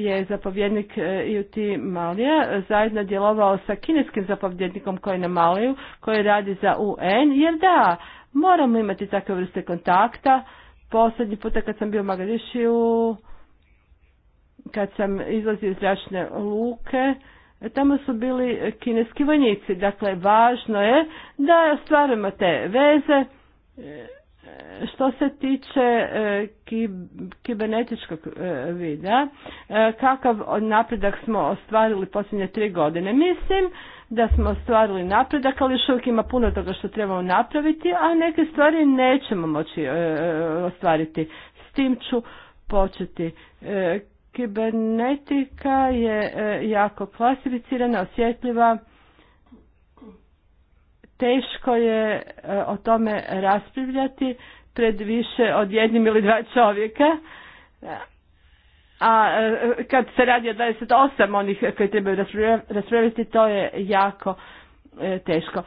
je zapovjednik UT Malija zajedno djelovao sa kineskim zapovjednikom koji na Maliju, koji radi za UN, jer da, moramo imati takve vrste kontakta. Posljednji puta kad sam bio u Magarišiju kad sam izlazio iz zračne luke, tamo su bili kineski vojnici. Dakle, važno je da ostvarujemo te veze što se tiče e, kibernetičkog e, vida, e, kakav napredak smo ostvarili posljednje tri godine? Mislim da smo ostvarili napredak, ali još uvijek ima puno toga što trebamo napraviti, a neke stvari nećemo moći ostvariti. S tim ću početi. Kibernetika je jako klasificirana, osjetljiva, teško je e, o tome raspravljati pred više od jednim ili dva čovjeka. A e, kad se radi o 28 onih koji trebaju raspravljati, to je jako e, teško.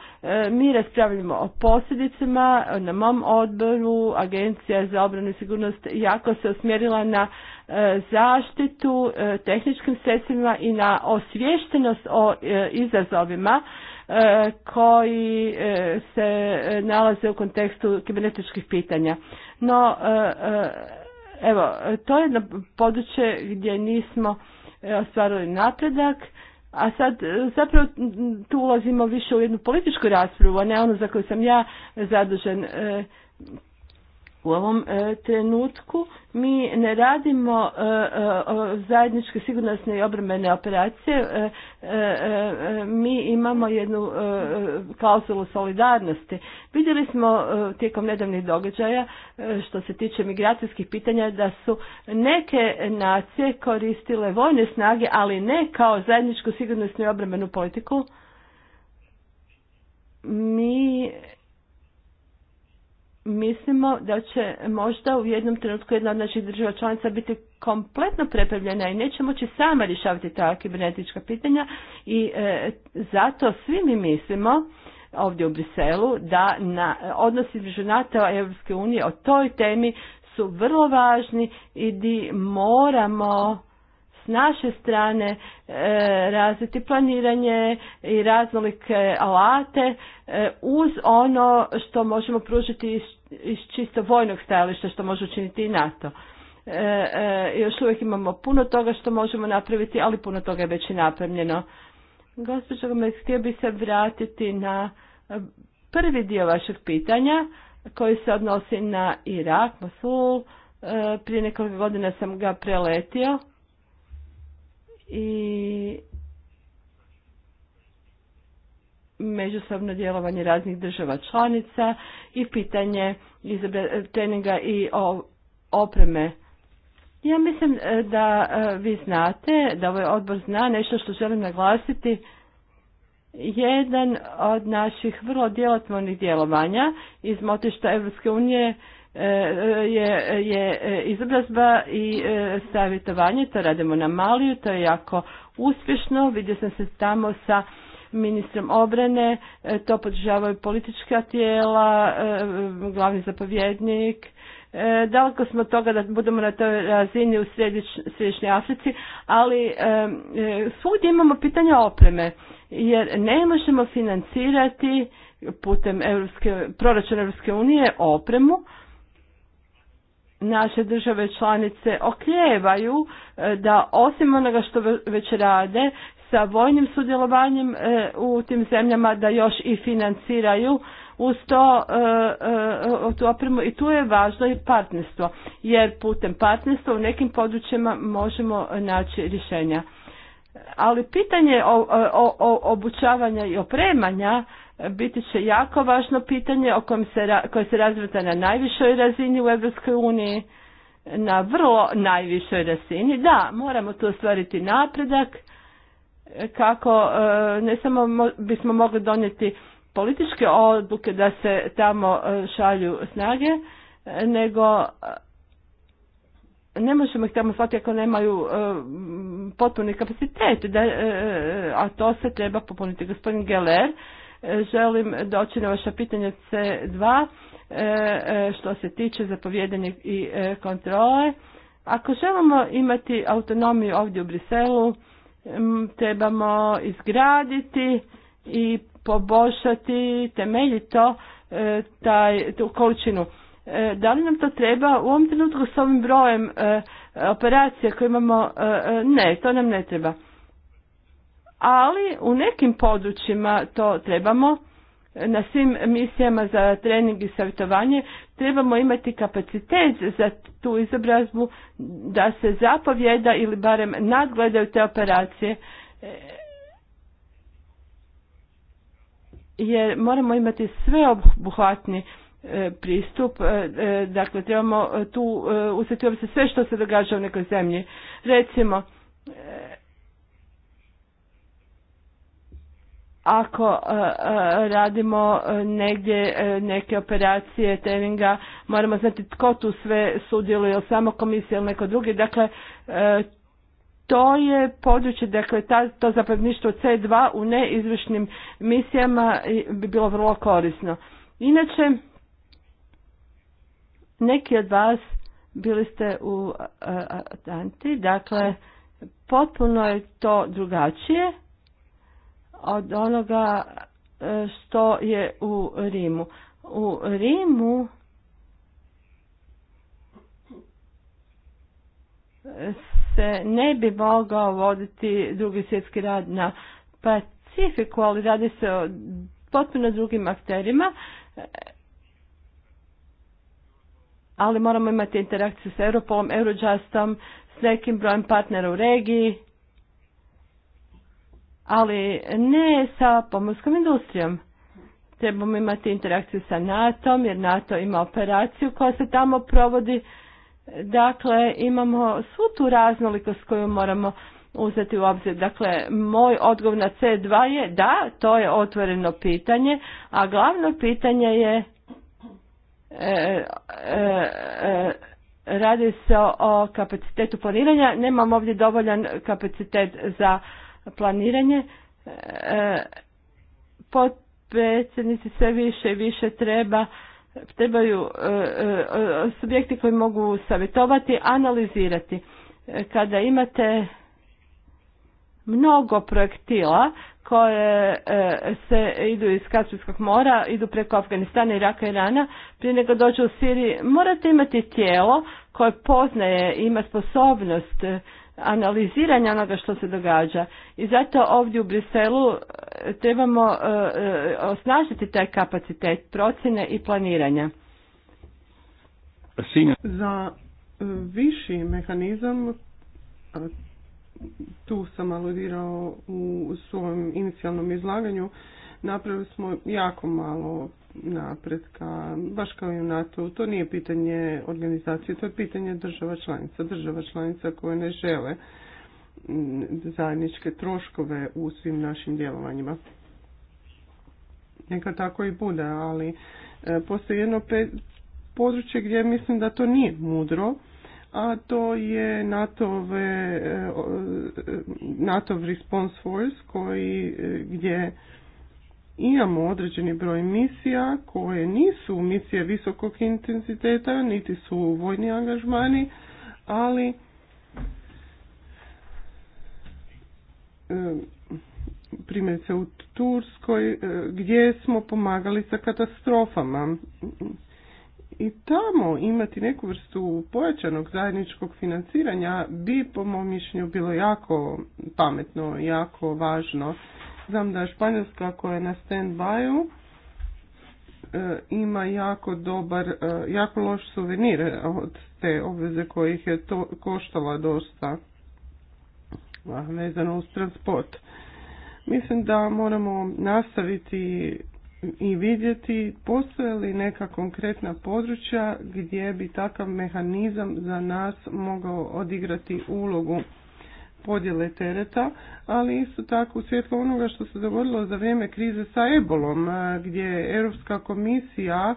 Mi raspravljamo o posljedicama, na mom odboru Agencija za obranu i sigurnost jako se usmjerila na zaštitu tehničkim sredstvima i na osviještenost o izazovima koji e, se nalaze u kontekstu kibernetičkih pitanja. No, e, e, evo, to je jedno područje gdje nismo ostvarili napredak, a sad zapravo tu ulazimo više u jednu političku raspravu, a ne ono za koju sam ja zadužen u ovom e, trenutku mi ne radimo e, e, zajedničke sigurnosne i obrambene operacije, mi imamo jednu klauzulu solidarnosti. Vidjeli smo tijekom nedavnih događaja što se tiče migracijskih pitanja da su neke nacije koristile vojne snage, ali ne kao zajedničku sigurnosnu i obrambenu politiku. Mi mislimo da će možda u jednom trenutku jedna od naših država članica biti kompletno prepravljena i neće moći sama rješavati ta kibernetička pitanja i e, zato svi mi mislimo ovdje u Briselu da na odnosi između NATO i Europske unije o toj temi su vrlo važni i di moramo s naše strane e, razviti planiranje i raznolike alate e, uz ono što možemo pružiti iz čisto vojnog stajališta što može učiniti i NATO. E, još uvijek imamo puno toga što možemo napraviti, ali puno toga je već i napravljeno. Gospođo Gomez, htio bi se vratiti na prvi dio vašeg pitanja koji se odnosi na Irak, Mosul. Prije nekoliko godina sam ga preletio i međusobno djelovanje raznih država članica i pitanje treninga i opreme. Ja mislim e, da e, vi znate, da ovaj odbor zna nešto što želim naglasiti. Jedan od naših vrlo djelotvornih djelovanja iz motišta Evropske unije E, je, je e, izobrazba i e, savjetovanje. To radimo na Maliju, to je jako uspješno. Vidio sam se tamo sa ministrom obrane, to podržavaju politička tijela, glavni zapovjednik. Daleko smo toga da budemo na toj razini u Središnjoj Africi, ali svugdje imamo pitanje opreme, jer ne možemo financirati putem Europske, proračuna Europske unije opremu, naše države članice okljevaju e, da osim onoga što već rade sa vojnim sudjelovanjem e, u tim zemljama da još i financiraju uz to e, tu opremu i tu je važno i partnerstvo jer putem partnerstva u nekim područjima možemo naći rješenja. Ali pitanje o, obučavanja i opremanja biti će jako važno pitanje o kojem se, koje se razvrta na najvišoj razini u Europskoj uniji, na vrlo najvišoj razini. Da, moramo tu ostvariti napredak kako e, ne samo bismo mogli donijeti političke odluke da se tamo e, šalju snage, nego e, ne možemo ih tamo slati ako nemaju potpuni kapacitet, da, a to se treba popuniti. Gospodin Geller želim doći na vaša pitanja C2 e, e, što se tiče zapovjedanja i e, kontrole. Ako želimo imati autonomiju ovdje u Briselu, trebamo izgraditi i poboljšati temeljito taj, tu količinu. Da li nam to treba u ovom trenutku s ovim brojem operacija koje imamo? Ne, to nam ne treba ali u nekim područjima to trebamo na svim misijama za trening i savjetovanje trebamo imati kapacitet za tu izobrazbu da se zapovjeda ili barem nadgledaju te operacije jer moramo imati sveobuhvatni e, pristup, e, e, dakle trebamo tu usjetiti sve što se događa u nekoj zemlji. Recimo, ako e, e, radimo e, negdje neke operacije treninga, moramo znati tko tu sve sudjeluje, samo komisija ili neko drugi. Dakle, to je područje, dakle, to zapovjedništvo C2 u neizvršnim misijama bi bilo vrlo korisno. Inače, neki od vas bili ste u Atlanti, dakle, potpuno je to drugačije od onoga e, što je u Rimu. U Rimu se ne bi mogao voditi drugi svjetski rad na Pacifiku, ali radi se o potpuno drugim akterima. Ali moramo imati interakciju s Europolom, Eurojustom, s nekim brojem partnera u regiji ali ne sa pomorskom industrijom. Trebamo imati interakciju sa nato jer NATO ima operaciju koja se tamo provodi. Dakle, imamo svu tu raznolikost koju moramo uzeti u obzir. Dakle, moj odgovor na C2 je da, to je otvoreno pitanje, a glavno pitanje je e, e, e radi se o kapacitetu planiranja. Nemam ovdje dovoljan kapacitet za planiranje, e, potpredsjednici sve više i više treba trebaju e, e, subjekti koji mogu savjetovati, analizirati. Kada imate mnogo projektila koje se idu iz Kaspijskog mora, idu preko Afganistana, Iraka i Irana, prije nego dođu u Siriji, morate imati tijelo koje poznaje, ima sposobnost analiziranja onoga što se događa. I zato ovdje u Briselu e, trebamo e, e, osnažiti taj kapacitet procjene i planiranja. Za viši mehanizam, tu sam aludirao u svom inicijalnom izlaganju, napravili smo jako malo napretka, baš kao i u NATO, to nije pitanje organizacije, to je pitanje država članica, država članica koje ne žele mm, zajedničke troškove u svim našim djelovanjima. Neka tako i bude, ali e, postoji jedno područje gdje mislim da to nije mudro, a to je nato e, e, NATO Response Force koji, gdje imamo određeni broj misija koje nisu misije visokog intenziteta, niti su vojni angažmani, ali primjerice u Turskoj eh, gdje smo pomagali sa katastrofama i tamo imati neku vrstu pojačanog zajedničkog financiranja bi po mom mišljenju bilo jako pametno, jako važno znam da je Španjolska koja je na stand by e, ima jako dobar, e, jako loš suvenir e, od te obveze kojih je to koštala dosta vezano uz transport. Mislim da moramo nastaviti i vidjeti postoje li neka konkretna područja gdje bi takav mehanizam za nas mogao odigrati ulogu podjele tereta, ali isto tako u svjetlu onoga što se dogodilo za vrijeme krize sa ebolom, gdje je Europska komisija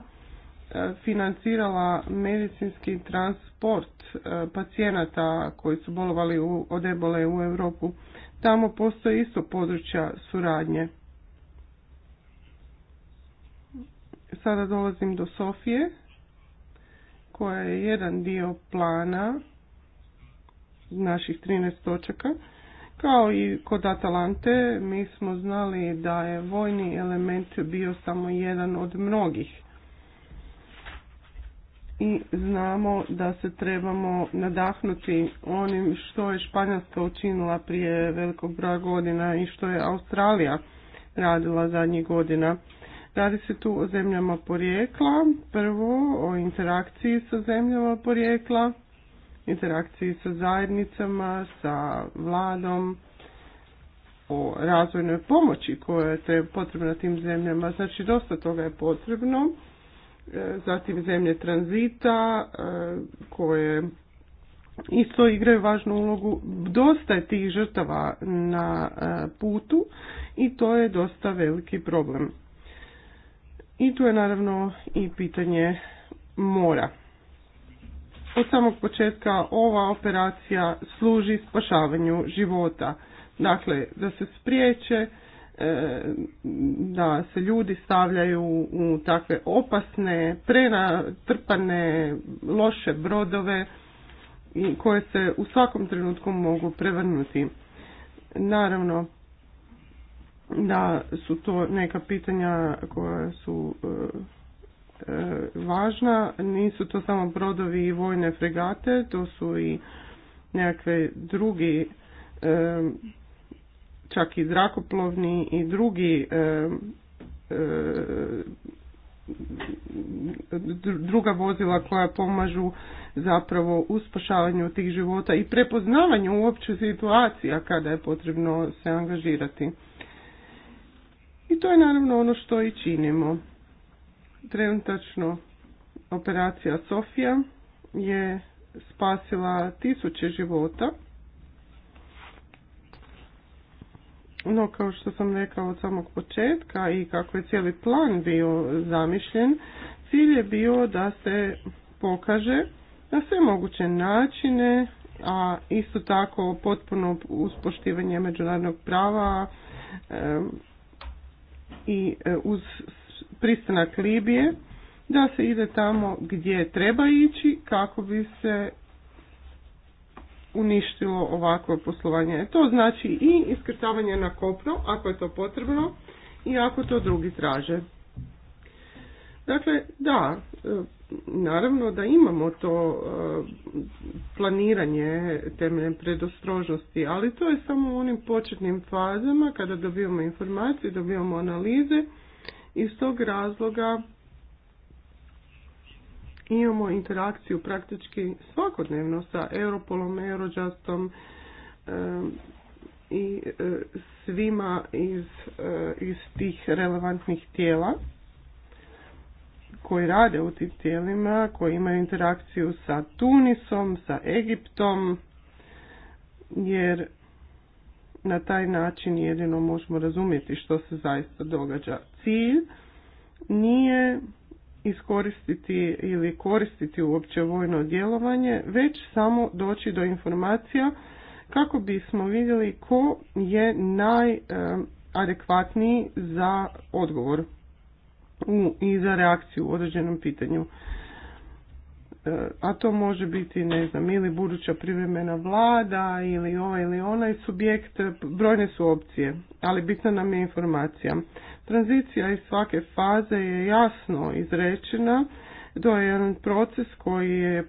financirala medicinski transport pacijenata koji su bolovali od ebole u Europu. Tamo postoje isto područja suradnje. Sada dolazim do Sofije, koja je jedan dio plana naših 13 točaka. Kao i kod Atalante, mi smo znali da je vojni element bio samo jedan od mnogih. I znamo da se trebamo nadahnuti onim što je Španjolska učinila prije velikog broja godina i što je Australija radila zadnjih godina. Radi se tu o zemljama porijekla, prvo o interakciji sa zemljama porijekla, interakciji sa zajednicama, sa vladom, o razvojnoj pomoći koja je potrebna tim zemljama. Znači dosta toga je potrebno. E, zatim zemlje tranzita e, koje isto igraju važnu ulogu. Dosta je tih žrtava na e, putu i to je dosta veliki problem. I tu je naravno i pitanje mora. Od samog početka ova operacija služi spašavanju života. Dakle, da se spriječe e, da se ljudi stavljaju u takve opasne, prenatrpane, loše brodove koje se u svakom trenutku mogu prevrnuti. Naravno da su to neka pitanja koja su e, važna. Nisu to samo brodovi i vojne fregate, to su i nekakve drugi, čak i zrakoplovni i drugi druga vozila koja pomažu zapravo u spašavanju tih života i prepoznavanju uopće situacija kada je potrebno se angažirati. I to je naravno ono što i činimo. Trenutačno operacija Sofija je spasila tisuće života. No, kao što sam rekla od samog početka i kako je cijeli plan bio zamišljen, cilj je bio da se pokaže na sve moguće načine, a isto tako potpuno uspoštivanje međunarodnog prava i e, uz pristanak Libije, da se ide tamo gdje treba ići kako bi se uništilo ovakvo poslovanje. To znači i iskrtavanje na kopno, ako je to potrebno, i ako to drugi traže. Dakle, da, e, naravno da imamo to e, planiranje temeljem predostrožnosti, ali to je samo u onim početnim fazama kada dobijemo informacije, dobivamo analize iz tog razloga imamo interakciju praktički svakodnevno sa Europolom, Eurojustom i e, svima iz, e, iz tih relevantnih tijela koji rade u tim tijelima, koji imaju interakciju sa Tunisom, sa Egiptom, jer na taj način jedino možemo razumjeti što se zaista događa. Cilj nije iskoristiti ili koristiti uopće vojno djelovanje, već samo doći do informacija kako bismo vidjeli ko je najadekvatniji e, za odgovor i za reakciju u određenom pitanju a to može biti, ne znam, ili buduća privremena vlada ili ovaj ili onaj subjekt, brojne su opcije, ali bitna nam je informacija. Tranzicija iz svake faze je jasno izrečena, to je jedan proces koji je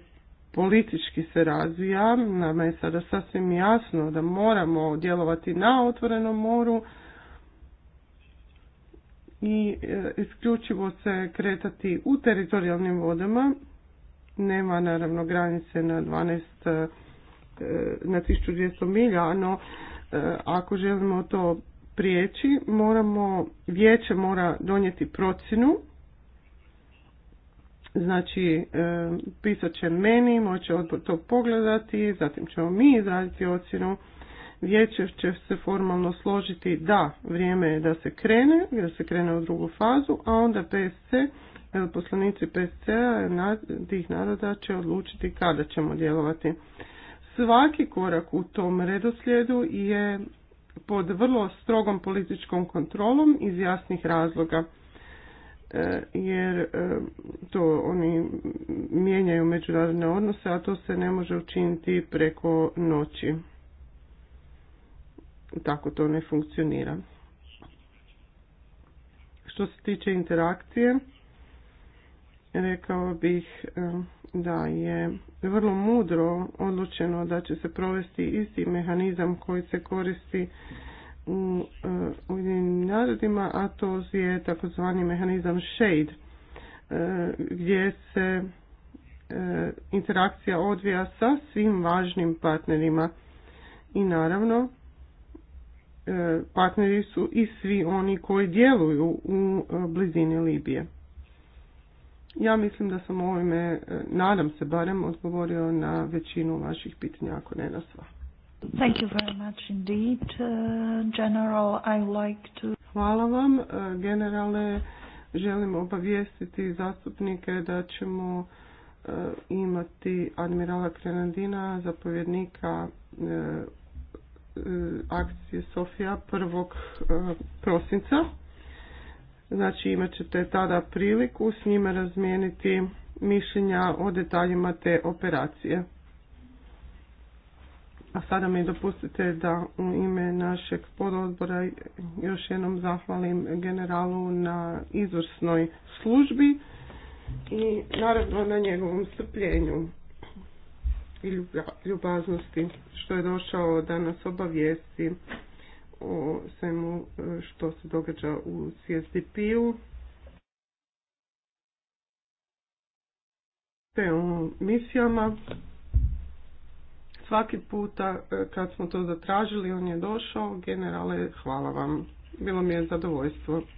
politički se razvija, nama je sada sasvim jasno da moramo djelovati na otvorenom moru i e, isključivo se kretati u teritorijalnim vodama, nema naravno granice na 12 e, na 1200 milja, no e, ako želimo to prijeći, moramo, vijeće mora donijeti procjenu, znači e, pisat će meni, moće odbor to pogledati, zatim ćemo mi izraditi ocjenu, vijeće će se formalno složiti da vrijeme je da se krene, da se krene u drugu fazu, a onda PSC E, Poslanici PSC-a tih naroda će odlučiti kada ćemo djelovati. Svaki korak u tom redoslijedu je pod vrlo strogom političkom kontrolom iz jasnih razloga e, jer e, to oni mijenjaju međunarodne odnose, a to se ne može učiniti preko noći. Tako to ne funkcionira. Što se tiče interakcije rekao bih e, da je vrlo mudro odlučeno da će se provesti isti mehanizam koji se koristi u e, Ujedinjenim narodima, a to je takozvani mehanizam SHADE, e, gdje se interakcija odvija sa svim važnim partnerima i naravno partneri su i svi oni koji djeluju u blizini Libije. Ja mislim da sam ovime, e, nadam se barem, odgovorio na većinu vaših pitanja, ako ne na sva. Uh, General, Hvala vam. E, generale, želim obavijestiti zastupnike da ćemo e, imati admirala Krenandina, zapovjednika akcije Sofija 1. prosinca. Znači imat ćete tada priliku s njima razmijeniti mišljenja o detaljima te operacije. A sada mi dopustite da u ime našeg pododbora još jednom zahvalim generalu na izvrsnoj službi i naravno na njegovom strpljenju i ljubaznosti što je došao da nas obavijesti o svemu e, što se događa u CSDP-u. Te o misijama. Svaki puta e, kad smo to zatražili, on je došao. Generale, hvala vam. Bilo mi je zadovoljstvo.